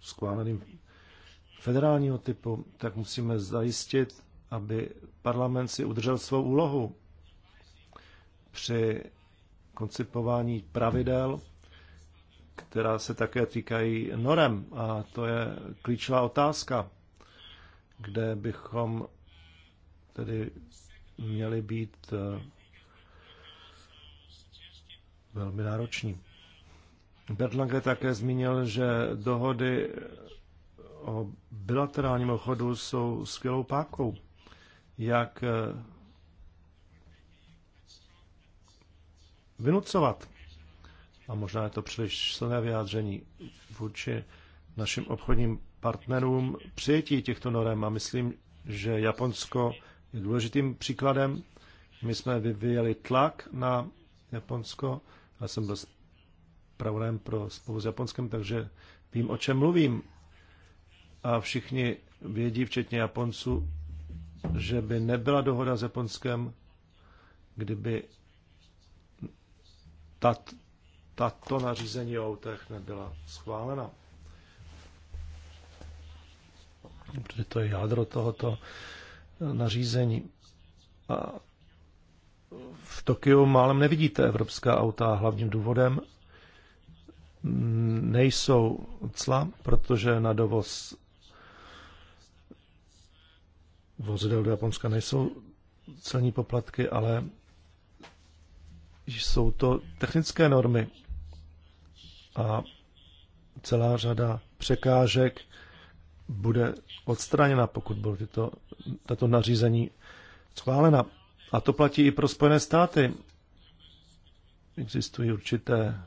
[SPEAKER 1] schváleným federálního typu, tak musíme zajistit, aby parlament si udržel svou úlohu při koncipování pravidel která se také týkají norem. A to je klíčová otázka, kde bychom tedy měli být eh, velmi nároční. Bertlange také zmínil, že dohody o bilaterálním obchodu jsou skvělou pákou, jak eh, vynucovat a možná je to příliš silné vyjádření vůči našim obchodním partnerům přijetí těchto norem a myslím, že Japonsko je důležitým příkladem. My jsme vyvíjeli tlak na Japonsko, já jsem byl zpravodajem pro spolu s Japonskem, takže vím, o čem mluvím. A všichni vědí, včetně Japonců, že by nebyla dohoda s Japonskem, kdyby ta, tato nařízení o autech nebyla schválena. Protože to je jádro tohoto nařízení. A v Tokiu málem nevidíte evropská auta. Hlavním důvodem nejsou cla, protože na dovoz vozidel do Japonska nejsou celní poplatky, ale jsou to technické normy, a celá řada překážek bude odstraněna, pokud budou tyto, tato nařízení schválena. A to platí i pro Spojené státy. Existují určité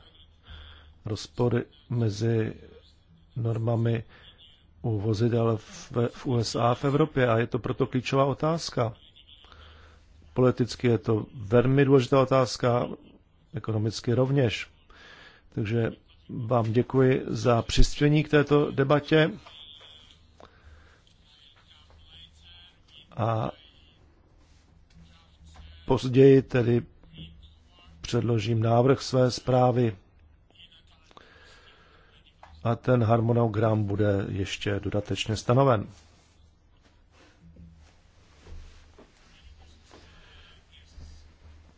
[SPEAKER 1] rozpory mezi normami u vozidel v, v USA a v Evropě a je to proto klíčová otázka. Politicky je to velmi důležitá otázka, ekonomicky rovněž. Takže vám děkuji za přispění k této debatě. A později tedy předložím návrh své zprávy a ten harmonogram bude ještě dodatečně stanoven.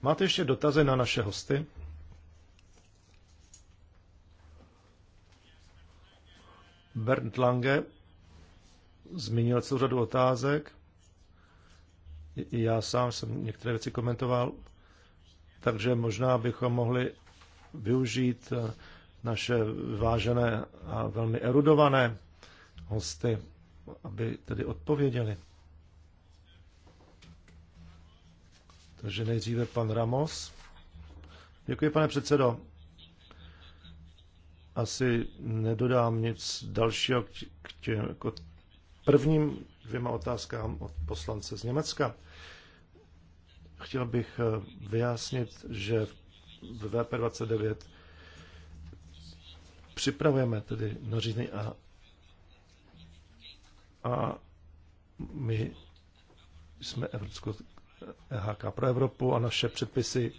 [SPEAKER 1] Máte ještě dotazy na naše hosty? Bernd Lange zmínil celou řadu otázek. I já sám jsem některé věci komentoval, takže možná bychom mohli využít eh, naše vážené a velmi erudované hosty, aby tedy odpověděli. Takže nejdříve pan Ramos. Děkuji, pane předsedo asi nedodám nic dalšího k, k těm jako prvním dvěma otázkám od poslance z Německa. Chtěl bych eh, vyjasnit, že v VP29 připravujeme tedy nařízení a, a my jsme Evropskou EHK pro Evropu a naše předpisy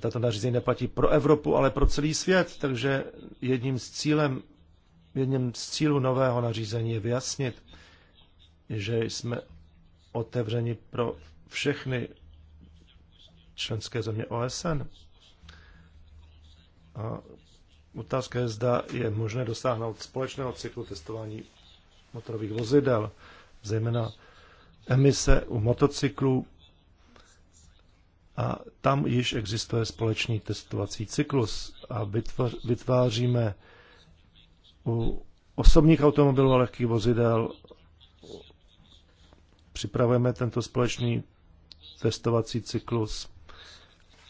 [SPEAKER 1] tato nařízení neplatí pro Evropu, ale pro celý svět, takže jedním z cílem, jedním z cílů nového nařízení je vyjasnit, že jsme otevřeni pro všechny členské země OSN. A otázka je, zda je možné dosáhnout společného cyklu testování motorových vozidel, zejména emise u motocyklů a tam již existuje společný testovací cyklus a vytváříme u osobních automobilů a lehkých vozidel připravujeme tento společný testovací cyklus.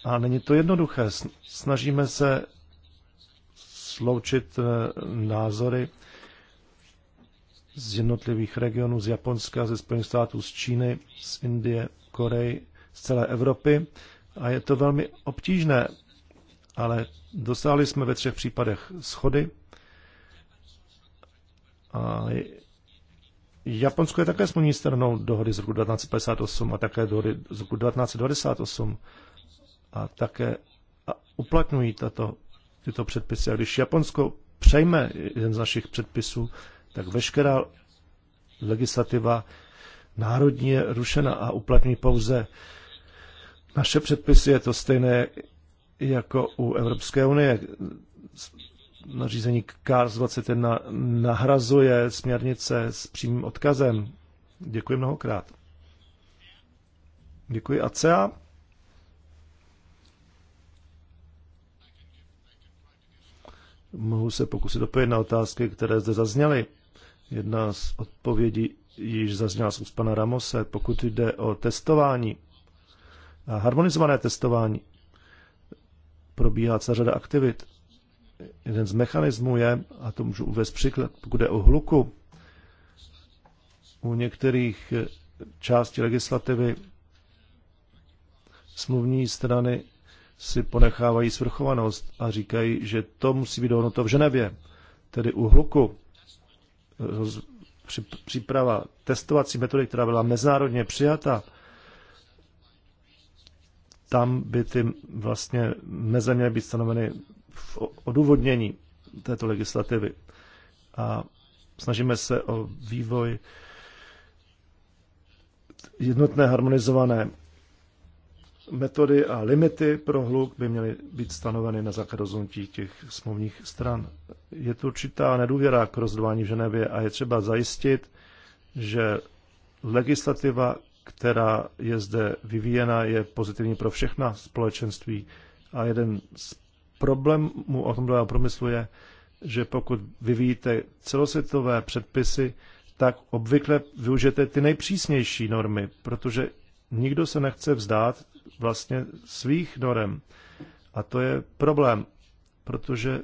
[SPEAKER 1] A není to jednoduché. Snažíme se sloučit eh, názory z jednotlivých regionů, z Japonska, ze Spojených států, z Číny, z Indie, Koreji z celé Evropy a je to velmi obtížné, ale dosáhli jsme ve třech případech schody. A Japonsko je také smluvní stranou dohody z roku 1958 a také dohody z roku 1998 a také a uplatňují tato, tyto předpisy. A když Japonsko přejme jeden z našich předpisů, tak veškerá legislativa národní je rušena a uplatňují pouze naše předpisy je to stejné jako u Evropské unie. Nařízení CARS 21 nahrazuje směrnice s přímým odkazem. Děkuji mnohokrát. Děkuji ACEA. Mohu se pokusit odpovědět na otázky, které zde zazněly. Jedna z odpovědí již zazněla z úst pana Ramose. Pokud jde o testování, a harmonizované testování probíhá celá řada aktivit. Jeden z mechanismů je, a to můžu uvést příklad, pokud je o hluku, u některých eh, částí legislativy smluvní strany si ponechávají svrchovanost a říkají, že to musí být dohodnuto v Ženevě, tedy u hluku. Eh, příprava testovací metody, která byla mezinárodně přijata, tam by ty vlastně meze měly být stanoveny v odůvodnění této legislativy. A snažíme se o vývoj jednotné harmonizované metody a limity pro hluk by měly být stanoveny na základě rozhodnutí těch smluvních stran. Je tu určitá nedůvěra k rozhodování v Ženevě a je třeba zajistit, že legislativa, která je zde vyvíjena, je pozitivní pro všechna společenství. A jeden z problémů automobilového promyslu je, že pokud vyvíjíte celosvětové předpisy, tak obvykle využijete ty nejpřísnější normy, protože nikdo se nechce vzdát vlastně svých norem. A to je problém, protože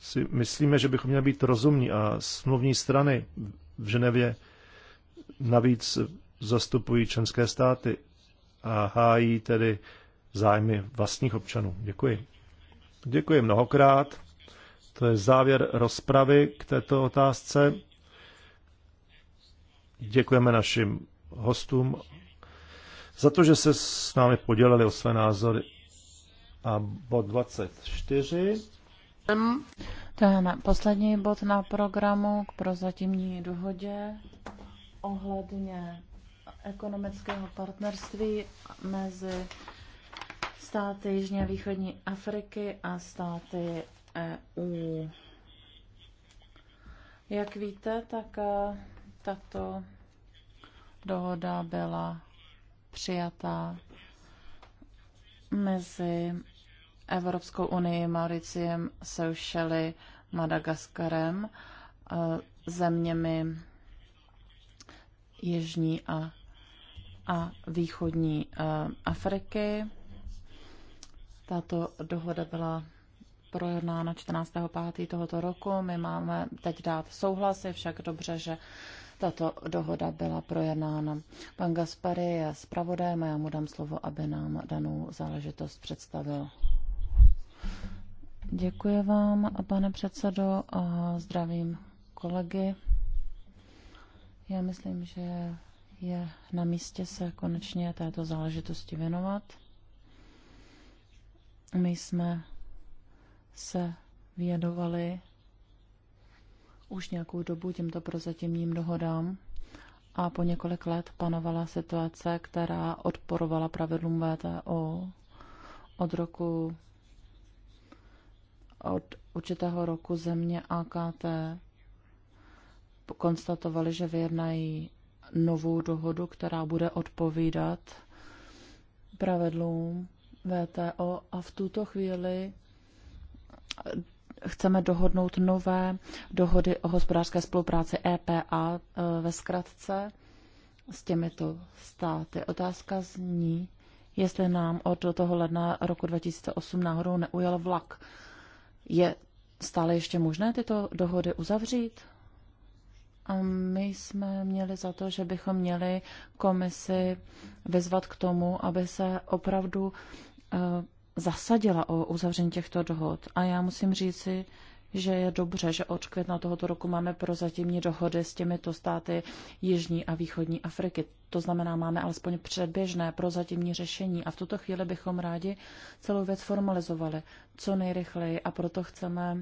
[SPEAKER 1] si myslíme, že bychom měli být rozumní a smluvní strany v Ženevě navíc zastupují členské státy a hájí tedy zájmy vlastních občanů. Děkuji. Děkuji mnohokrát. To je závěr rozpravy k této otázce. Děkujeme našim hostům za to, že se s námi podělili o své názory. A bod 24.
[SPEAKER 2] To je na poslední bod na programu k prozatímní dohodě ohledně ekonomického partnerství mezi státy Jižní a Východní Afriky a státy EU. Jak víte, tak eh, tato dohoda byla přijatá mezi Evropskou unii, Mauriciem, Seychely, Madagaskarem, eh, zeměmi Jižní a a východní eh, Afriky. Tato dohoda byla projednána 14.5. tohoto roku. My máme teď dát souhlas, je však dobře, že tato dohoda byla projednána. Pan Gaspary je zpravodajem a já mu dám slovo, aby nám danou záležitost představil. Děkuji vám, pane předsedo, a zdravím kolegy. Já myslím, že je na místě se konečně této záležitosti věnovat. My jsme se věnovali už nějakou dobu těmto prozatímním dohodám a po několik let panovala situace, která odporovala pravidlům VTO od roku od určitého roku země AKT konstatovali, že vyjednají novou dohodu, která bude odpovídat pravidlům VTO a v tuto chvíli chceme dohodnout nové dohody o hospodářské spolupráci EPA e, ve zkratce s těmito státy. Otázka zní, jestli nám od toho ledna roku 2008 náhodou neujel vlak. Je stále ještě možné tyto dohody uzavřít? A my jsme měli za to, že bychom měli komisi vyzvat k tomu, aby se opravdu eh, zasadila o uzavření těchto dohod. A já musím říci, že je dobře, že od května tohoto roku máme prozatímní dohody s těmito státy Jižní a Východní Afriky. To znamená, máme alespoň předběžné prozatímní řešení a v tuto chvíli bychom rádi celou věc formalizovali co nejrychleji a proto chceme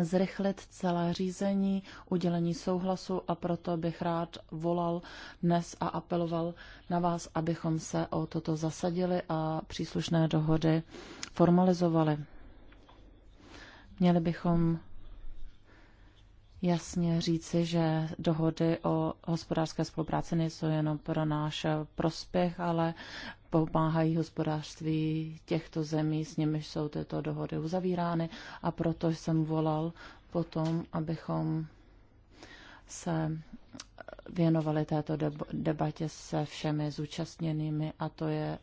[SPEAKER 2] zrychlit celé řízení, udělení souhlasu a proto bych rád volal dnes a apeloval na vás, abychom se o toto zasadili a příslušné dohody formalizovali. Měli bychom jasně říci, že dohody o hospodářské spolupráci nejsou jenom pro náš prospěch, ale pomáhají hospodářství těchto zemí, s nimiž jsou tyto dohody uzavírány a proto jsem volal potom, abychom se věnovali této debatě se všemi zúčastněnými a to je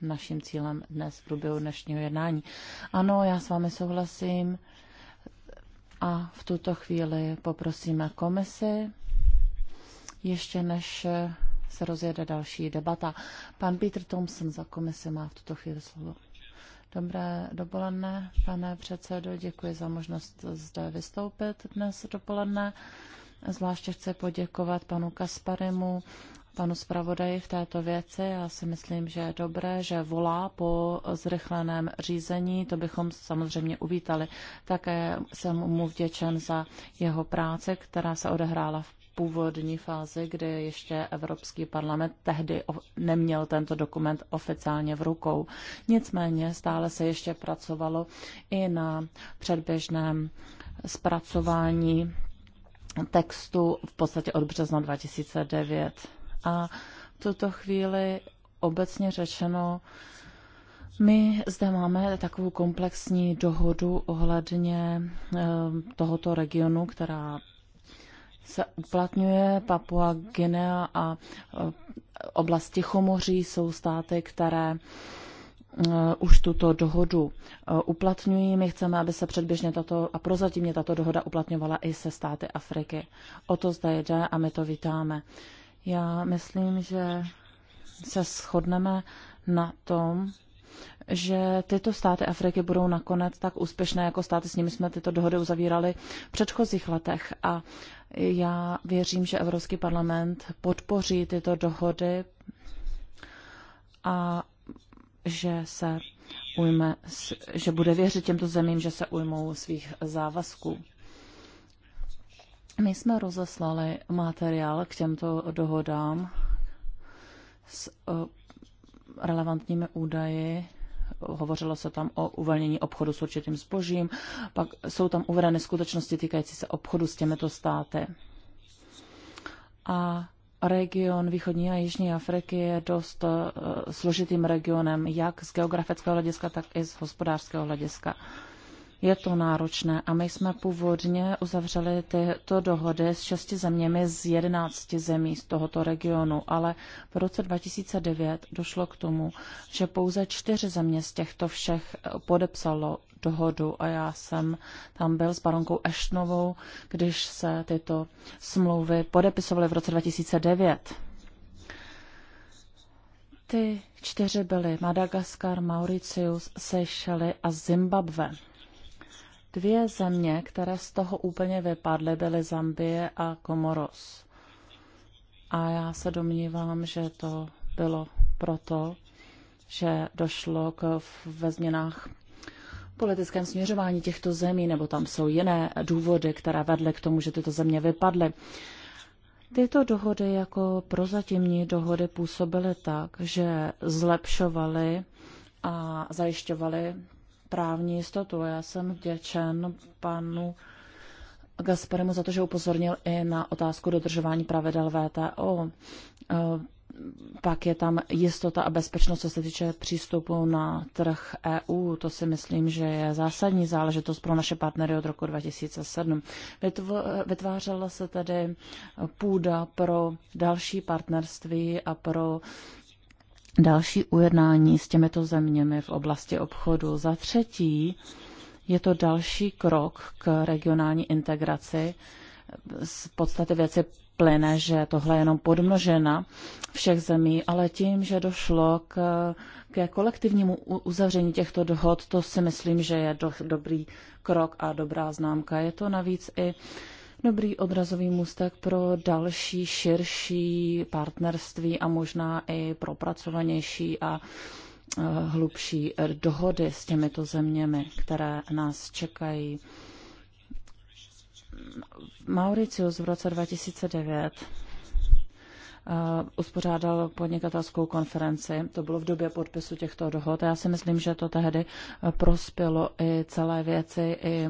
[SPEAKER 2] naším cílem dnes v průběhu dnešního jednání. Ano, já s vámi souhlasím a v tuto chvíli poprosíme komisi, ještě než se rozjede další debata. Pan Peter Thompson za komisi má v tuto chvíli slovo. Dobré dopoledne, pane předsedo, děkuji za možnost zde vystoupit dnes dopoledne. Zvláště chci poděkovat panu Kasparimu, panu zpravodaji v této věci. Já si myslím, že je dobré, že volá po zrychleném řízení. To bychom samozřejmě uvítali. Také jsem mu vděčen za jeho práci, která se odehrála v původní fázi, kdy ještě Evropský parlament tehdy neměl tento dokument oficiálně v rukou. Nicméně stále se ještě pracovalo i na předběžném zpracování textu v podstatě od března 2009. A v tuto chvíli obecně řečeno, my zde máme takovou komplexní dohodu ohledně eh, tohoto regionu, která se uplatňuje Papua Guinea a e, oblast Tichomoří jsou státy, které e, už tuto dohodu e, uplatňují. My chceme, aby se předběžně tato a prozatímně tato dohoda uplatňovala i se státy Afriky. O to zde jde a my to vítáme. Já myslím, že se shodneme na tom, že tyto státy Afriky budou nakonec tak úspěšné jako státy, s nimi jsme tyto dohody uzavírali v předchozích letech. A já věřím, že Evropský parlament podpoří tyto dohody a že se ujme, že bude věřit těmto zemím, že se ujmou svých závazků. My jsme rozeslali materiál k těmto dohodám s eh, relevantními údaji hovořilo se tam o uvolnění obchodu s určitým zbožím, pak jsou tam uvedeny skutečnosti týkající se obchodu s těmito státy. A region východní a jižní Afriky je dost eh, složitým regionem, jak z geografického hlediska, tak i z hospodářského hlediska. Je to náročné a my jsme původně uzavřeli tyto dohody s šesti zeměmi z jedenácti zemí z tohoto regionu, ale v roce 2009 došlo k tomu, že pouze čtyři země z těchto všech eh, podepsalo dohodu a já jsem tam byl s baronkou Eštnovou, když se tyto smlouvy podepisovaly v roce 2009. Ty čtyři byly Madagaskar, Mauricius, Seychely a Zimbabwe. Dvě země, které z toho úplně vypadly, byly Zambie a Komoros. A já se domnívám, že to bylo proto, že došlo k ve změnách politickém směřování těchto zemí, nebo tam jsou jiné důvody, které vedly k tomu, že tyto země vypadly. Tyto dohody jako prozatímní dohody působily tak, že zlepšovaly a zajišťovaly právní jistotu. Já jsem vděčen panu Gasperimu za to, že upozornil i na otázku dodržování pravidel VTO. Eh, pak je tam jistota a bezpečnost, co se týče přístupu na trh EU. To si myslím, že je zásadní záležitost pro naše partnery od roku 2007. Vytvářela se tedy půda pro další partnerství a pro další ujednání s těmito zeměmi v oblasti obchodu. Za třetí je to další krok k regionální integraci. Z podstaty věci plyne, že tohle je jenom podmnožena všech zemí, ale tím, že došlo k, k kolektivnímu uzavření těchto dohod, to si myslím, že je do, dobrý krok a dobrá známka. Je to navíc i uh, dobrý odrazový můstek pro další širší partnerství a možná i propracovanější a eh, hlubší dohody s těmito zeměmi, které nás čekají. Mauricius v roce 2009 Eh, uspořádal podnikatelskou konferenci. To bylo v době podpisu těchto dohod. Já si myslím, že to tehdy eh, prospělo i celé věci, i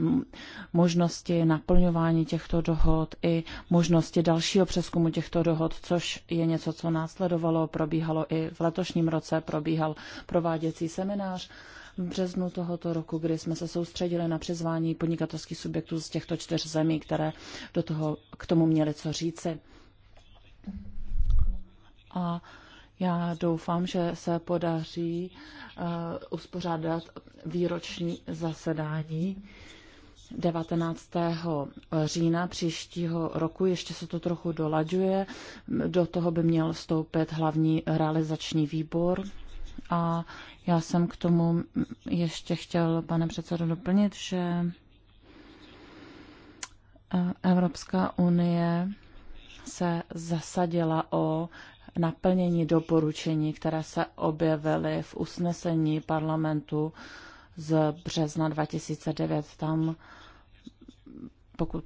[SPEAKER 2] možnosti naplňování těchto dohod, i možnosti dalšího přeskumu těchto dohod, což je něco, co následovalo. Probíhalo i v letošním roce, probíhal prováděcí seminář v březnu tohoto roku, kdy jsme se soustředili na přizvání podnikatelských subjektů z těchto čtyř zemí, které do toho, k tomu měly co říci a já doufám, že se podaří uh, uspořádat výroční zasedání 19. října příštího roku. Ještě se to trochu dolaďuje. Do toho by měl vstoupit hlavní realizační výbor. A já jsem k tomu ještě chtěl, pane předsedo, doplnit, že eh, Evropská unie se zasadila o naplnění doporučení, které se objevily v usnesení parlamentu z března 2009. Tam, pokud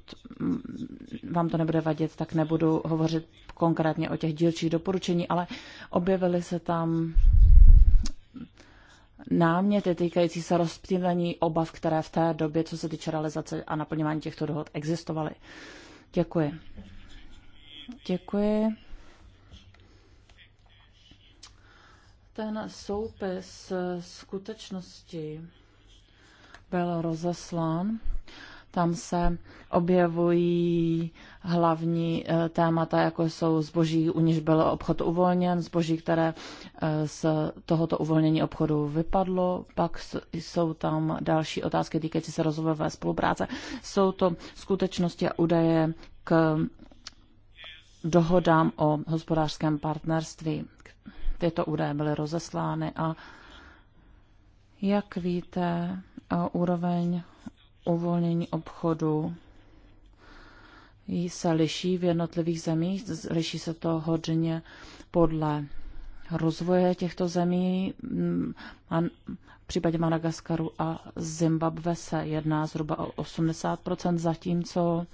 [SPEAKER 2] vám to nebude vadit, tak nebudu hovořit konkrétně o těch dílčích doporučení, ale objevily se tam náměty týkající se rozptýlení obav, které v té době, co se týče realizace a naplňování těchto dohod, existovaly. Děkuji. Děkuji. ten soupis skutečnosti byl rozeslán. Tam se objevují hlavní eh, témata, jako jsou zboží, u níž byl obchod uvolněn, zboží, které eh, z tohoto uvolnění obchodu vypadlo, pak jsou tam další otázky týkající se rozvojové spolupráce. Jsou to skutečnosti a údaje k dohodám o hospodářském partnerství tyto údaje byly rozeslány a jak víte, úroveň uvolnění obchodu se liší v jednotlivých zemích. Liší se to hodně podle rozvoje těchto zemí. V případě Madagaskaru a Zimbabve se jedná zhruba o 80 zatímco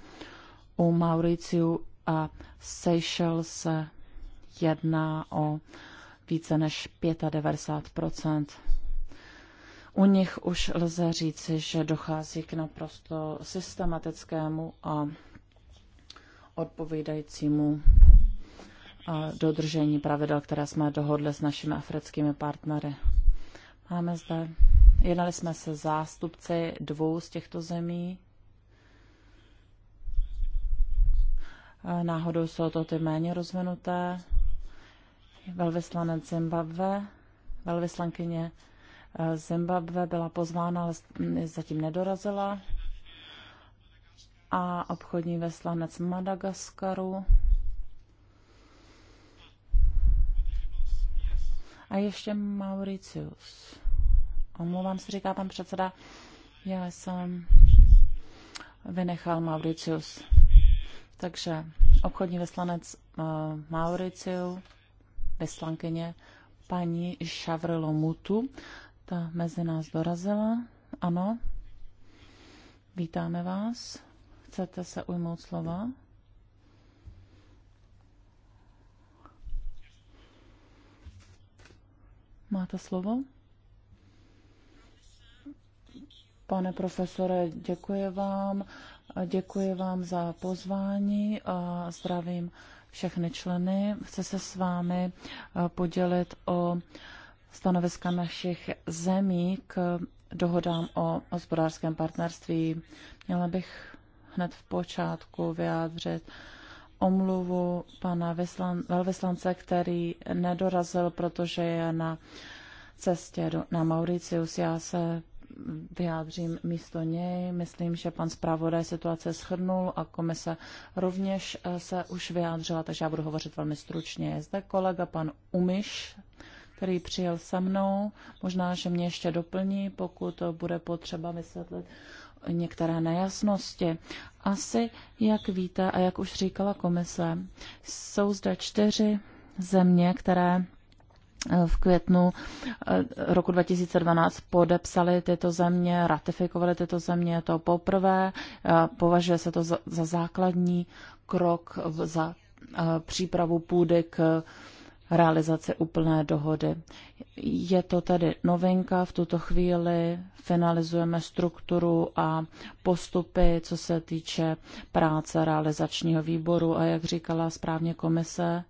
[SPEAKER 2] u Mauriciu a Seychelles se jedná o více než 95 U nich už lze říci, že dochází k naprosto systematickému a odpovídajícímu a dodržení pravidel, které jsme dohodli s našimi africkými partnery. Máme zde, jednali jsme se zástupci dvou z těchto zemí. Náhodou jsou to ty méně rozvinuté velvyslanec Zimbabwe, velvyslankyně eh, Zimbabwe byla pozvána, ale zatím nedorazila. A obchodní veslanec Madagaskaru. A ještě Mauricius. Omlouvám se, říká pan předseda. Já jsem vynechal Mauricius. Takže obchodní veslanec uh, eh, Mauricius veslankyně paní Šavrilo Mutu. Ta mezi nás dorazila. Ano. Vítáme vás. Chcete se ujmout slova? Máte slovo? Pane profesore, děkuji vám. Děkuji vám za pozvání a zdravím všechny členy. Chci se s vámi eh, podělit o stanoviska našich zemí k dohodám o hospodářském partnerství. Měla bych hned v počátku vyjádřit omluvu pana vyslan, velvyslance, který nedorazil, protože je na cestě do, na Mauricius. Já se vyjádřím místo něj. Myslím, že pan zpravodaj situace schrnul a komise rovněž eh, se už vyjádřila, takže já budu hovořit velmi stručně. Je zde kolega pan Umiš, který přijel se mnou. Možná, že mě ještě doplní, pokud to bude potřeba vysvětlit některé nejasnosti. Asi, jak víte a jak už říkala komise, jsou zde čtyři země, které Eh, v květnu eh, roku 2012 podepsali tyto země, ratifikovali tyto země, to poprvé, eh, považuje se to za, za základní krok za přípravu půdy k realizaci úplné dohody. Je to tedy novinka, v tuto chvíli finalizujeme strukturu a postupy, co se týče práce realizačního výboru a jak říkala správně komise,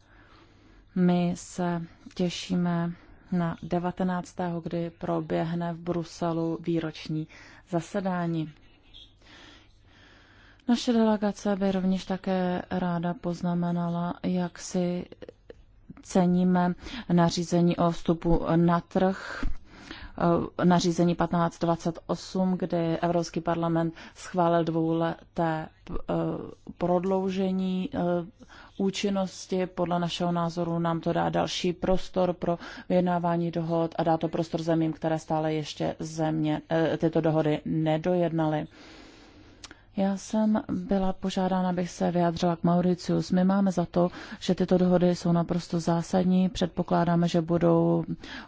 [SPEAKER 2] my se těšíme na 19., kdy proběhne v Bruselu výroční zasedání. Naše delegace by rovněž také ráda poznamenala, jak si ceníme nařízení o vstupu na trh eh, nařízení 1528, kdy Evropský parlament schválil dvouleté eh, prodloužení eh, účinnosti. Podle našeho názoru nám to dá další prostor pro vyjednávání dohod a dá to prostor zemím, které stále ještě země eh, tyto dohody nedojednaly. Já jsem byla požádána, abych se vyjádřila k Mauricius. My máme za to, že tyto dohody jsou naprosto zásadní. Předpokládáme, že budou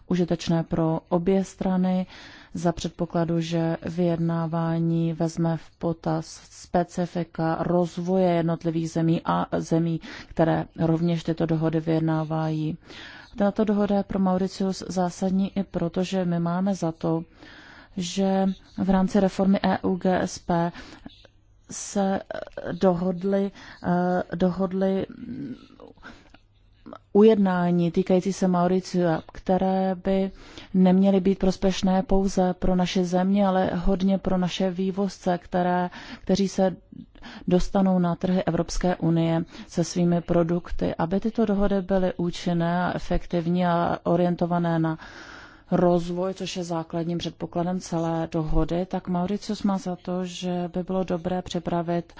[SPEAKER 2] užitečné pro obě strany. Uh, za předpokladu, že vyjednávání vezme v potaz specifika rozvoje jednotlivých zemí a zemí, které rovněž tyto dohody vyjednávají. Tato dohoda je pro Mauricius zásadní i proto, že my máme za to, že v rámci reformy EU GSP se dohodli, eh, dohodli ujednání týkající se Mauricia, které by neměly být prospešné pouze pro naše země, ale hodně pro naše vývozce, které, kteří se dostanou na trhy Evropské unie se svými produkty. Aby tyto dohody byly účinné a efektivní a orientované na rozvoj, což je základním předpokladem celé dohody, tak Mauricius má za to, že by bylo dobré připravit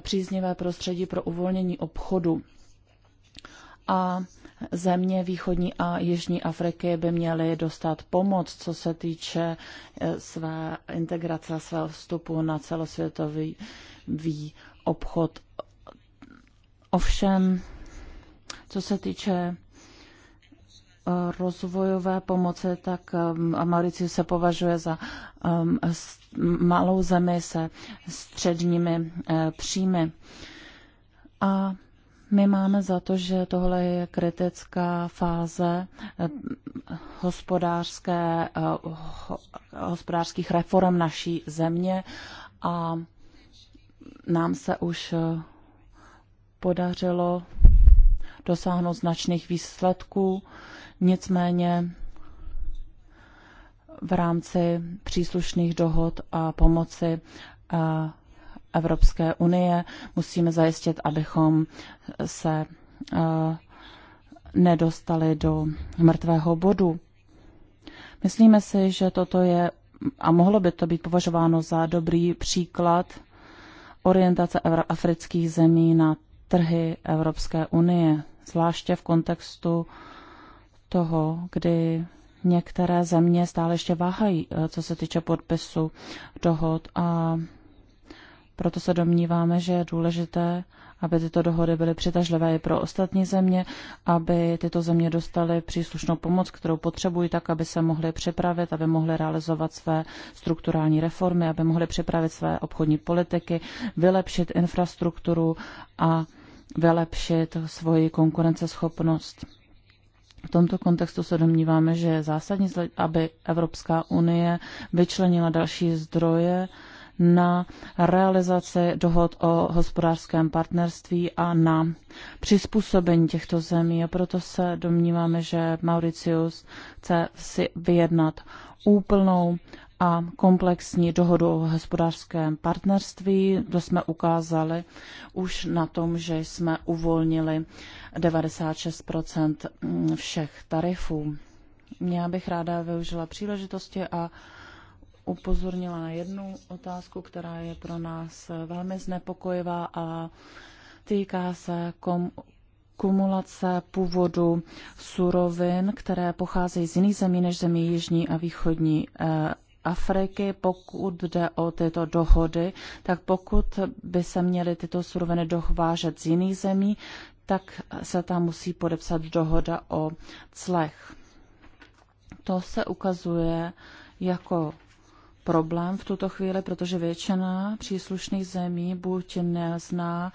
[SPEAKER 2] příznivé prostředí pro uvolnění obchodu a země východní a jižní Afriky by měly dostat pomoc, co se týče eh, své integrace, svého vstupu na celosvětový obchod. Ovšem, co se týče eh, rozvojové pomoci, tak eh, Mauricius se považuje za malou zemi se středními příjmy. A my máme za to, že tohle je kritická fáze eh, hospodářské, eh, hospodářských reform naší země a nám se už eh, podařilo dosáhnout značných výsledků. Nicméně v rámci příslušných dohod a pomoci Evropské unie. Musíme zajistit, abychom se eh, nedostali do mrtvého bodu. Myslíme si, že toto je a mohlo by to být považováno za dobrý příklad orientace afrických zemí na trhy Evropské unie, zvláště v kontextu toho, kdy některé země stále ještě váhají, eh, co se týče podpisu dohod a proto se domníváme, že je důležité, aby tyto dohody byly přitažlivé i pro ostatní země, aby tyto země dostaly příslušnou pomoc, kterou potřebují, tak aby se mohly připravit, aby mohly realizovat své strukturální reformy, aby mohly připravit své obchodní politiky, vylepšit infrastrukturu a vylepšit svoji konkurenceschopnost. V tomto kontextu se domníváme, že je zásadní, aby Evropská unie vyčlenila další zdroje na realizaci dohod o hospodářském partnerství a na přizpůsobení těchto zemí. A proto se domníváme, že Mauricius chce si vyjednat úplnou a komplexní dohodu o hospodářském partnerství. To jsme ukázali už na tom, že jsme uvolnili 96 všech tarifů. Já bych ráda využila příležitosti a upozornila na jednu otázku, která je pro nás velmi znepokojivá a týká se kom- kumulace původu surovin, které pocházejí z jiných zemí než zemí Jižní a Východní eh, Afriky, pokud jde o tyto dohody, tak pokud by se měly tyto suroviny dohvážet z jiných zemí, tak se tam musí podepsat dohoda o clech. To se ukazuje jako problém v tuto chvíli, protože většina příslušných zemí buď nezná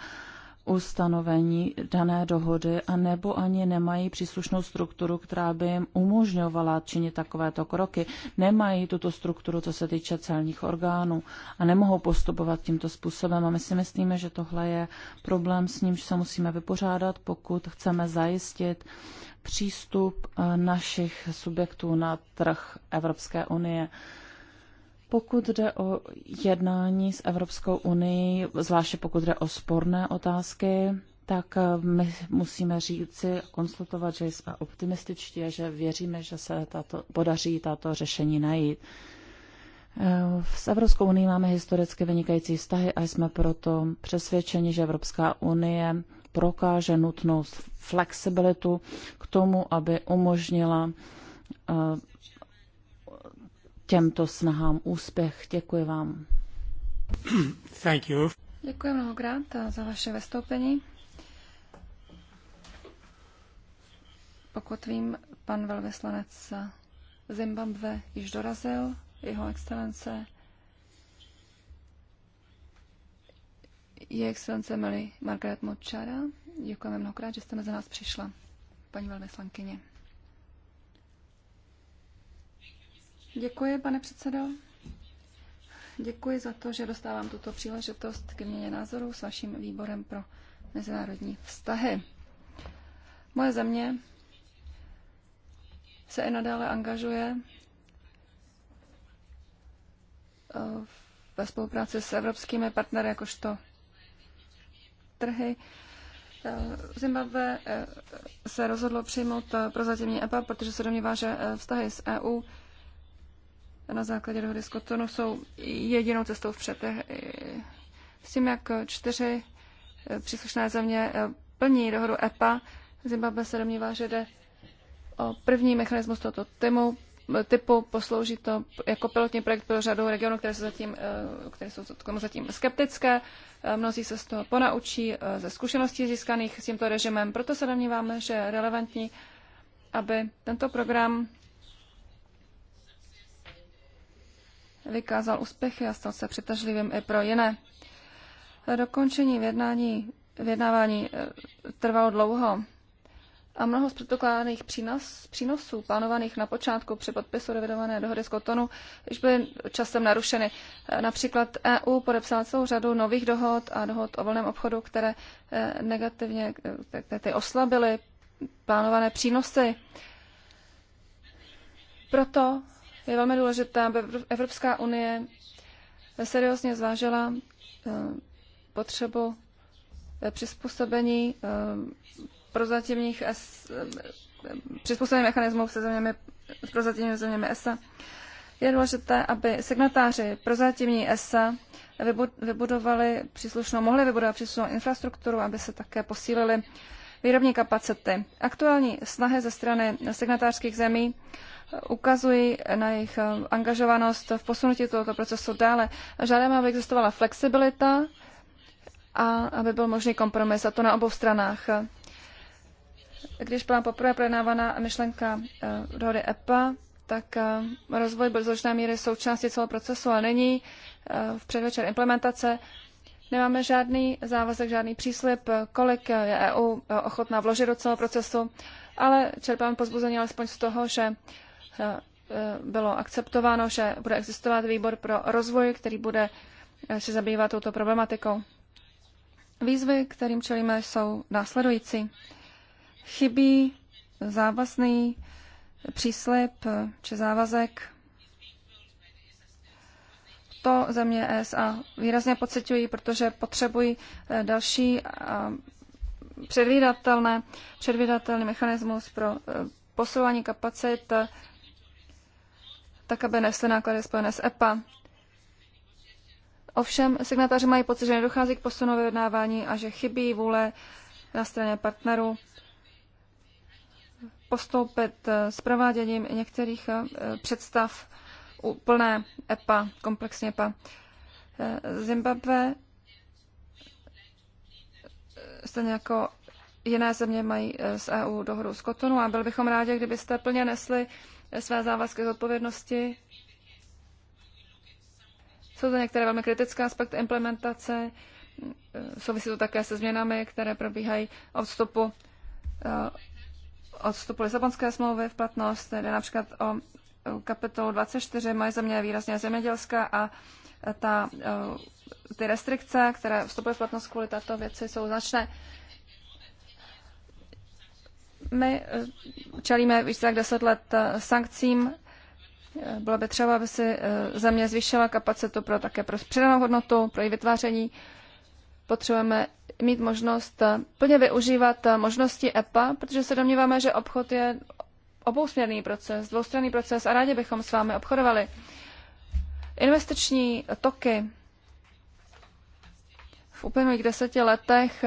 [SPEAKER 2] ustanovení dané dohody a nebo ani nemají příslušnou strukturu, která by jim umožňovala činit takovéto kroky. Nemají tuto strukturu, co se týče celních orgánů a nemohou postupovat tímto způsobem. A my si myslíme, že tohle je problém, s nímž se musíme vypořádat, pokud chceme zajistit přístup eh, našich subjektů na trh Evropské unie. Pokud jde o jednání s Evropskou unii, zvláště pokud jde o sporné otázky, tak eh, my musíme říci, konstatovat, že jsme optimističtí a že věříme, že se tato, podaří tato řešení najít. Eh, s Evropskou unii máme historicky vynikající vztahy a jsme proto přesvědčeni, že Evropská unie prokáže nutnou flexibilitu k tomu, aby umožnila eh, těmto snahám úspěch. Děkuji vám.
[SPEAKER 3] Thank you. Děkuji mnohokrát za vaše vystoupení. Pokud vím, pan velvyslanec Zimbabwe již dorazil, jeho excelence, je excelence Mary Margaret Močara. Děkujeme mnohokrát, že jste mezi nás přišla, paní velvyslankyně. Děkuji, pane předsedo. Děkuji za to, že dostávám tuto příležitost k měně názorů s vaším výborem pro mezinárodní vztahy. Moje země se i nadále angažuje eh, ve spolupráci s evropskými partnery, jakožto trhy. Eh, Zimbabwe eh, se rozhodlo přijmout prozatímní EPA, protože se domnívá, že vztahy s EU na základě dohody s Kotonu jsou jedinou cestou vpřed. Eh, s tím, jak čtyři eh, příslušné země eh, plní dohodu EPA, Zimbabwe se domnívá, že jde o první mechanismus tohoto týmu, typu poslouží to jako pilotní projekt pro řadu regionů, které jsou, zatím, které jsou k tomu zatím skeptické. Mnozí se z toho ponaučí ze zkušeností získaných s tímto režimem. Proto se domníváme, že je relevantní, aby tento program vykázal úspěchy a stal se přitažlivým i pro jiné. Dokončení vědnání, vědnávání eh, trvalo dlouho a mnoho z předpokládaných přínos, přínosů plánovaných na počátku při podpisu revidované dohody z Kotonu již byly časem narušeny. Eh, například EU podepsala celou řadu nových dohod a dohod o volném obchodu, které eh, negativně které oslabily plánované přínosy. Proto je velmi důležité, aby Evropská unie seriózně zvážila eh, potřebu eh, přizpůsobení eh, prozatímních přizpůsobení mechanismů se zeměmi, s prozatímními zeměmi ESA. Je důležité, aby signatáři prozatímní ESA vybudovali příslušnou, mohli vybudovat příslušnou infrastrukturu, aby se také posílili výrobní kapacity. Aktuální snahy ze strany signatářských zemí ukazují na jejich eh, angažovanost v posunutí tohoto procesu dále. Žádáme, aby existovala flexibilita a aby byl možný kompromis, a to na obou stranách. Když byla poprvé projednávána myšlenka eh, dohody EPA, tak eh, rozvoj byl z značné míry součástí celého procesu, ale není v předvečer implementace. Nemáme žádný závazek, žádný příslip, kolik je EU ochotná vložit do celého procesu, ale čerpám pozbuzení alespoň z toho, že Eh, bylo akceptováno, že bude existovat výbor pro rozvoj, který bude eh, se zabývat touto problematikou. Výzvy, kterým čelíme, jsou následující. Chybí závazný příslip či závazek. To země ESA výrazně pocitují, protože potřebují eh, další předvídatelné, předvídatelný mechanismus pro posouvání kapacit tak aby nesly náklady spojené s EPA. Ovšem, signatáři mají pocit, že nedochází k posunu vyjednávání a že chybí vůle na straně partnerů postoupit eh, s prováděním některých eh, představ plné EPA, komplexně EPA. Eh, Zimbabwe, stejně jako jiné země mají z EU dohodu z Kotonu a byl bychom rádi, kdybyste plně nesli své závazky zodpovědnosti. odpovědnosti. Jsou to některé velmi kritické aspekty implementace, souvisí to také se změnami, které probíhají od vstupu, eh, od vstupu Lisabonské smlouvy v platnost, tedy například o eh, kapitolu 24 moje země je výrazně zemědělská a ta, eh, ty restrikce, které vstupují v platnost kvůli této věci, jsou značné. My eh, čelíme více jak deset let eh, sankcím. Eh, bylo by třeba, aby si země zvýšila kapacitu pro také pro přidanou hodnotu, pro její vytváření. Potřebujeme mít možnost plně využívat možnosti EPA, protože se domníváme, že obchod je obousměrný proces, dvoustranný proces a rádi bychom s vámi obchodovali. Investiční toky v uplynulých deseti letech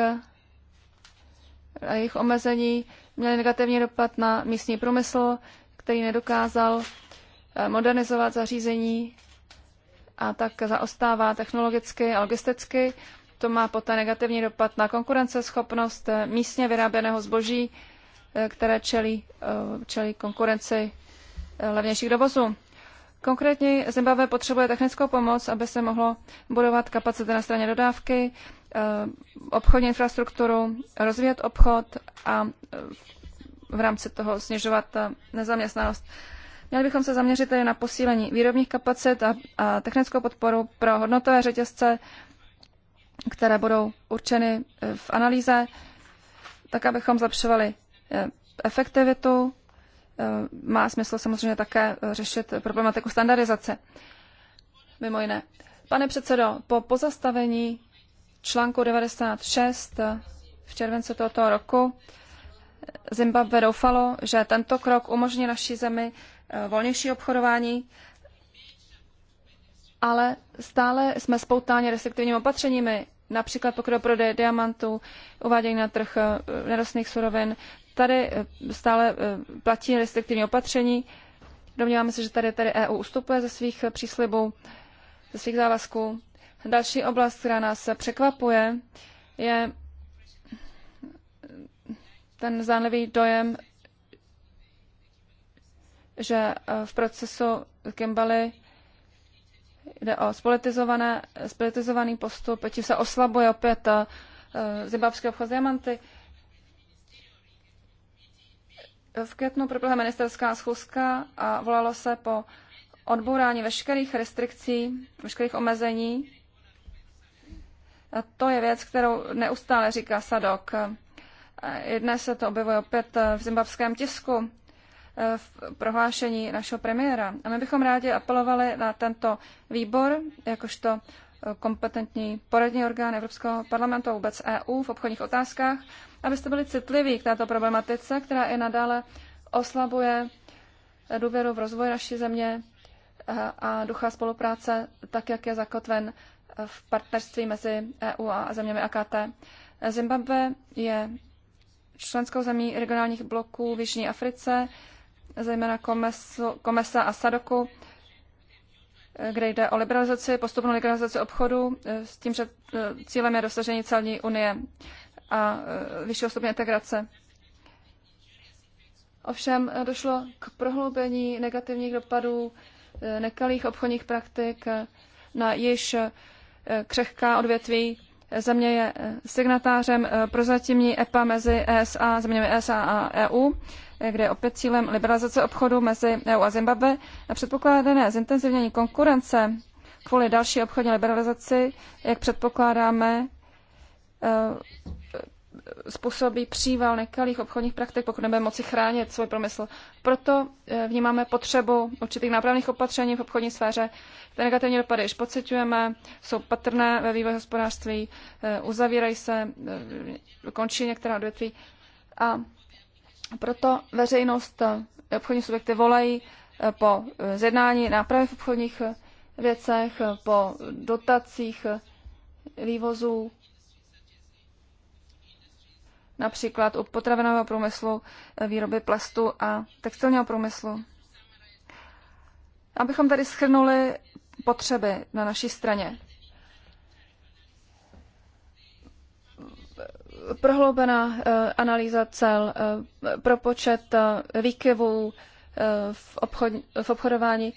[SPEAKER 3] a jejich omezení měly negativní dopad na místní průmysl, který nedokázal eh, modernizovat zařízení a tak zaostává technologicky a logisticky. To má poté negativní dopad na konkurenceschopnost eh, místně vyráběného zboží, eh, které čelí, čelí konkurenci levnějších dovozů. Konkrétně Zimbabwe potřebuje technickou pomoc, aby se mohlo budovat kapacity na straně dodávky, Eh, obchodní infrastrukturu, rozvíjet obchod a eh, v rámci toho snižovat eh, nezaměstnanost. Měli bychom se zaměřit tedy na posílení výrobních kapacit a, a technickou podporu pro hodnotové řetězce, které budou určeny v analýze, tak abychom zlepšovali efektivitu. Má smysl samozřejmě také řešit problematiku standardizace, mimo jiné. Pane předsedo, po pozastavení článku 96 v červenci tohoto roku Zimbabwe doufalo, že tento krok umožní naší zemi eh, volnější obchodování, ale stále jsme spoutáni restriktivními opatřeními, například pokud prodej diamantů, uvádění na trh eh, nerostných surovin. Tady eh, stále platí restriktivní opatření. Domníváme se, že tady, tady EU ustupuje ze svých příslibů, ze svých závazků. Další oblast, která nás překvapuje, je ten zánlivý dojem, že eh, v procesu Kimbaly jde o spolitizované, spolitizovaný postup, tím se oslabuje opět eh, zimbabské obchod diamanty. V květnu proběhla ministerská schůzka a volalo se po odbourání veškerých restrikcí, veškerých omezení a to je věc, kterou neustále říká Sadok. I dnes se to objevuje opět v zimbabském tisku eh, v prohlášení našeho premiéra. A my bychom rádi apelovali na tento výbor, jakožto eh, kompetentní poradní orgán Evropského parlamentu a vůbec EU v obchodních otázkách, abyste byli citliví k této problematice, která i nadále oslabuje důvěru v rozvoj naší země eh, a ducha spolupráce, tak jak je zakotven v partnerství mezi EU a zeměmi AKT. Zimbabwe je členskou zemí regionálních bloků v Jižní Africe, zejména Komesu, Komesa a Sadoku, kde jde o liberalizaci, postupnou liberalizaci obchodu e, s tím, že e, cílem je dosažení celní unie a e, vyššího stupně integrace. Ovšem došlo k prohloubení negativních dopadů nekalých obchodních praktik na již Eh, křehká odvětví. Země je eh, signatářem eh, prozatímní EPA mezi ESA, zeměmi ESA a EU, kde je opět cílem liberalizace obchodu mezi EU a Zimbabwe. A předpokládané zintenzivnění konkurence kvůli další obchodní liberalizaci, jak předpokládáme, způsobí příval nekalých obchodních praktik, pokud nebudeme moci chránit svůj promysl. Proto eh, vnímáme potřebu určitých nápravných opatření v obchodní sféře. Ty negativní dopady již pociťujeme, jsou patrné ve vývoji hospodářství, eh, uzavírají se, eh, končí některá odvětví. A proto veřejnost obchodní subjekty volají po zjednání nápravy v obchodních věcech, po dotacích vývozů například u potravinového průmyslu, eh, výroby plastu a textilního průmyslu. Abychom tady schrnuli potřeby na naší straně. Prohloubená eh, analýza cel, eh, propočet výkyvů v, obchod, v obchodování,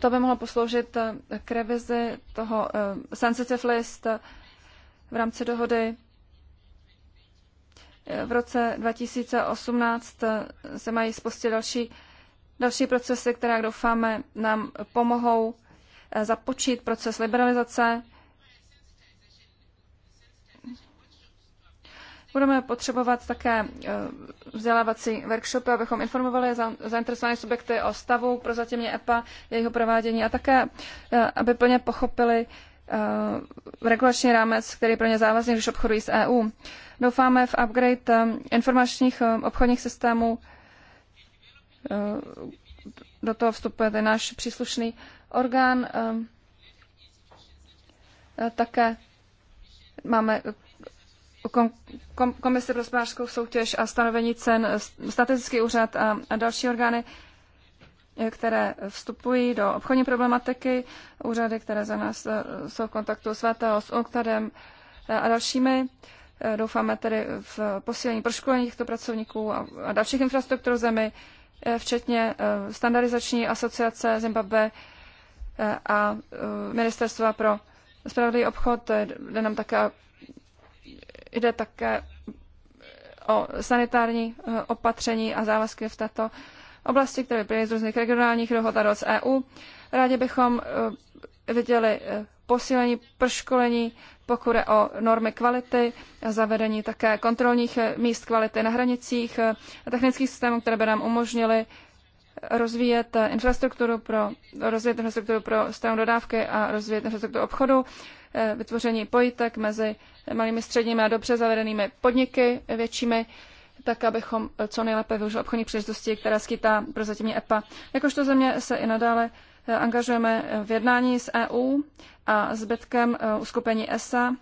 [SPEAKER 3] to by mohlo posloužit k revizi toho sensitive list v rámci dohody v roce 2018 se mají spustit další, další procesy, které, jak doufáme, nám pomohou eh, započít proces liberalizace. Budeme potřebovat také eh, vzdělávací workshopy, abychom informovali zainteresované subjekty o stavu pro zatímně EPA, jejího provádění a také, eh, aby plně pochopili, Eh, regulační rámec, který je pro ně závazný, když obchodují s EU. Doufáme v upgrade eh, informačních eh, obchodních systémů. Do toho vstupuje ten náš příslušný orgán. Také máme komisi pro hospodářskou soutěž a stanovení cen, statistický úřad a, a další orgány které vstupují do obchodní problematiky, úřady, které za nás eh, jsou v kontaktu s VTO, s UNCTADem eh, a dalšími. Eh, doufáme tedy v posílení proškolení těchto pracovníků a, dalších infrastruktur zemi, včetně standardizační asociace Zimbabwe a ministerstva pro spravedlivý obchod. Jde nám také, jde také o sanitární opatření a závazky v této oblasti, které vyplývají z různých regionálních dohod a dohod z EU. Rádi bychom eh, viděli eh, posílení, proškolení, pokud je o normy kvality, zavedení také kontrolních eh, míst kvality na hranicích, technických systémů, které by nám umožnily rozvíjet infrastrukturu pro, rozvíjet infrastrukturu pro stranu dodávky a rozvíjet infrastrukturu obchodu, vytvoření pojitek mezi malými středními a dobře zavedenými podniky většími, tak abychom eh, co nejlépe využili obchodní příležitosti, které skýtá pro zatímní EPA. Jakožto země se i nadále eh, angažujeme eh, v jednání s EU a zbytkem uskupení ESA,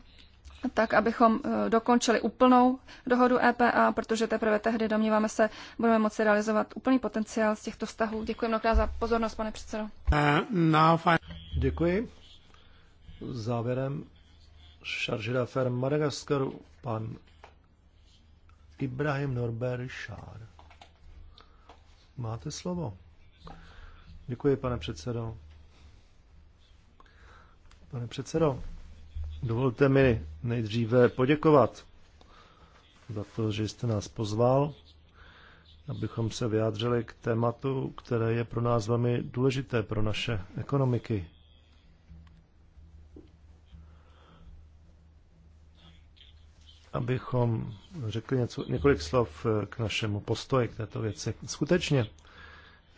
[SPEAKER 3] tak abychom dokončili úplnou dohodu EPA, protože teprve tehdy, domníváme se, budeme moci realizovat úplný potenciál z těchto vztahů. Děkuji mnohokrát za pozornost, pane předsedo.
[SPEAKER 1] Děkuji. Závěrem Šaržida Ferm Madagaskaru, pan Ibrahim Norber Šár. Máte slovo. Děkuji, pane předsedo. Pane předsedo, dovolte mi nejdříve poděkovat za to, že jste nás pozval, abychom se vyjádřili k tématu, které je pro nás velmi důležité pro naše ekonomiky. abychom řekli něco, několik slov eh, k našemu postoji k této věci. Skutečně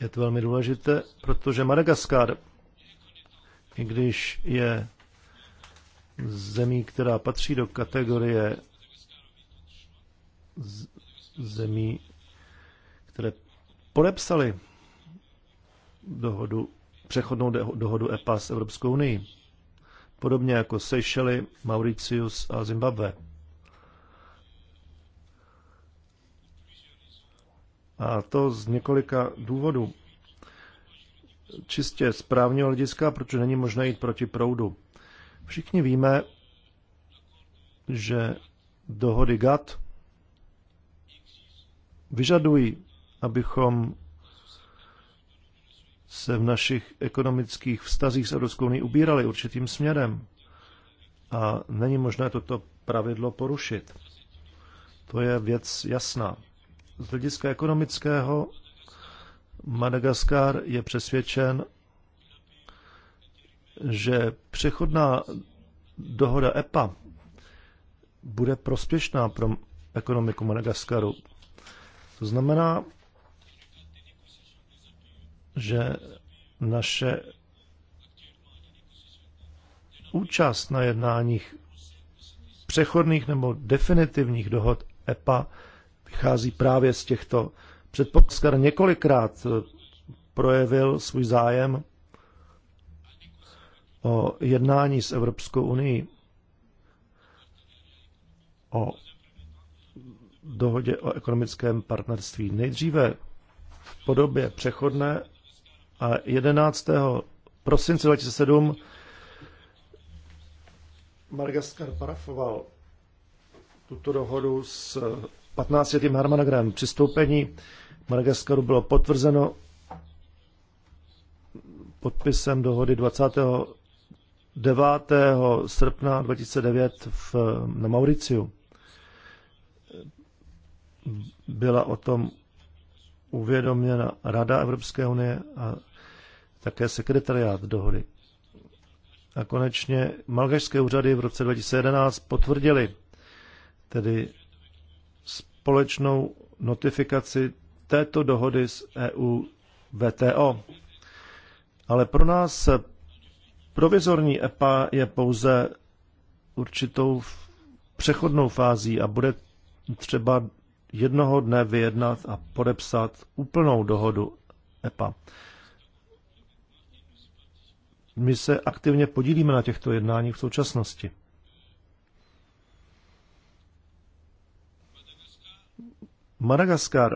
[SPEAKER 1] je to velmi důležité, protože Madagaskar, i když je zemí, která patří do kategorie zemí, které podepsali dohodu, přechodnou dohodu EPA s Evropskou unii, podobně jako Seychelles, Mauritius a Zimbabwe. A to z několika důvodů. Čistě z právního hlediska, protože není možné jít proti proudu. Všichni víme, že dohody GATT vyžadují, abychom se v našich ekonomických vztazích s Evropskou unii ubírali určitým směrem. A není možné toto pravidlo porušit. To je věc jasná. Z hlediska ekonomického Madagaskar je přesvědčen, že přechodná dohoda EPA bude prospěšná pro ekonomiku Madagaskaru. To znamená, že naše účast na jednáních přechodných nebo definitivních dohod EPA vychází právě z těchto. Předpoklad několikrát eh, projevil svůj zájem o jednání s Evropskou unii, o dohodě o ekonomickém partnerství. Nejdříve v podobě přechodné a 11. prosince 2007 Margaskar parafoval tuto dohodu s 15 letým harmonogramem přistoupení Madagaskaru bylo potvrzeno podpisem dohody 29. srpna 2009 v, na Mauriciu. Byla o tom uvědoměna Rada Evropské unie a také sekretariát dohody. A konečně malgašské úřady v roce 2011 potvrdili tedy společnou notifikaci této dohody s EU VTO. Ale pro nás provizorní EPA je pouze určitou přechodnou fází a bude třeba jednoho dne vyjednat a podepsat úplnou dohodu EPA. My se aktivně podílíme na těchto jednáních v současnosti. Madagaskar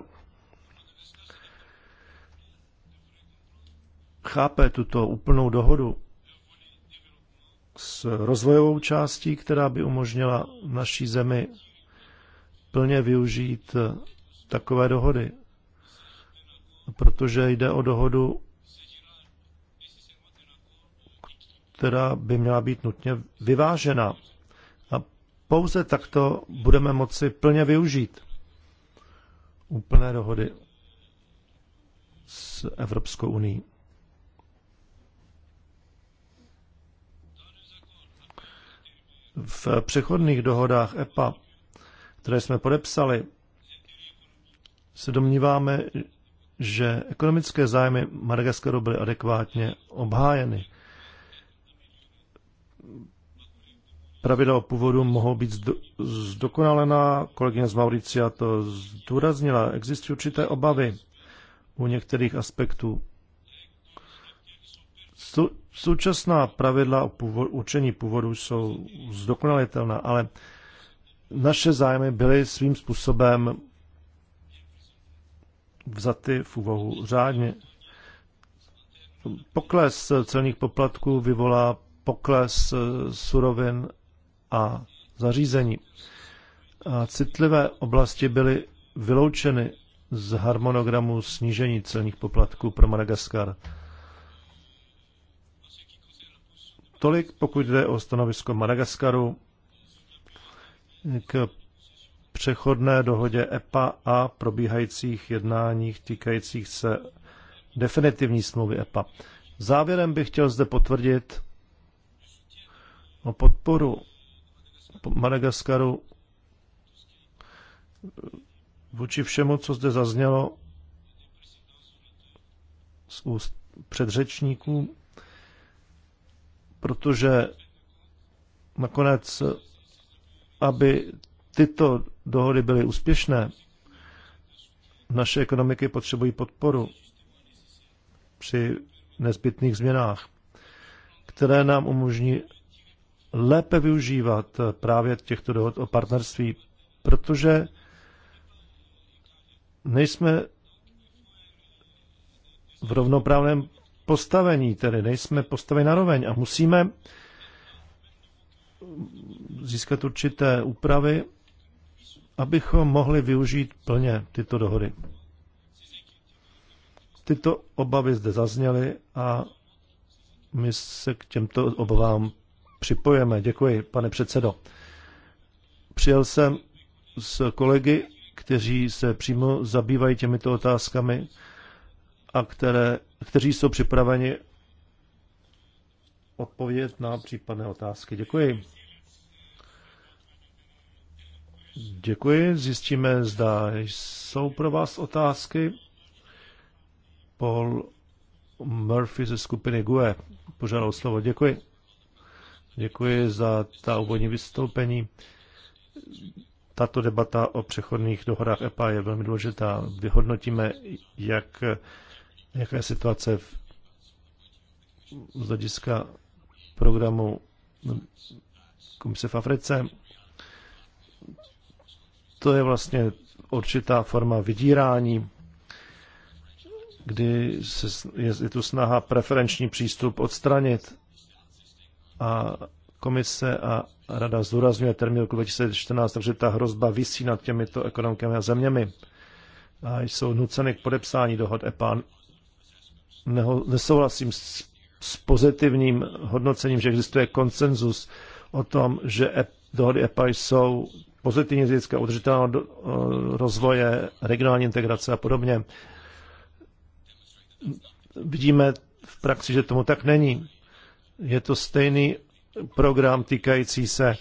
[SPEAKER 1] chápe tuto úplnou dohodu s rozvojovou částí, která by umožnila naší zemi plně využít takové dohody. Protože jde o dohodu, která by měla být nutně vyvážena. A pouze takto budeme moci plně využít úplné dohody s Evropskou uní V přechodných dohodách EPA, které jsme podepsali, se domníváme, že ekonomické zájmy Madagaskaru byly adekvátně obhájeny. pravidla o původu mohou být zdokonalená. Kolegyně z Mauricia to zdůraznila. Existují určité obavy u některých aspektů. Současná pravidla o původu, učení původu jsou zdokonalitelná, ale naše zájmy byly svým způsobem vzaty v úvahu řádně. Pokles celních poplatků vyvolá pokles eh, surovin a zařízení. A citlivé oblasti byly vyloučeny z harmonogramu snížení celních poplatků pro Madagaskar. Tolik, pokud jde o stanovisko Madagaskaru k přechodné dohodě EPA a probíhajících jednáních týkajících se definitivní smlouvy EPA. Závěrem bych chtěl zde potvrdit o podporu Madagaskaru vůči všemu, co zde zaznělo z úst předřečníků, protože nakonec, aby tyto dohody byly úspěšné, naše ekonomiky potřebují podporu při nezbytných změnách, které nám umožní lépe využívat eh, právě těchto dohod o partnerství, protože nejsme v rovnoprávném postavení, tedy nejsme postaveni na roveň a musíme získat určité úpravy, abychom mohli využít plně tyto dohody. Tyto obavy zde zazněly a my se k těmto obavám připojeme. Děkuji, pane předsedo. Přijel jsem s kolegy, kteří se přímo zabývají těmito otázkami a které, kteří jsou připraveni odpovědět na případné otázky. Děkuji. Děkuji. Zjistíme, zda jsou pro vás otázky. Paul Murphy ze skupiny GUE požádal slovo. Děkuji. Děkuji za ta úvodní vystoupení. Tato debata o přechodných dohodách EPA je velmi důležitá. Vyhodnotíme, jak, jaká je situace v, z hlediska programu Komise v Africe. To je vlastně určitá forma vydírání, kdy se, je, je tu snaha preferenční přístup odstranit a komise a rada zdůrazňuje termín roku 2014, takže ta hrozba vysí nad těmito ekonomikami a zeměmi a jsou nuceny k podepsání dohod EPA. Neho, nesouhlasím s, s pozitivním hodnocením, že existuje konsenzus o tom, že EP, dohody EPA jsou pozitivní z hlediska udržitelného rozvoje, regionální integrace a podobně. Vidíme v praxi, že tomu tak není. Je to stejný program týkající se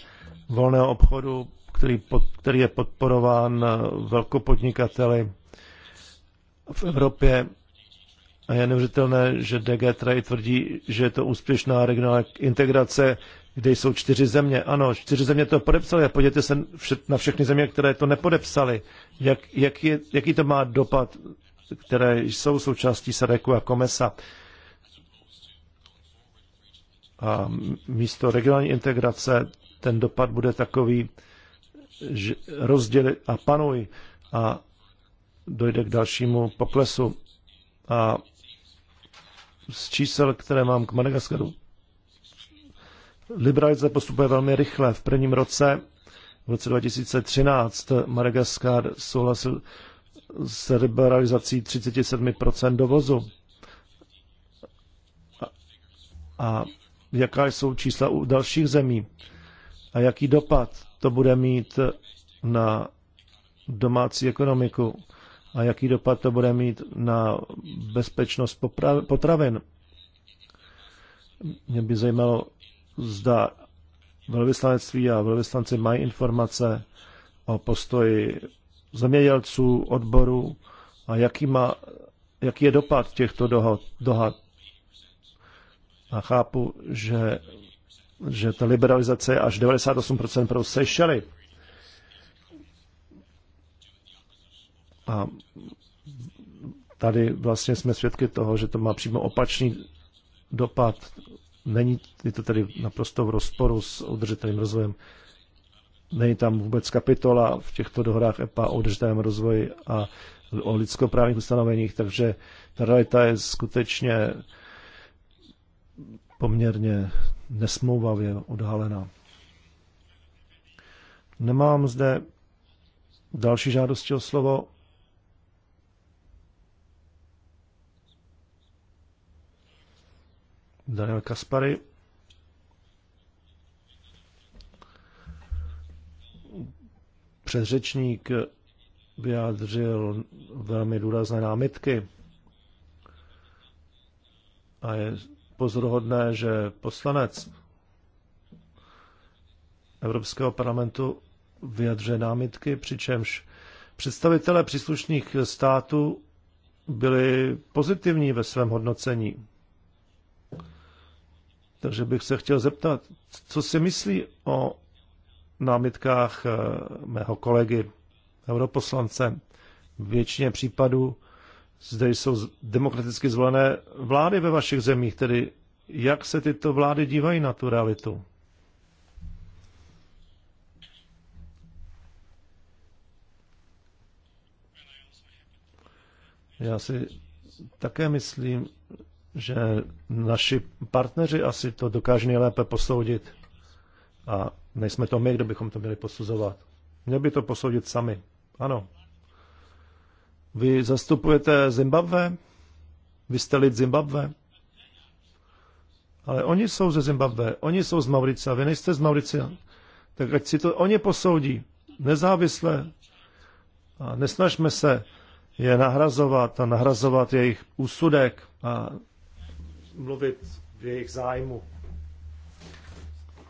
[SPEAKER 1] volného obchodu, který, pod, který je podporován eh, velkopodnikateli v Evropě. A je neuvěřitelné, že DG Trade tvrdí, že je to úspěšná regionální integrace, kde jsou čtyři země. Ano, čtyři země to podepsaly. A podívejte se na všechny země, které to nepodepsaly. Jak, jak je, jaký to má dopad, které jsou součástí Sadeku a Komesa a místo regionální integrace ten dopad bude takový, že rozděli a panuj a dojde k dalšímu poklesu. A z čísel, které mám k Madagaskaru, liberalizace postupuje velmi rychle. V prvním roce, v roce 2013, Madagaskar souhlasil s liberalizací 37% dovozu. A jaká jsou čísla u dalších zemí a jaký dopad to bude mít na domácí ekonomiku a jaký dopad to bude mít na bezpečnost potravin. Mě by zajímalo, zda velvyslanectví a velvyslanci mají informace o postoji zemědělců, odboru a jaký, má, jaký je dopad těchto dohod, dohad, a chápu, že, že ta liberalizace je až 98% pro Seychely. A tady vlastně jsme svědky toho, že to má přímo opačný dopad. Není je to tedy naprosto v rozporu s udržitelným rozvojem. Není tam vůbec kapitola v těchto dohodách EPA o udržitelném rozvoji a o lidskoprávních ustanoveních, takže ta realita je skutečně poměrně nesmouvavě odhalena. Nemám zde další žádosti o slovo. Daniel Kaspary. Předřečník vyjádřil velmi důrazné námitky a je pozoruhodné, že poslanec Evropského parlamentu vyjadřuje námitky, přičemž představitelé příslušných států byli pozitivní ve svém hodnocení. Takže bych se chtěl zeptat, co si myslí o námitkách eh, mého kolegy europoslance. V většině případů zde jsou demokraticky zvolené vlády ve vašich zemích, tedy jak se tyto vlády dívají na tu realitu? Já si také myslím, že naši partneři asi to dokáží nejlépe posoudit. A nejsme to my, kdo bychom to měli posuzovat. Měli by to posoudit sami. Ano. Vy zastupujete Zimbabwe? Vy jste lid Zimbabwe? Ale oni jsou ze Zimbabwe, oni jsou z Maurice, vy nejste z Maurice. Tak ať si to oni posoudí, nezávisle. A nesnažme se je nahrazovat a nahrazovat jejich úsudek a mluvit v jejich zájmu.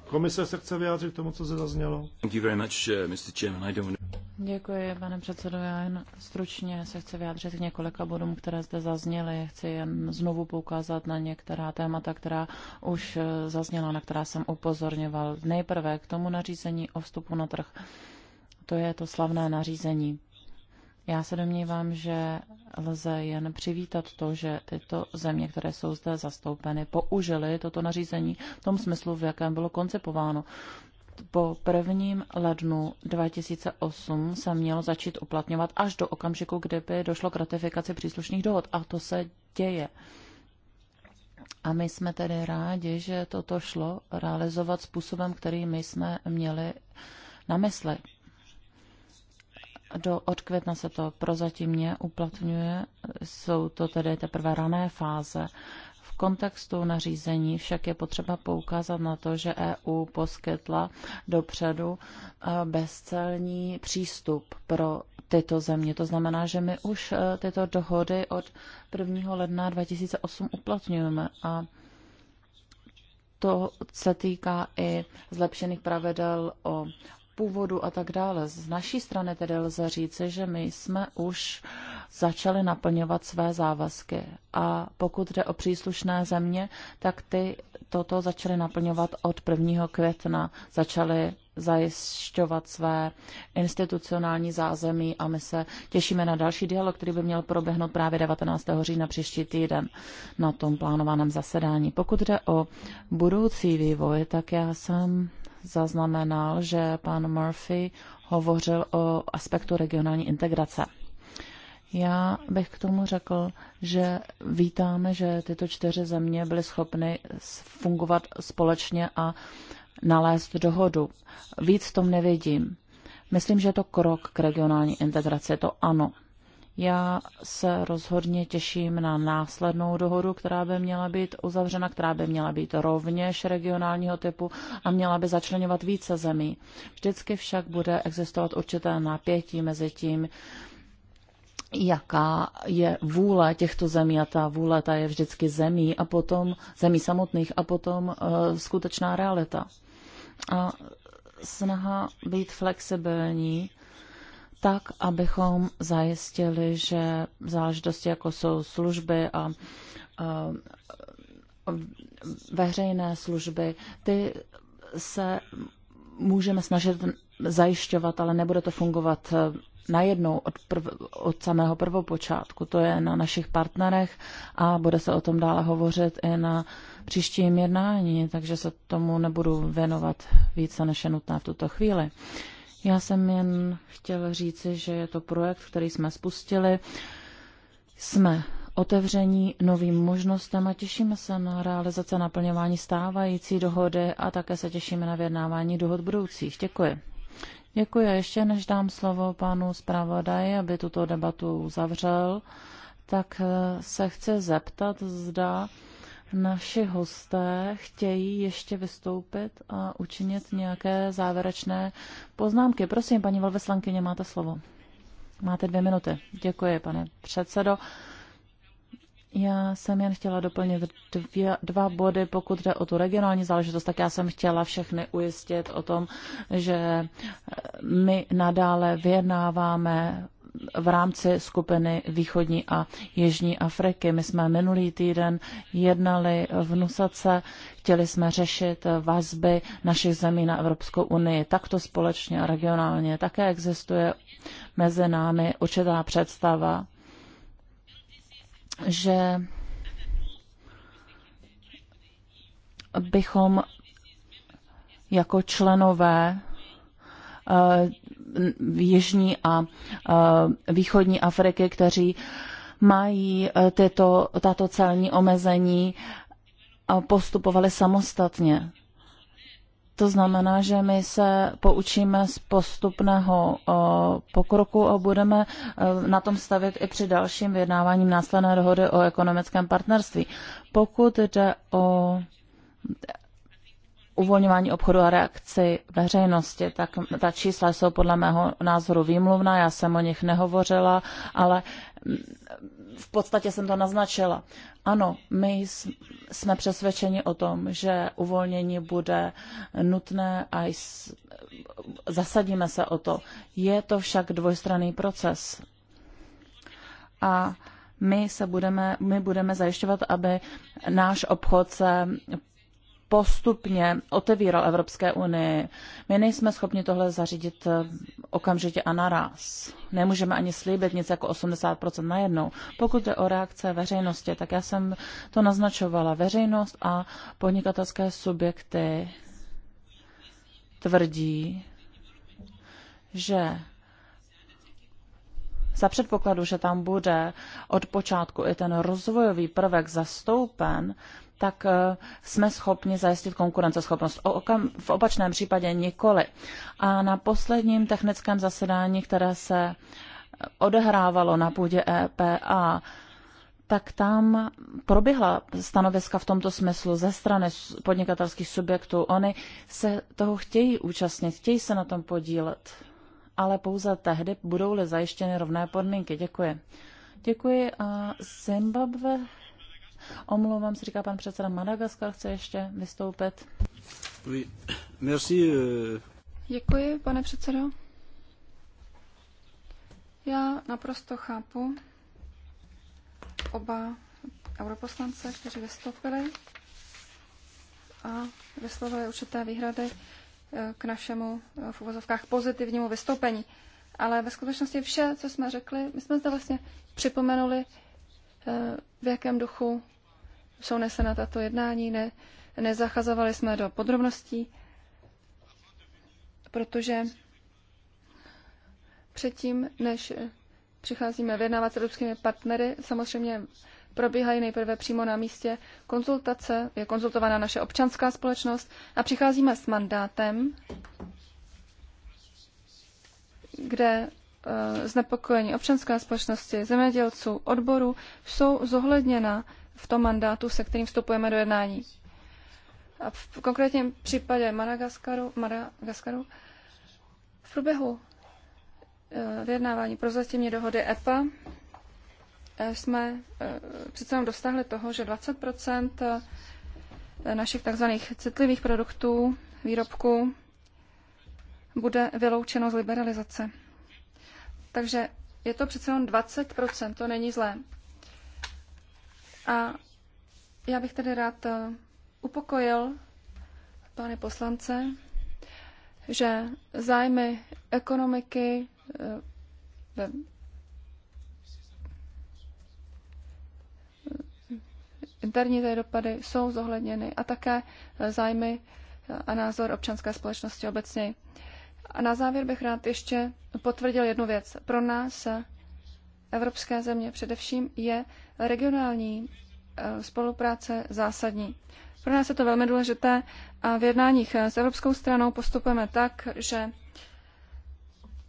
[SPEAKER 1] Komise se chce vyjádřit k tomu, co se zaznělo.
[SPEAKER 3] Thank you very much, uh, Mr. Chairman. I don't...
[SPEAKER 2] Děkuji, pane předsedo. Já jen stručně se chci vyjádřit k několika bodům, které zde zazněly. Chci jen znovu poukázat na některá témata, která už eh, zazněla, na která jsem upozorňoval. Nejprve k tomu nařízení o vstupu na trh. To je to slavné nařízení. Já se domnívám, že lze jen přivítat to, že tyto země, které jsou zde zastoupeny, použily toto nařízení v tom smyslu, v jakém bylo koncipováno po prvním lednu 2008 se mělo začít uplatňovat až do okamžiku, kdy by došlo k ratifikaci příslušných dohod. A to se děje. A my jsme tedy rádi, že toto šlo realizovat způsobem, který my jsme měli na mysli. Do od května se to prozatímně uplatňuje, jsou to tedy teprve rané fáze kontextu nařízení však je potřeba poukázat na to, že EU poskytla dopředu eh, bezcelní přístup pro tyto země. To znamená, že my už eh, tyto dohody od 1. ledna 2008 uplatňujeme a to se týká i zlepšených pravidel o původu a tak dále. Z naší strany tedy lze říci, že my jsme už začaly naplňovat své závazky. A pokud jde o příslušné země, tak ty toto začaly naplňovat od 1. května, začaly zajišťovat své institucionální zázemí a my se těšíme na další dialog, který by měl proběhnout právě 19. října příští týden na tom plánovaném zasedání. Pokud jde o budoucí vývoj, tak já jsem zaznamenal, že pan Murphy hovořil o aspektu regionální integrace. Já bych k tomu řekl, že vítáme, že tyto čtyři země byly schopny fungovat společně a nalézt dohodu. Víc v tom nevidím. Myslím, že je to krok k regionální integraci, to ano. Já se rozhodně těším na následnou dohodu, která by měla být uzavřena, která by měla být rovněž regionálního typu a měla by začlenovat více zemí. Vždycky však bude existovat určité napětí mezi tím, jaká je vůle těchto zemí a ta vůle ta je vždycky zemí a potom zemí samotných a potom uh, skutečná realita. A snaha být flexibilní tak, abychom zajistili, že záležitosti jako jsou služby a, uh, veřejné služby, ty se můžeme snažit zajišťovat, ale nebude to fungovat eh, najednou od, prv, od samého prvopočátku. To je na našich partnerech a bude se o tom dále hovořit i na příštím jednání, takže se tomu nebudu věnovat více než je nutné v tuto chvíli. Já jsem jen chtěl říci, že je to projekt, který jsme spustili. Jsme otevření novým možnostem a těšíme se na realizace naplňování stávající dohody a také se těšíme na vyjednávání dohod budoucích. Děkuji. Děkuji. A ještě než dám slovo panu zpravodaji, aby tuto debatu uzavřel, tak eh, se chci zeptat, zda naši hosté chtějí ještě vystoupit a učinit nějaké závěrečné poznámky. Prosím, paní velvyslankyně, máte slovo. Máte dvě minuty. Děkuji, pane předsedo. Já jsem jen chtěla doplnit dvě, dva body, pokud jde o tu regionální záležitost, tak já jsem chtěla všechny ujistit o tom, že my nadále vyjednáváme v rámci skupiny Východní a Jižní Afriky. My jsme minulý týden jednali v Nusace, chtěli jsme řešit vazby našich zemí na Evropskou unii. Takto společně a regionálně také existuje mezi námi určitá představa, že bychom jako členové eh, Jižní a eh, Východní Afriky, kteří mají eh, tyto, tato celní omezení, postupovali samostatně. To znamená, že my se poučíme z postupného pokroku a budeme e, na tom stavit i při dalším vyjednáváním následné dohody o ekonomickém partnerství. Pokud jde o uvolňování obchodu a reakci veřejnosti, tak ta čísla jsou podle mého názoru výmluvná, já jsem o nich nehovořila, ale v podstatě jsem to naznačila. Ano, my jsme přesvědčeni o tom, že uvolnění bude nutné a zasadíme se o to. Je to však dvojstranný proces. A my se budeme, my budeme zajišťovat, aby náš obchod se postupně otevíral Evropské unii. My nejsme schopni tohle zařídit eh, okamžitě a naraz. Nemůžeme ani slíbit nic jako 80% najednou. Pokud je o reakce veřejnosti, tak já jsem to naznačovala. Veřejnost a podnikatelské subjekty tvrdí, že za předpokladu, že tam bude od počátku i ten rozvojový prvek zastoupen, tak eh, jsme schopni zajistit konkurenceschopnost. V opačném případě nikoli. A na posledním technickém zasedání, které se odehrávalo na půdě EPA, tak tam proběhla stanoviska v tomto smyslu ze strany podnikatelských subjektů. Oni se toho chtějí účastnit, chtějí se na tom podílet, ale pouze tehdy budou-li zajištěny rovné podmínky. Děkuji. Děkuji a Zimbabwe Omlouvám se, říká pan předseda Madagaskar, chce ještě vystoupit.
[SPEAKER 1] Oui. Merci. Euh.
[SPEAKER 3] Děkuji, pane předsedo. Já naprosto chápu oba europoslance, kteří vystoupili a vyslovili určité výhrady eh, k našemu eh, v uvozovkách pozitivnímu vystoupení. Ale ve skutečnosti vše, co jsme řekli, my jsme zde vlastně připomenuli, eh, v jakém duchu jsou nesena tato jednání, ne, nezachazovali jsme do podrobností, protože předtím, než přicházíme vyjednávat s evropskými partnery, samozřejmě probíhají nejprve přímo na místě konzultace, je konzultována naše občanská společnost a přicházíme s mandátem, kde eh, znepokojení občanské společnosti, zemědělců, odborů jsou zohledněna v tom mandátu, se kterým vstupujeme do jednání. A v konkrétním případě Madagaskaru, Madagaskaru v průběhu eh, vyjednávání prozatímní dohody EPA eh, jsme eh, přece jenom dostahli toho, že 20 našich tzv. citlivých produktů, výrobků bude vyloučeno z liberalizace. Takže je to přece jenom 20 to není zlé. A já bych tedy rád eh, upokojil pány poslance, že zájmy ekonomiky eh, ve interní tady dopady jsou zohledněny a také eh, zájmy a názor občanské společnosti obecně. A na závěr bych rád ještě potvrdil jednu věc. Pro nás evropské země především, je regionální eh, spolupráce zásadní. Pro nás je to velmi důležité a v jednáních eh, s evropskou stranou postupujeme tak, že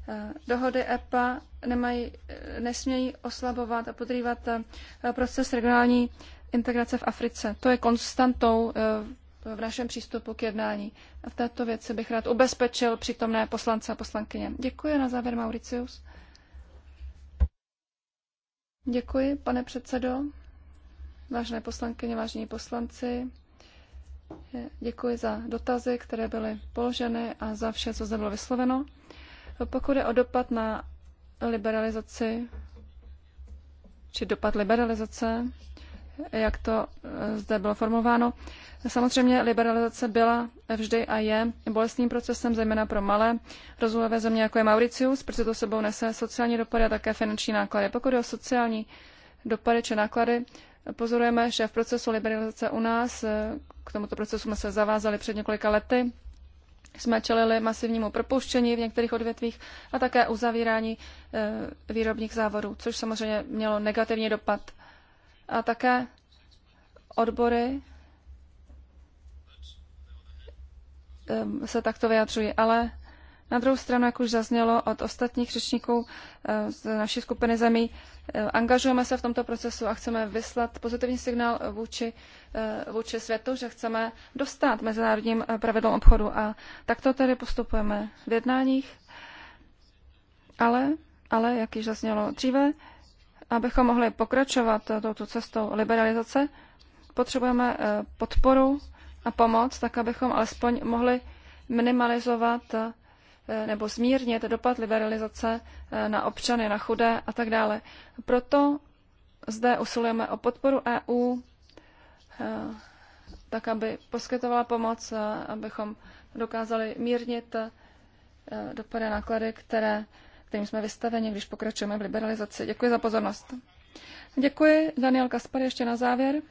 [SPEAKER 3] eh, dohody EPA nemají, nesmějí oslabovat a podrývat proces regionální integrace v Africe. To je konstantou v našem přístupu k jednání. A v této věci bych rád ubezpečil přítomné poslance a poslankyně. Děkuji na závěr, Mauricius. Děkuji, pane předsedo. Vážené poslankyně, vážení poslanci, děkuji za dotazy, které byly položeny a za vše, co zde bylo vysloveno. Pokud je o dopad na liberalizaci, či dopad liberalizace, jak to eh, zde bylo formováno. Samozřejmě liberalizace byla vždy a je bolestným procesem, zejména pro malé rozvojové země, jako je Mauricius, protože to sebou nese sociální dopady a také finanční náklady. Pokud je o sociální dopady či náklady, pozorujeme, že v procesu liberalizace u nás, eh, k tomuto procesu jsme se zavázali před několika lety, jsme čelili masivnímu propuštění v některých odvětvích a také uzavírání eh, výrobních závodů, což samozřejmě mělo negativní dopad a také odbory ehm, se takto vyjadřují. Ale na druhou stranu, jak už zaznělo od ostatních řečníků eh, z naší skupiny zemí, eh, angažujeme se v tomto procesu a chceme vyslat pozitivní signál vůči, eh, vůči světu, že chceme dostat mezinárodním pravidlům obchodu. A takto tedy postupujeme v jednáních. Ale, ale jak již zaznělo dříve, abychom mohli pokračovat touto cestou liberalizace, potřebujeme eh, podporu a pomoc, tak abychom alespoň mohli minimalizovat eh, nebo zmírnit dopad liberalizace eh, na občany, na chudé a tak dále. Proto zde usilujeme o podporu EU, tak aby poskytovala pomoc, abychom dokázali mírnit dopady náklady, které kterým jsme vystaveni, když pokračujeme v liberalizaci. Děkuji za pozornost. Děkuji. Daniel Kaspar ještě na závěr.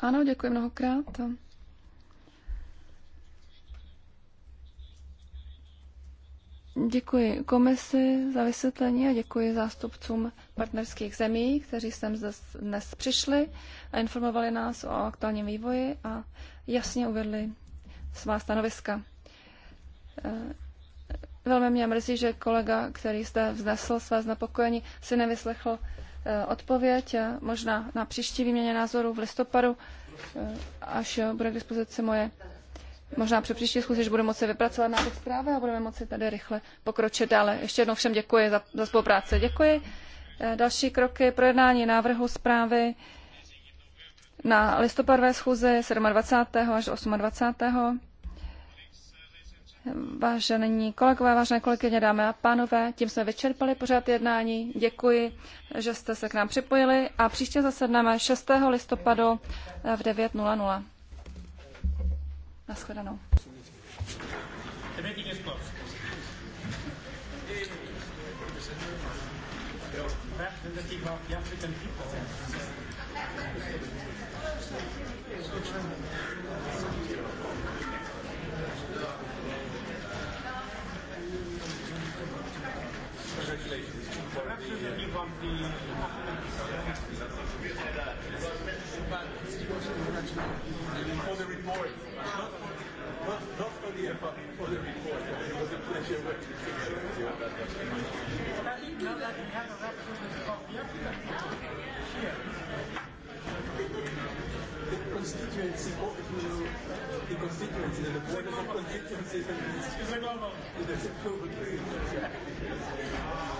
[SPEAKER 3] Ano, děkuji mnohokrát. Děkuji komisi za vysvětlení a děkuji zástupcům partnerských zemí, kteří sem dnes přišli a informovali nás o aktuálním vývoji a jasně uvedli svá stanoviska. Velmi mě mrzí, že kolega, který zde vznesl své znepokojení, si nevyslechl eh, odpověď. Eh, možná na příští výměně názorů v listopadu, eh, až bude k dispozici moje možná při příští schůzi, že budeme moci vypracovat návrh zprávy a budeme moci tady rychle pokročit dále. Ještě jednou všem děkuji za, za spolupráci. Děkuji. Další kroky projednání návrhu zprávy na listopadové schůzi 27. až 28. Vážení kolegové, vážené kolegyně, dámy a pánové, tím jsme vyčerpali pořád jednání. Děkuji, že jste se k nám připojili a příště zasedneme 6. listopadu v 9.00. Naschledanou.
[SPEAKER 1] Back the board of constituency. Excuse me, no, no.